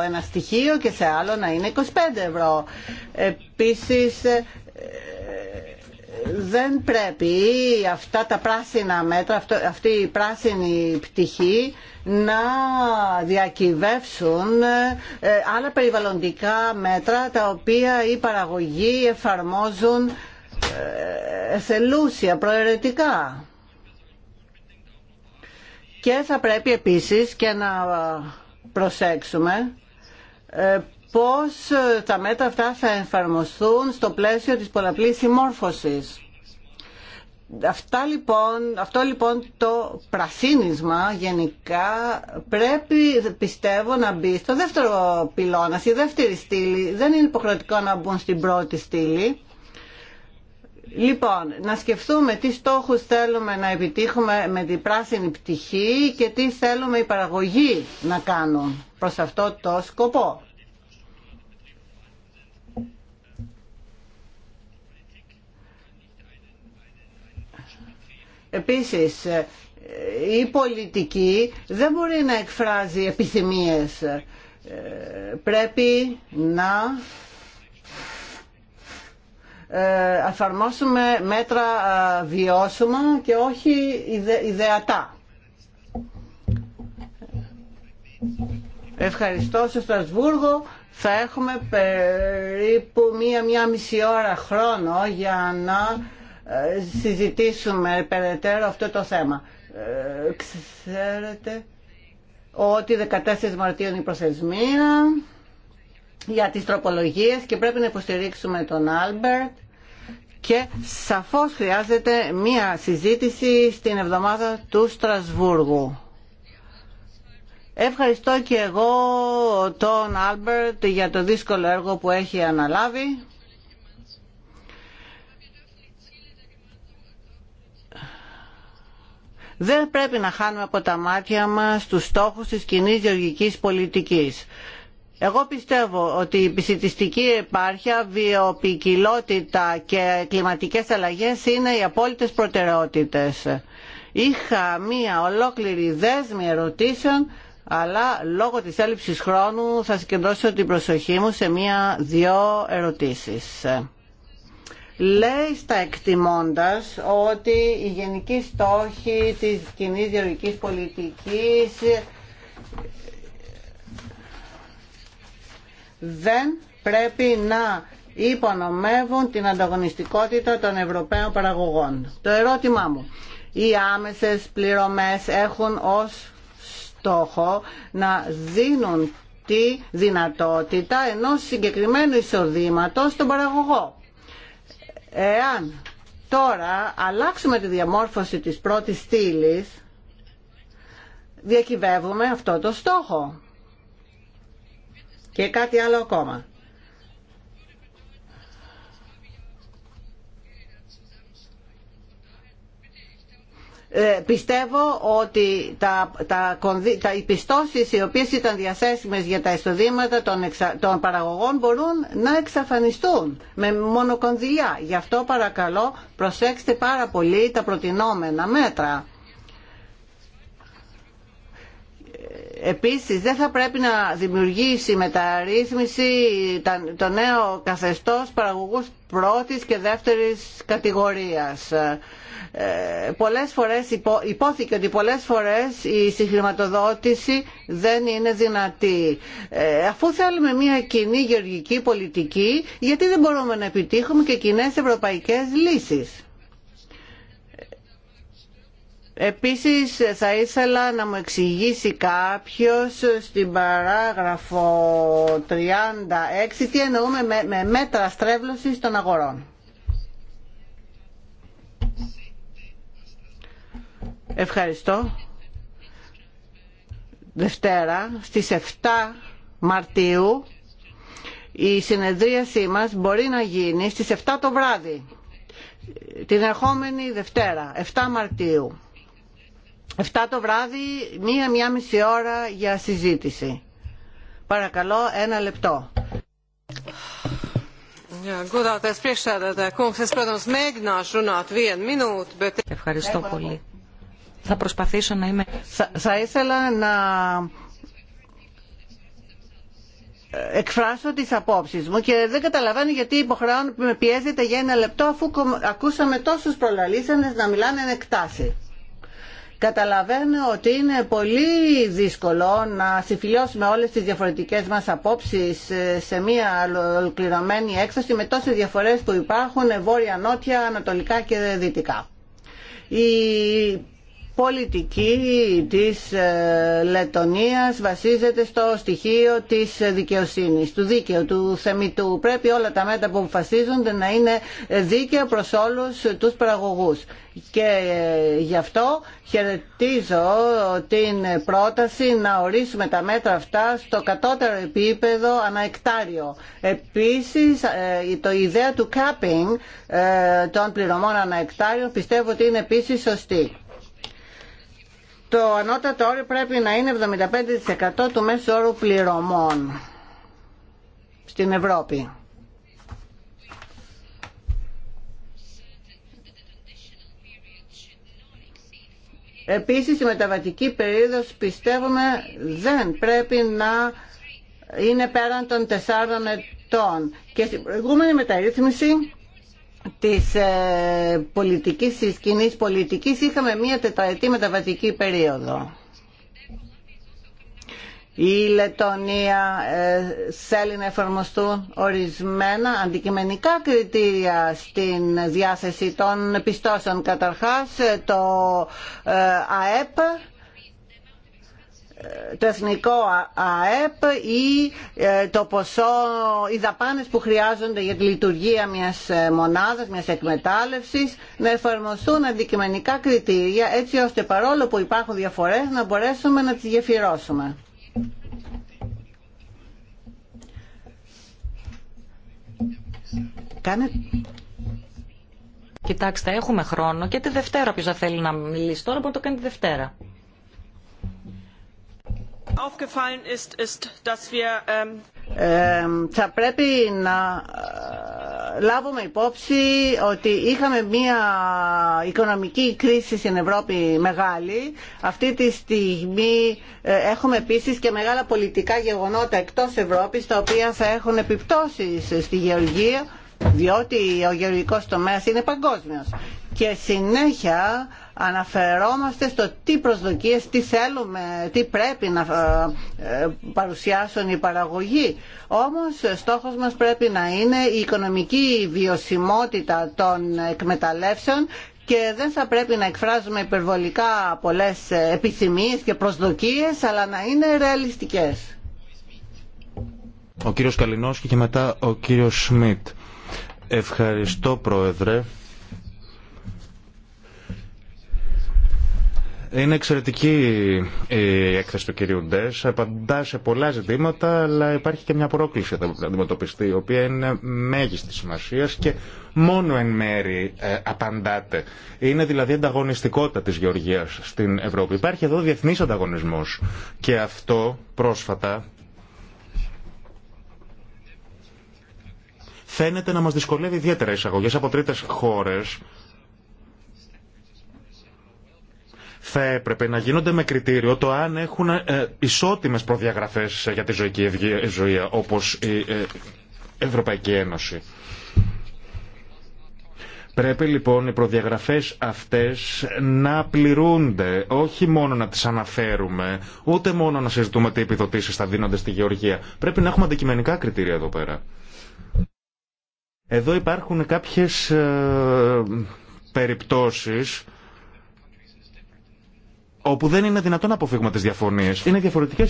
ένα στοιχείο και σε άλλο να είναι 25 ευρώ. Επίσης ε, δεν πρέπει αυτά τα πράσινα μέτρα, αυτή η πράσινη πτυχή να διακυβεύσουν ε, άλλα περιβαλλοντικά μέτρα τα οποία οι παραγωγοί εφαρμόζουν θελούσια, προαιρετικά. Και θα πρέπει επίσης και να προσέξουμε ε, πώς τα μέτρα αυτά θα εφαρμοστούν στο πλαίσιο της πολλαπλής συμμόρφωσης. Αυτά λοιπόν, αυτό λοιπόν το πρασίνισμα γενικά πρέπει πιστεύω να μπει στο δεύτερο πυλώνα, στη δεύτερη στήλη. Δεν είναι υποχρεωτικό να μπουν στην πρώτη στήλη Λοιπόν, να σκεφτούμε τι στόχους θέλουμε να επιτύχουμε με την πράσινη πτυχή και τι θέλουμε η παραγωγή να κάνουν προς αυτό το σκοπό. Επίσης, η πολιτική δεν μπορεί να εκφράζει επιθυμίες. Ε, πρέπει να ε, εφαρμόσουμε μέτρα βιώσιμα και όχι ιδεατά. Ευχαριστώ στο Στρασβούργο. Θα έχουμε περίπου μία-μία μισή ώρα χρόνο για να ε, συζητήσουμε περαιτέρω αυτό το θέμα. Ε, ξέρετε ότι 14 Μαρτίου είναι η προθεσμία για τις τροπολογίες και πρέπει να υποστηρίξουμε τον Άλμπερτ και σαφώς χρειάζεται μία συζήτηση στην εβδομάδα του Στρασβούργου. Ευχαριστώ και εγώ τον Άλμπερτ για το δύσκολο έργο που έχει αναλάβει. Δεν πρέπει να χάνουμε από τα μάτια μας τους στόχους της κοινή γεωργικής πολιτικής. Εγώ πιστεύω ότι η επισητιστική επάρχεια, βιοπικιλότητα και κλιματικές αλλαγές είναι οι απόλυτες προτεραιότητες. Είχα μία ολόκληρη δέσμη ερωτήσεων, αλλά λόγω της έλλειψης χρόνου θα συγκεντρώσω την προσοχή μου σε μία-δυο ερωτήσεις. Λέει στα εκτιμώντας ότι οι γενικοί στόχοι της κοινή γεωργικής πολιτικής δεν πρέπει να υπονομεύουν την ανταγωνιστικότητα των Ευρωπαίων παραγωγών. Το ερώτημά μου, οι άμεσες πληρωμές έχουν ως στόχο να δίνουν τη δυνατότητα ενός συγκεκριμένου εισοδήματος στον παραγωγό. Εάν τώρα αλλάξουμε τη διαμόρφωση της πρώτης στήλη, διακυβεύουμε αυτό το στόχο. Και κάτι άλλο ακόμα. Ε, πιστεύω ότι τα, τα, τα, οι πιστώσεις οι οποίες ήταν διαθέσιμες για τα εισοδήματα των, των παραγωγών μπορούν να εξαφανιστούν με μονοκονδυλιά. Γι' αυτό παρακαλώ προσέξτε πάρα πολύ τα προτινόμενα μέτρα. Επίσης δεν θα πρέπει να δημιουργήσει μεταρρύθμιση το νέο καθεστώς παραγωγούς πρώτης και δεύτερης κατηγορίας. Ε, πολλές φορές υπόθηκε ότι πολλές φορές η συγχρηματοδότηση δεν είναι δυνατή. Ε, αφού θέλουμε μια κοινή γεωργική πολιτική, γιατί δεν μπορούμε να επιτύχουμε και κοινές ευρωπαϊκές λύσεις. Επίσης θα ήθελα να μου εξηγήσει κάποιος στην παράγραφο 36 τι εννοούμε με, μέτρα στρέβλωσης των αγορών. Ευχαριστώ. Δευτέρα στις 7 Μαρτίου η συνεδρίασή μας μπορεί να γίνει στις 7 το βράδυ την ερχόμενη Δευτέρα, 7 Μαρτίου. 7 το βράδυ, μία-μία μισή ώρα για συζήτηση. Παρακαλώ, ένα λεπτό. Ευχαριστώ πολύ. Θα προσπαθήσω να είμαι... Θα, θα ήθελα να εκφράσω τις απόψεις μου και δεν καταλαβαίνω γιατί υποχρεώνω που με πιέζεται για ένα λεπτό αφού ακούσαμε τόσους προλαλήσανες να μιλάνε εν Καταλαβαίνω ότι είναι πολύ δύσκολο να συμφιλιώσουμε όλες τις διαφορετικές μας απόψεις ε, σε μια ολοκληρωμένη έκθεση με τόσες διαφορές που υπάρχουν βόρεια, νότια, ανατολικά και δυτικά. Η πολιτική της ε, Λετωνίας βασίζεται στο στοιχείο της δικαιοσύνης, του δίκαιου, του θεμητού. Πρέπει όλα τα μέτρα που αποφασίζονται να είναι δίκαια προς όλους τους παραγωγούς. Και ε, γι' αυτό χαιρετίζω την πρόταση να ορίσουμε τα μέτρα αυτά στο κατώτερο επίπεδο αναεκτάριο. Επίσης, ε, το ιδέα του capping των πληρωμών αναεκτάριων πιστεύω ότι είναι επίσης σωστή το ανώτατο όριο πρέπει να είναι 75% του μέσου όρου πληρωμών στην Ευρώπη. Επίσης η μεταβατική περίοδος πιστεύουμε δεν πρέπει να είναι πέραν των τεσσάρων ετών. Και στην προηγούμενη μεταρρύθμιση της ε, πολιτικής, της κοινής πολιτικής είχαμε μία τετραετή μεταβατική περίοδο. Η Λετωνία ε, θέλει να εφαρμοστούν ορισμένα αντικειμενικά κριτήρια στην διάθεση των πιστώσεων. Καταρχάς το ε, ΑΕΠ το εθνικό ΑΕΠ ή ε, το ποσό, οι δαπάνες που χρειάζονται για τη λειτουργία μιας ε, μονάδας, μιας εκμετάλλευσης να εφαρμοστούν αντικειμενικά κριτήρια έτσι ώστε παρόλο που υπάρχουν διαφορές να μπορέσουμε να τις γεφυρώσουμε. Κάνε... Κοιτάξτε, έχουμε χρόνο και τη Δευτέρα ποιος θα θέλει να μιλήσει τώρα μπορεί να το κάνει τη Δευτέρα. Ähm, θα πρέπει να ε, λάβουμε υπόψη ότι είχαμε μία οικονομική κρίση στην Ευρώπη μεγάλη. Αυτή τη στιγμή ε, έχουμε επίσης και μεγάλα πολιτικά γεγονότα εκτός Ευρώπης τα οποία θα έχουν επιπτώσεις στη γεωργία διότι ο γεωργικός τομέας είναι παγκόσμιος και συνέχεια αναφερόμαστε στο τι προσδοκίες, τι θέλουμε, τι πρέπει να ε, ε, παρουσιάσουν οι παραγωγοί. Όμως στόχος μας πρέπει να είναι η οικονομική βιωσιμότητα των εκμεταλλεύσεων και δεν θα πρέπει να εκφράζουμε υπερβολικά πολλές επιθυμίες και προσδοκίες, αλλά να είναι ρεαλιστικές. Ο κύριος Καλινός και μετά ο κύριος Σμιτ. Ευχαριστώ Πρόεδρε. Είναι εξαιρετική η έκθεση του κυρίου Ντέ. Απαντά σε πολλά ζητήματα, αλλά υπάρχει και μια πρόκληση που πρέπει να αντιμετωπιστεί, η οποία είναι μέγιστη σημασία και μόνο εν μέρη ε, απαντάται. Είναι δηλαδή ανταγωνιστικότητα τη γεωργία στην Ευρώπη. Υπάρχει εδώ διεθνή ανταγωνισμό. Και αυτό πρόσφατα φαίνεται να μα δυσκολεύει ιδιαίτερα εισαγωγέ από τρίτε χώρε θα έπρεπε να γίνονται με κριτήριο το αν έχουν ε, ισότιμες προδιαγραφές για τη ζωική ζωή όπως η ε, Ευρωπαϊκή Ένωση. Πρέπει λοιπόν οι προδιαγραφές αυτές να πληρούνται, όχι μόνο να τις αναφέρουμε, ούτε μόνο να συζητούμε τι επιδοτήσεις θα δίνονται στη γεωργία. Πρέπει να έχουμε αντικειμενικά κριτήρια εδώ πέρα. Εδώ υπάρχουν κάποιες ε, περιπτώσεις όπου δεν είναι δυνατόν να αποφύγουμε τι διαφωνίε. Είναι διαφορετικέ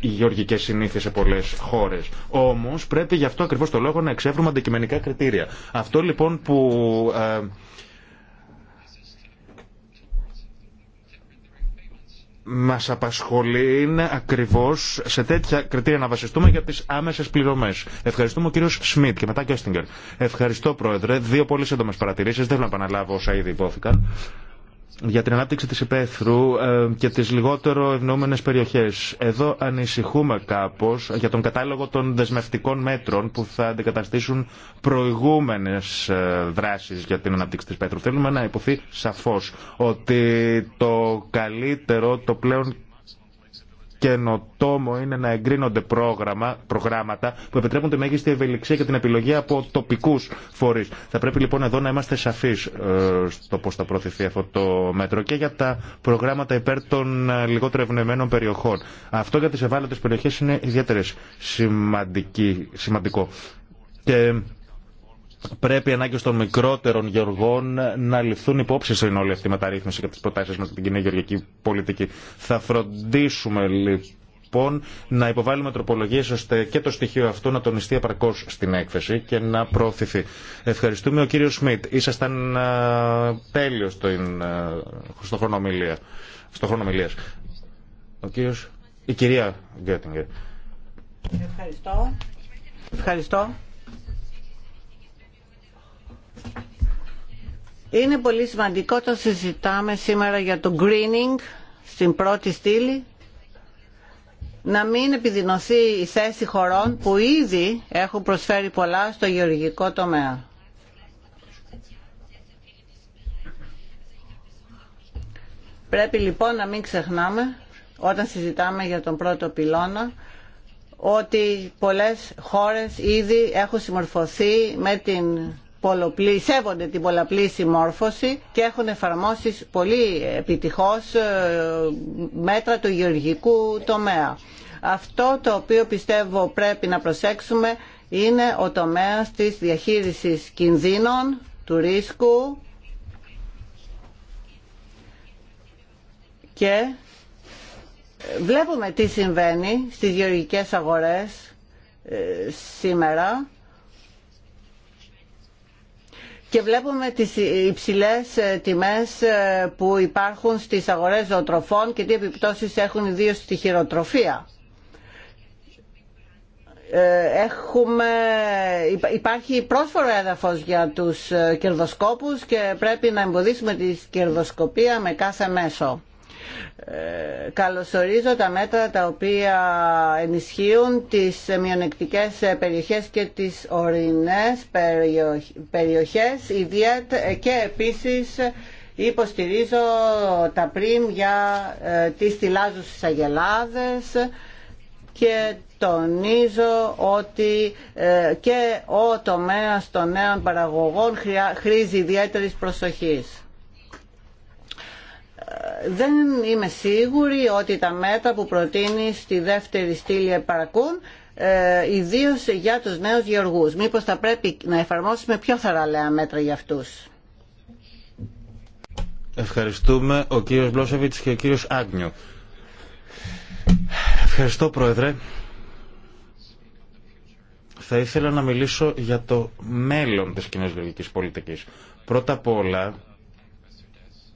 οι γεωργικέ συνήθειε σε πολλέ χώρε. Όμω πρέπει γι' αυτό ακριβώ το λόγο να εξεύρουμε αντικειμενικά κριτήρια. Αυτό λοιπόν που. Ε, μας απασχολεί είναι ακριβώς σε τέτοια κριτήρια να βασιστούμε για τις άμεσες πληρωμές. Ευχαριστούμε ο κύριος Σμιτ και μετά Κέστιγκερ. Ευχαριστώ πρόεδρε. Δύο πολύ σύντομε παρατηρήσεις. Δεν θα επαναλάβω όσα ήδη υπόθηκαν για την ανάπτυξη της υπαίθρου ε, και τις λιγότερο ευνοούμενες περιοχές. Εδώ ανησυχούμε κάπως για τον κατάλογο των δεσμευτικών μέτρων που θα αντικαταστήσουν προηγούμενες ε, δράσεις για την ανάπτυξη της υπαίθρου. Θέλουμε να υποθεί σαφώς ότι το καλύτερο, το πλέον καινοτόμο είναι να εγκρίνονται πρόγραμμα, προγράμματα που επιτρέπουν τη μέγιστη ευελιξία και την επιλογή από τοπικού φορεί. Θα πρέπει λοιπόν εδώ να είμαστε σαφεί ε, στο πώ θα προωθηθεί αυτό το μέτρο και για τα προγράμματα υπέρ των ε, λιγότερο ευνοημένων περιοχών. Αυτό για τι ευάλωτε περιοχέ είναι ιδιαίτερε σημαντικό πρέπει ανάγκη ανάγκε των μικρότερων γεωργών να ληφθούν υπόψη σε όλη αυτή η μεταρρύθμιση και τι προτάσει μα την κοινή γεωργική πολιτική. Θα φροντίσουμε λοιπόν να υποβάλουμε τροπολογίε ώστε και το στοιχείο αυτό να τονιστεί επαρκώ στην έκθεση και να προωθηθεί. Ευχαριστούμε. Ο κύριο Σμιτ, ήσασταν τέλειο στο χρόνο ομιλία. Στο χρόνο Ο κύριος, η κυρία Γκέτιγκερ. Ευχαριστώ. Ευχαριστώ. Είναι πολύ σημαντικό το συζητάμε σήμερα για το greening στην πρώτη στήλη να μην επιδεινωθεί η θέση χωρών που ήδη έχουν προσφέρει πολλά στο γεωργικό τομέα. Πρέπει λοιπόν να μην ξεχνάμε όταν συζητάμε για τον πρώτο πυλώνα ότι πολλές χώρες ήδη έχουν συμμορφωθεί με την πολλοπλή, σέβονται την πολλαπλή συμμόρφωση και έχουν εφαρμόσει πολύ επιτυχώς ε, μέτρα του γεωργικού τομέα. Αυτό το οποίο πιστεύω πρέπει να προσέξουμε είναι ο τομέας της διαχείρισης κινδύνων, του ρίσκου και βλέπουμε τι συμβαίνει στις γεωργικές αγορές ε, σήμερα και βλέπουμε τις υψηλές ε, τιμές ε, που υπάρχουν στις αγορές ζωοτροφών και τι επιπτώσεις έχουν ιδίω στη χειροτροφία. Ε, έχουμε, υπάρχει πρόσφορο έδαφος για τους κερδοσκόπους και πρέπει να εμποδίσουμε τη κερδοσκοπία με κάθε μέσο. Ε, καλωσορίζω τα μέτρα τα οποία ενισχύουν τις μειονεκτικές περιοχές και τις ορεινές περιοχές και επίσης υποστηρίζω τα πριμ για ε, τις θυλάζουσες αγελάδες και τονίζω ότι ε, και ο τομέας των νέων παραγωγών χρήζει ιδιαίτερης προσοχής δεν είμαι σίγουρη ότι τα μέτρα που προτείνει στη δεύτερη στήλη επαρκούν ε, ιδίω για τους νέους γεωργούς. Μήπως θα πρέπει να εφαρμόσουμε πιο θαραλέα μέτρα για αυτούς. Ευχαριστούμε ο κύριος Μπλόσεβιτς και ο κύριος Άγνιο. Ευχαριστώ Πρόεδρε. Θα ήθελα να μιλήσω για το μέλλον της κοινωνικής πολιτικής. Πρώτα απ' όλα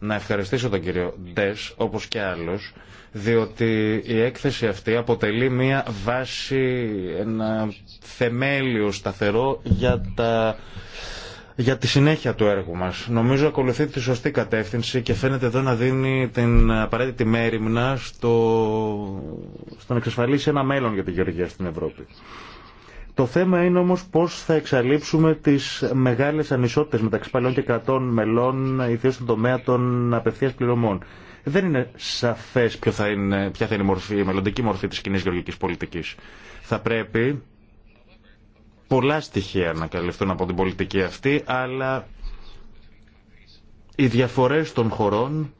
να ευχαριστήσω τον κύριο Ντες, όπως και άλλους, διότι η έκθεση αυτή αποτελεί μια βάση, ένα θεμέλιο σταθερό για, τα, για τη συνέχεια του έργου μας. Νομίζω ακολουθεί τη σωστή κατεύθυνση και φαίνεται εδώ να δίνει την απαραίτητη μέρημνα στο, στο να εξασφαλίσει ένα μέλλον για τη γεωργία στην Ευρώπη. Το θέμα είναι όμως πώς θα εξαλείψουμε τις μεγάλες ανισότητες μεταξύ παλαιών και κρατών μελών, ιδίως στον τομέα των απευθείας πληρωμών. Δεν είναι σαφές ποιο θα είναι, ποια θα είναι η, μορφή, μελλοντική μορφή της κοινή γεωργικής πολιτικής. Θα πρέπει πολλά στοιχεία να καλυφθούν από την πολιτική αυτή, αλλά οι διαφορές των χωρών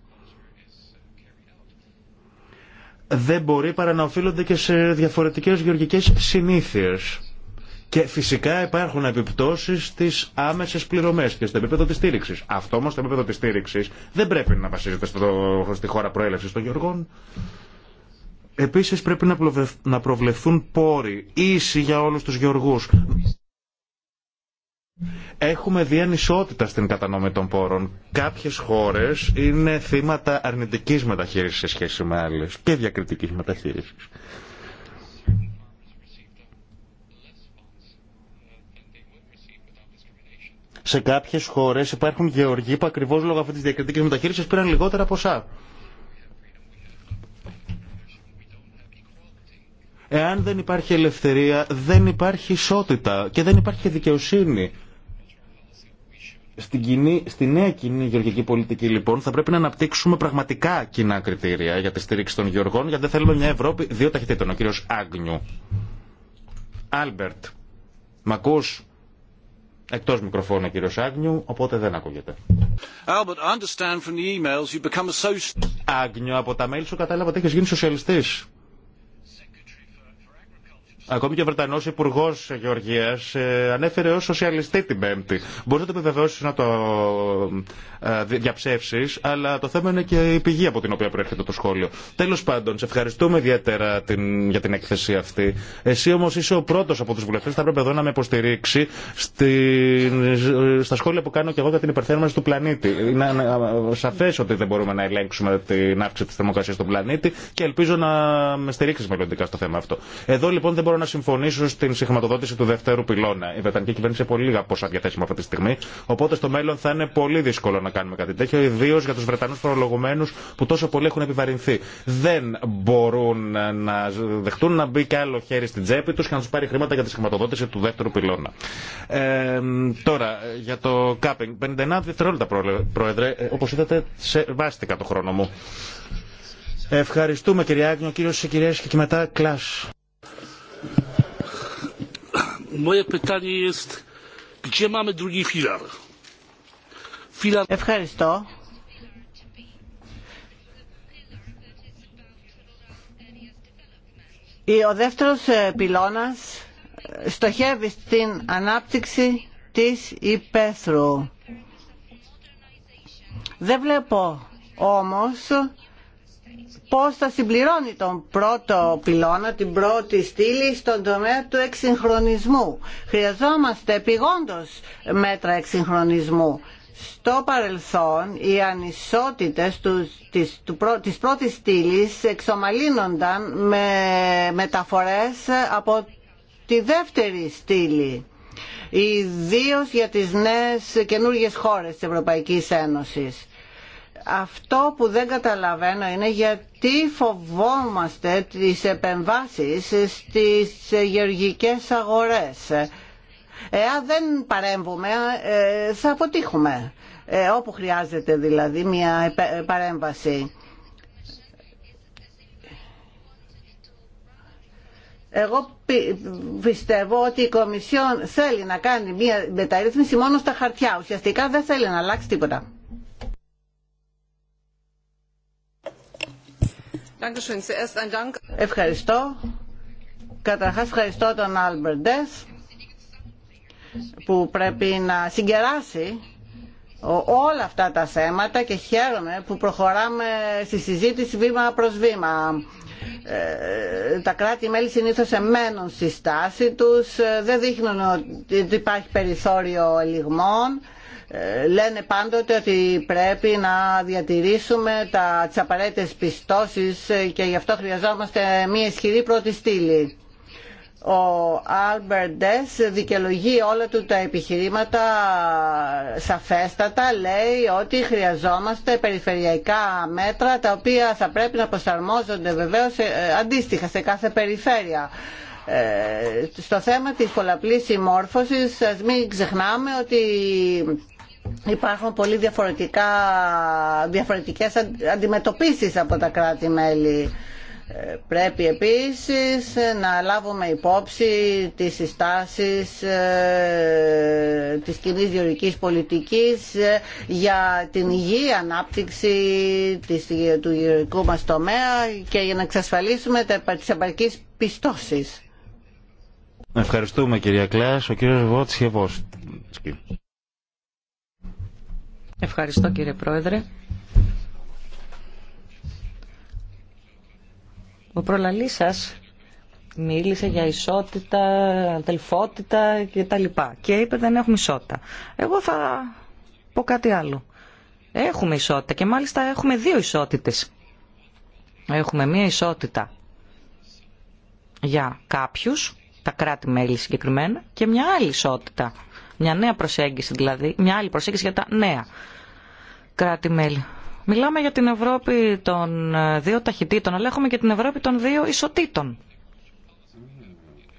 δεν μπορεί παρά να οφείλονται και σε διαφορετικές γεωργικές συνήθειες. Και φυσικά υπάρχουν επιπτώσει στι άμεσε πληρωμέ και στο επίπεδο τη στήριξη. Αυτό όμω το επίπεδο τη στήριξη δεν πρέπει να βασίζεται στο, στη χώρα προέλευση των Γεωργών. Επίση πρέπει να προβλεφθούν πόροι ίσοι για όλου του Γεωργού. Έχουμε δει ανισότητα στην κατανομή των πόρων. Κάποιες χώρες είναι θύματα αρνητικής μεταχείρισης σε σχέση με άλλες και διακριτικής μεταχείρισης. Σε κάποιε χώρε υπάρχουν γεωργοί που ακριβώ λόγω αυτή τη διακριτική μεταχείριση πήραν λιγότερα ποσά. Εάν δεν υπάρχει ελευθερία, δεν υπάρχει ισότητα και δεν υπάρχει δικαιοσύνη. Στην, κοινή, στη νέα κοινή γεωργική πολιτική, λοιπόν, θα πρέπει να αναπτύξουμε πραγματικά κοινά κριτήρια για τη στήριξη των γεωργών, γιατί δεν θέλουμε μια Ευρώπη δύο ταχυτήτων. Ο κύριο Άγνιου. Άλμπερτ, μ' Εκτός μικροφώνου κύριο Άγνιου, οπότε δεν ακούγεται. Albert, Άγνιο, από τα μέλη σου κατάλαβα ότι έχεις γίνει σοσιαλιστής. Ακόμη και ο Βρετανό Υπουργό Γεωργία ε, ανέφερε ω σοσιαλιστή την Πέμπτη. Μπορεί να το επιβεβαιώσει, να το ε, διαψεύσει, αλλά το θέμα είναι και η πηγή από την οποία προέρχεται το σχόλιο. Τέλο πάντων, σε ευχαριστούμε ιδιαίτερα την, για την έκθεση αυτή. Εσύ όμω είσαι ο πρώτο από του βουλευτέ, θα πρέπει εδώ να με υποστηρίξει στη, στα σχόλια που κάνω και εγώ για την υπερθέρμανση του πλανήτη. Είναι ε, σαφέ ότι δεν μπορούμε να ελέγξουμε την αύξηση τη θερμοκρασία του πλανήτη και ελπίζω να με στηρίξει μελλοντικά στο θέμα αυτό. Εδώ λοιπόν δεν μπορώ να συμφωνήσουν στην συγχρηματοδότηση του δευτέρου πυλώνα. Η Βρετανική κυβέρνηση έχει πολύ λίγα ποσά διαθέσιμα αυτή τη στιγμή. Οπότε στο μέλλον θα είναι πολύ δύσκολο να κάνουμε κάτι τέτοιο, ιδίω για του Βρετανού προλογουμένου που τόσο πολύ έχουν επιβαρυνθεί. Δεν μπορούν να δεχτούν να μπει και άλλο χέρι στην τσέπη του και να του πάρει χρήματα για τη συγχρηματοδότηση του δεύτερου πυλώνα. Ε, τώρα, για το κάπινγκ. 59 δευτερόλεπτα, Πρόεδρε. Ε, Όπω είδατε, σεβάστηκα το χρόνο μου. Ευχαριστούμε, κυρία Άγνιο. Κύριο και κυρίες και μετά, κλάσ. Moje Ευχαριστώ. Ο δεύτερος ε, πυλώνας ε, στοχεύει στην ανάπτυξη της υπαίθρου. Δεν βλέπω όμως πώς θα συμπληρώνει τον πρώτο πυλώνα, την πρώτη στήλη στον τομέα του εξυγχρονισμού. Χρειαζόμαστε επιγόντως μέτρα εξυγχρονισμού. Στο παρελθόν οι ανισότητες του, της, του, πρώτης στήλης εξομαλύνονταν με μεταφορές από τη δεύτερη στήλη ιδίω για τις νέες καινούργιες χώρες της Ευρωπαϊκής Ένωσης αυτό που δεν καταλαβαίνω είναι γιατί φοβόμαστε τις επεμβάσεις στις γεωργικές αγορές. Εάν δεν παρέμβουμε ε, θα αποτύχουμε, ε, όπου χρειάζεται δηλαδή μια παρέμβαση. Εγώ πιστεύω ότι η Κομισιόν θέλει να κάνει μια μεταρρύθμιση μόνο στα χαρτιά. Ουσιαστικά δεν θέλει να αλλάξει τίποτα. Ευχαριστώ. Καταρχάς ευχαριστώ τον Άλμπερτ που πρέπει να συγκεράσει όλα αυτά τα θέματα και χαίρομαι που προχωράμε στη συζήτηση βήμα προς βήμα. Ε, τα κράτη-μέλη συνήθως εμένουν στη στάση τους, ε, δεν δείχνουν ότι υπάρχει περιθώριο λιγμών λένε πάντοτε ότι πρέπει να διατηρήσουμε τα, τις απαραίτητες πιστώσεις ε, και γι' αυτό χρειαζόμαστε μια ισχυρή πρώτη στήλη. Ο Άλμπερ Ντες δικαιολογεί όλα του τα επιχειρήματα σαφέστατα, λέει ότι χρειαζόμαστε περιφερειακά μέτρα τα οποία θα πρέπει να προσαρμόζονται βεβαίως ε, αντίστοιχα σε κάθε περιφέρεια ε, στο θέμα της πολλαπλής συμμόρφωσης ας μην ξεχνάμε ότι υπάρχουν πολύ διαφορετικά, διαφορετικές αντιμετωπίσεις από τα κράτη-μέλη. Ε, πρέπει επίσης να λάβουμε υπόψη τις συστάσεις ε, της κοινή διορικής πολιτικής ε, για την υγιή ανάπτυξη του γεωρικού μας τομέα και για να εξασφαλίσουμε τις επαρκείς πιστώσεις. Ευχαριστούμε κυρία Κλάς. Ο κύριος Βότσιεβός. Ευχαριστώ κύριε Πρόεδρε. Ο προλαλή σα μίλησε για ισότητα, αδελφότητα και τα λοιπά. Και είπε δεν έχουμε ισότητα. Εγώ θα πω κάτι άλλο. Έχουμε ισότητα και μάλιστα έχουμε δύο ισότητες. Έχουμε μία ισότητα για κάποιους, τα κράτη-μέλη συγκεκριμένα, και μια άλλη ισότητα μια νέα προσέγγιση δηλαδή, μια άλλη προσέγγιση για τα νέα κράτη-μέλη. Μιλάμε για την Ευρώπη των ε, δύο ταχυτήτων, αλλά έχουμε και την Ευρώπη των δύο ισοτήτων.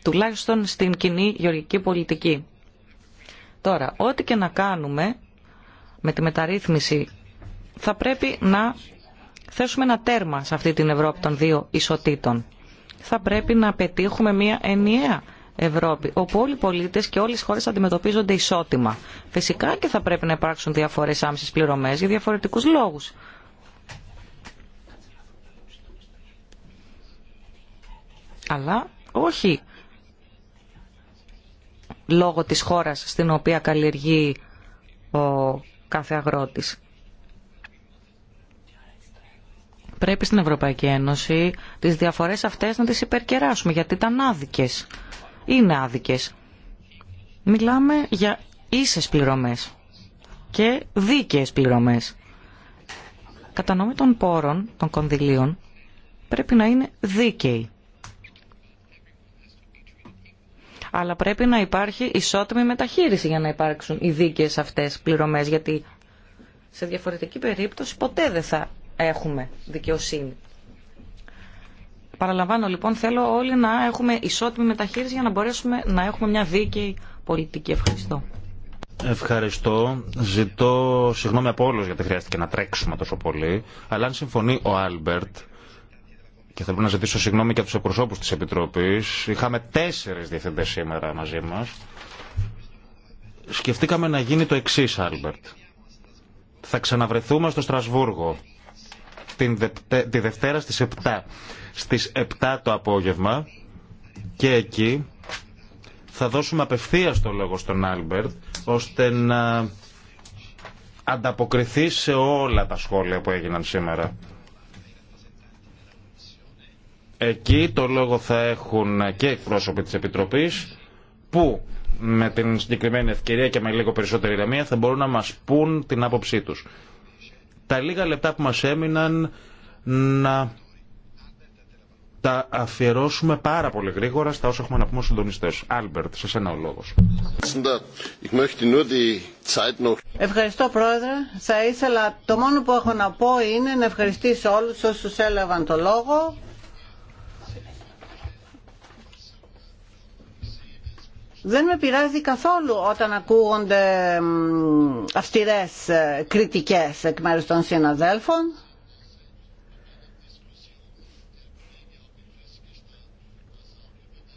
Τουλάχιστον στην κοινή γεωργική πολιτική. Τώρα, ό,τι και να κάνουμε με τη μεταρρύθμιση, θα πρέπει να θέσουμε ένα τέρμα σε αυτή την Ευρώπη των δύο ισοτήτων. Θα πρέπει να πετύχουμε μια ενιαία Ευρώπη, όπου όλοι οι πολίτε και όλες οι χώρες αντιμετωπίζονται ισότιμα. Φυσικά και θα πρέπει να υπάρξουν διαφορές άμεση πληρωμές για διαφορετικούς λόγους. Αλλά όχι λόγω της χώρας στην οποία καλλιεργεί ο κάθε αγρότης. Πρέπει στην Ευρωπαϊκή Ένωση τις διαφορές αυτές να τις υπερκεράσουμε γιατί ήταν άδικες είναι άδικες. Μιλάμε για ίσες πληρωμές και δίκαιες πληρωμές. Κατανομή των πόρων, των κονδυλίων, πρέπει να είναι δίκαιη. Αλλά πρέπει να υπάρχει ισότιμη μεταχείριση για να υπάρξουν οι δίκαιες αυτές πληρωμές, γιατί σε διαφορετική περίπτωση ποτέ δεν θα έχουμε δικαιοσύνη. Παραλαμβάνω λοιπόν, θέλω όλοι να έχουμε ισότιμη μεταχείριση για να μπορέσουμε να έχουμε μια δίκαιη πολιτική. Ευχαριστώ. Ευχαριστώ. Ζητώ συγγνώμη από όλου γιατί χρειάστηκε να τρέξουμε τόσο πολύ. Αλλά αν συμφωνεί ο Άλμπερτ, και πρέπει να ζητήσω συγγνώμη και από του εκπροσώπου τη Επιτροπή, είχαμε τέσσερι διευθυντέ σήμερα μαζί μα. Σκεφτήκαμε να γίνει το εξή, Άλμπερτ. Θα ξαναβρεθούμε στο Στρασβούργο τη Δευτέρα στις 7. Στις 7 το απόγευμα και εκεί θα δώσουμε απευθείας το λόγο στον Άλμπερτ ώστε να ανταποκριθεί σε όλα τα σχόλια που έγιναν σήμερα. Εκεί το λόγο θα έχουν και εκπρόσωποι της Επιτροπής που με την συγκεκριμένη ευκαιρία και με λίγο περισσότερη ηρεμία θα μπορούν να μας πούν την άποψή τους τα λίγα λεπτά που μας έμειναν να τα αφιερώσουμε πάρα πολύ γρήγορα στα όσα έχουμε να πούμε συντονιστές. Άλμπερτ, σε σένα ο λόγος. Ευχαριστώ Πρόεδρε. Θα ήθελα, το μόνο που έχω να πω είναι να ευχαριστήσω όλους όσους έλαβαν το λόγο δεν με πειράζει καθόλου όταν ακούγονται αυστηρές ε, κριτικές εκ μέρους των συναδέλφων.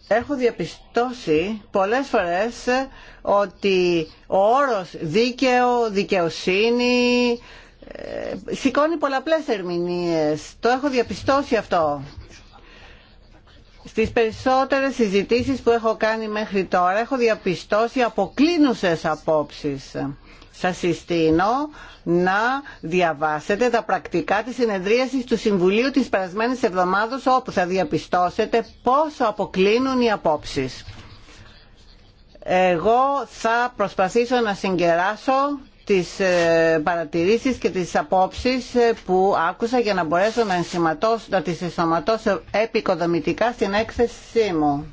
Έχω διαπιστώσει πολλές φορές ε, ότι ο όρος δίκαιο, δικαιοσύνη ε, σηκώνει πολλαπλές ερμηνείες. Το έχω διαπιστώσει αυτό στις περισσότερες συζητήσεις που έχω κάνει μέχρι τώρα έχω διαπιστώσει αποκλίνουσες απόψεις. Σας συστήνω να διαβάσετε τα πρακτικά της συνεδρίασης του Συμβουλίου της περασμένης εβδομάδος όπου θα διαπιστώσετε πόσο αποκλίνουν οι απόψεις. Εγώ θα προσπαθήσω να συγκεράσω τις ε, παρατηρήσεις και τις απόψεις ε, που άκουσα για να μπορέσω να, να τις ενσωματώσω επικοδομητικά στην έκθεσή μου.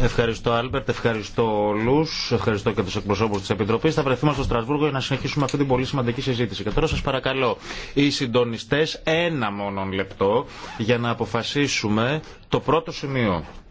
Ευχαριστώ Άλμπερτ, ευχαριστώ όλου, ευχαριστώ και του εκπροσώπους τη Επιτροπή. Θα βρεθούμε στο Στρασβούργο για να συνεχίσουμε αυτή την πολύ σημαντική συζήτηση. Και τώρα σα παρακαλώ, οι συντονιστέ, ένα μόνο λεπτό για να αποφασίσουμε το πρώτο σημείο.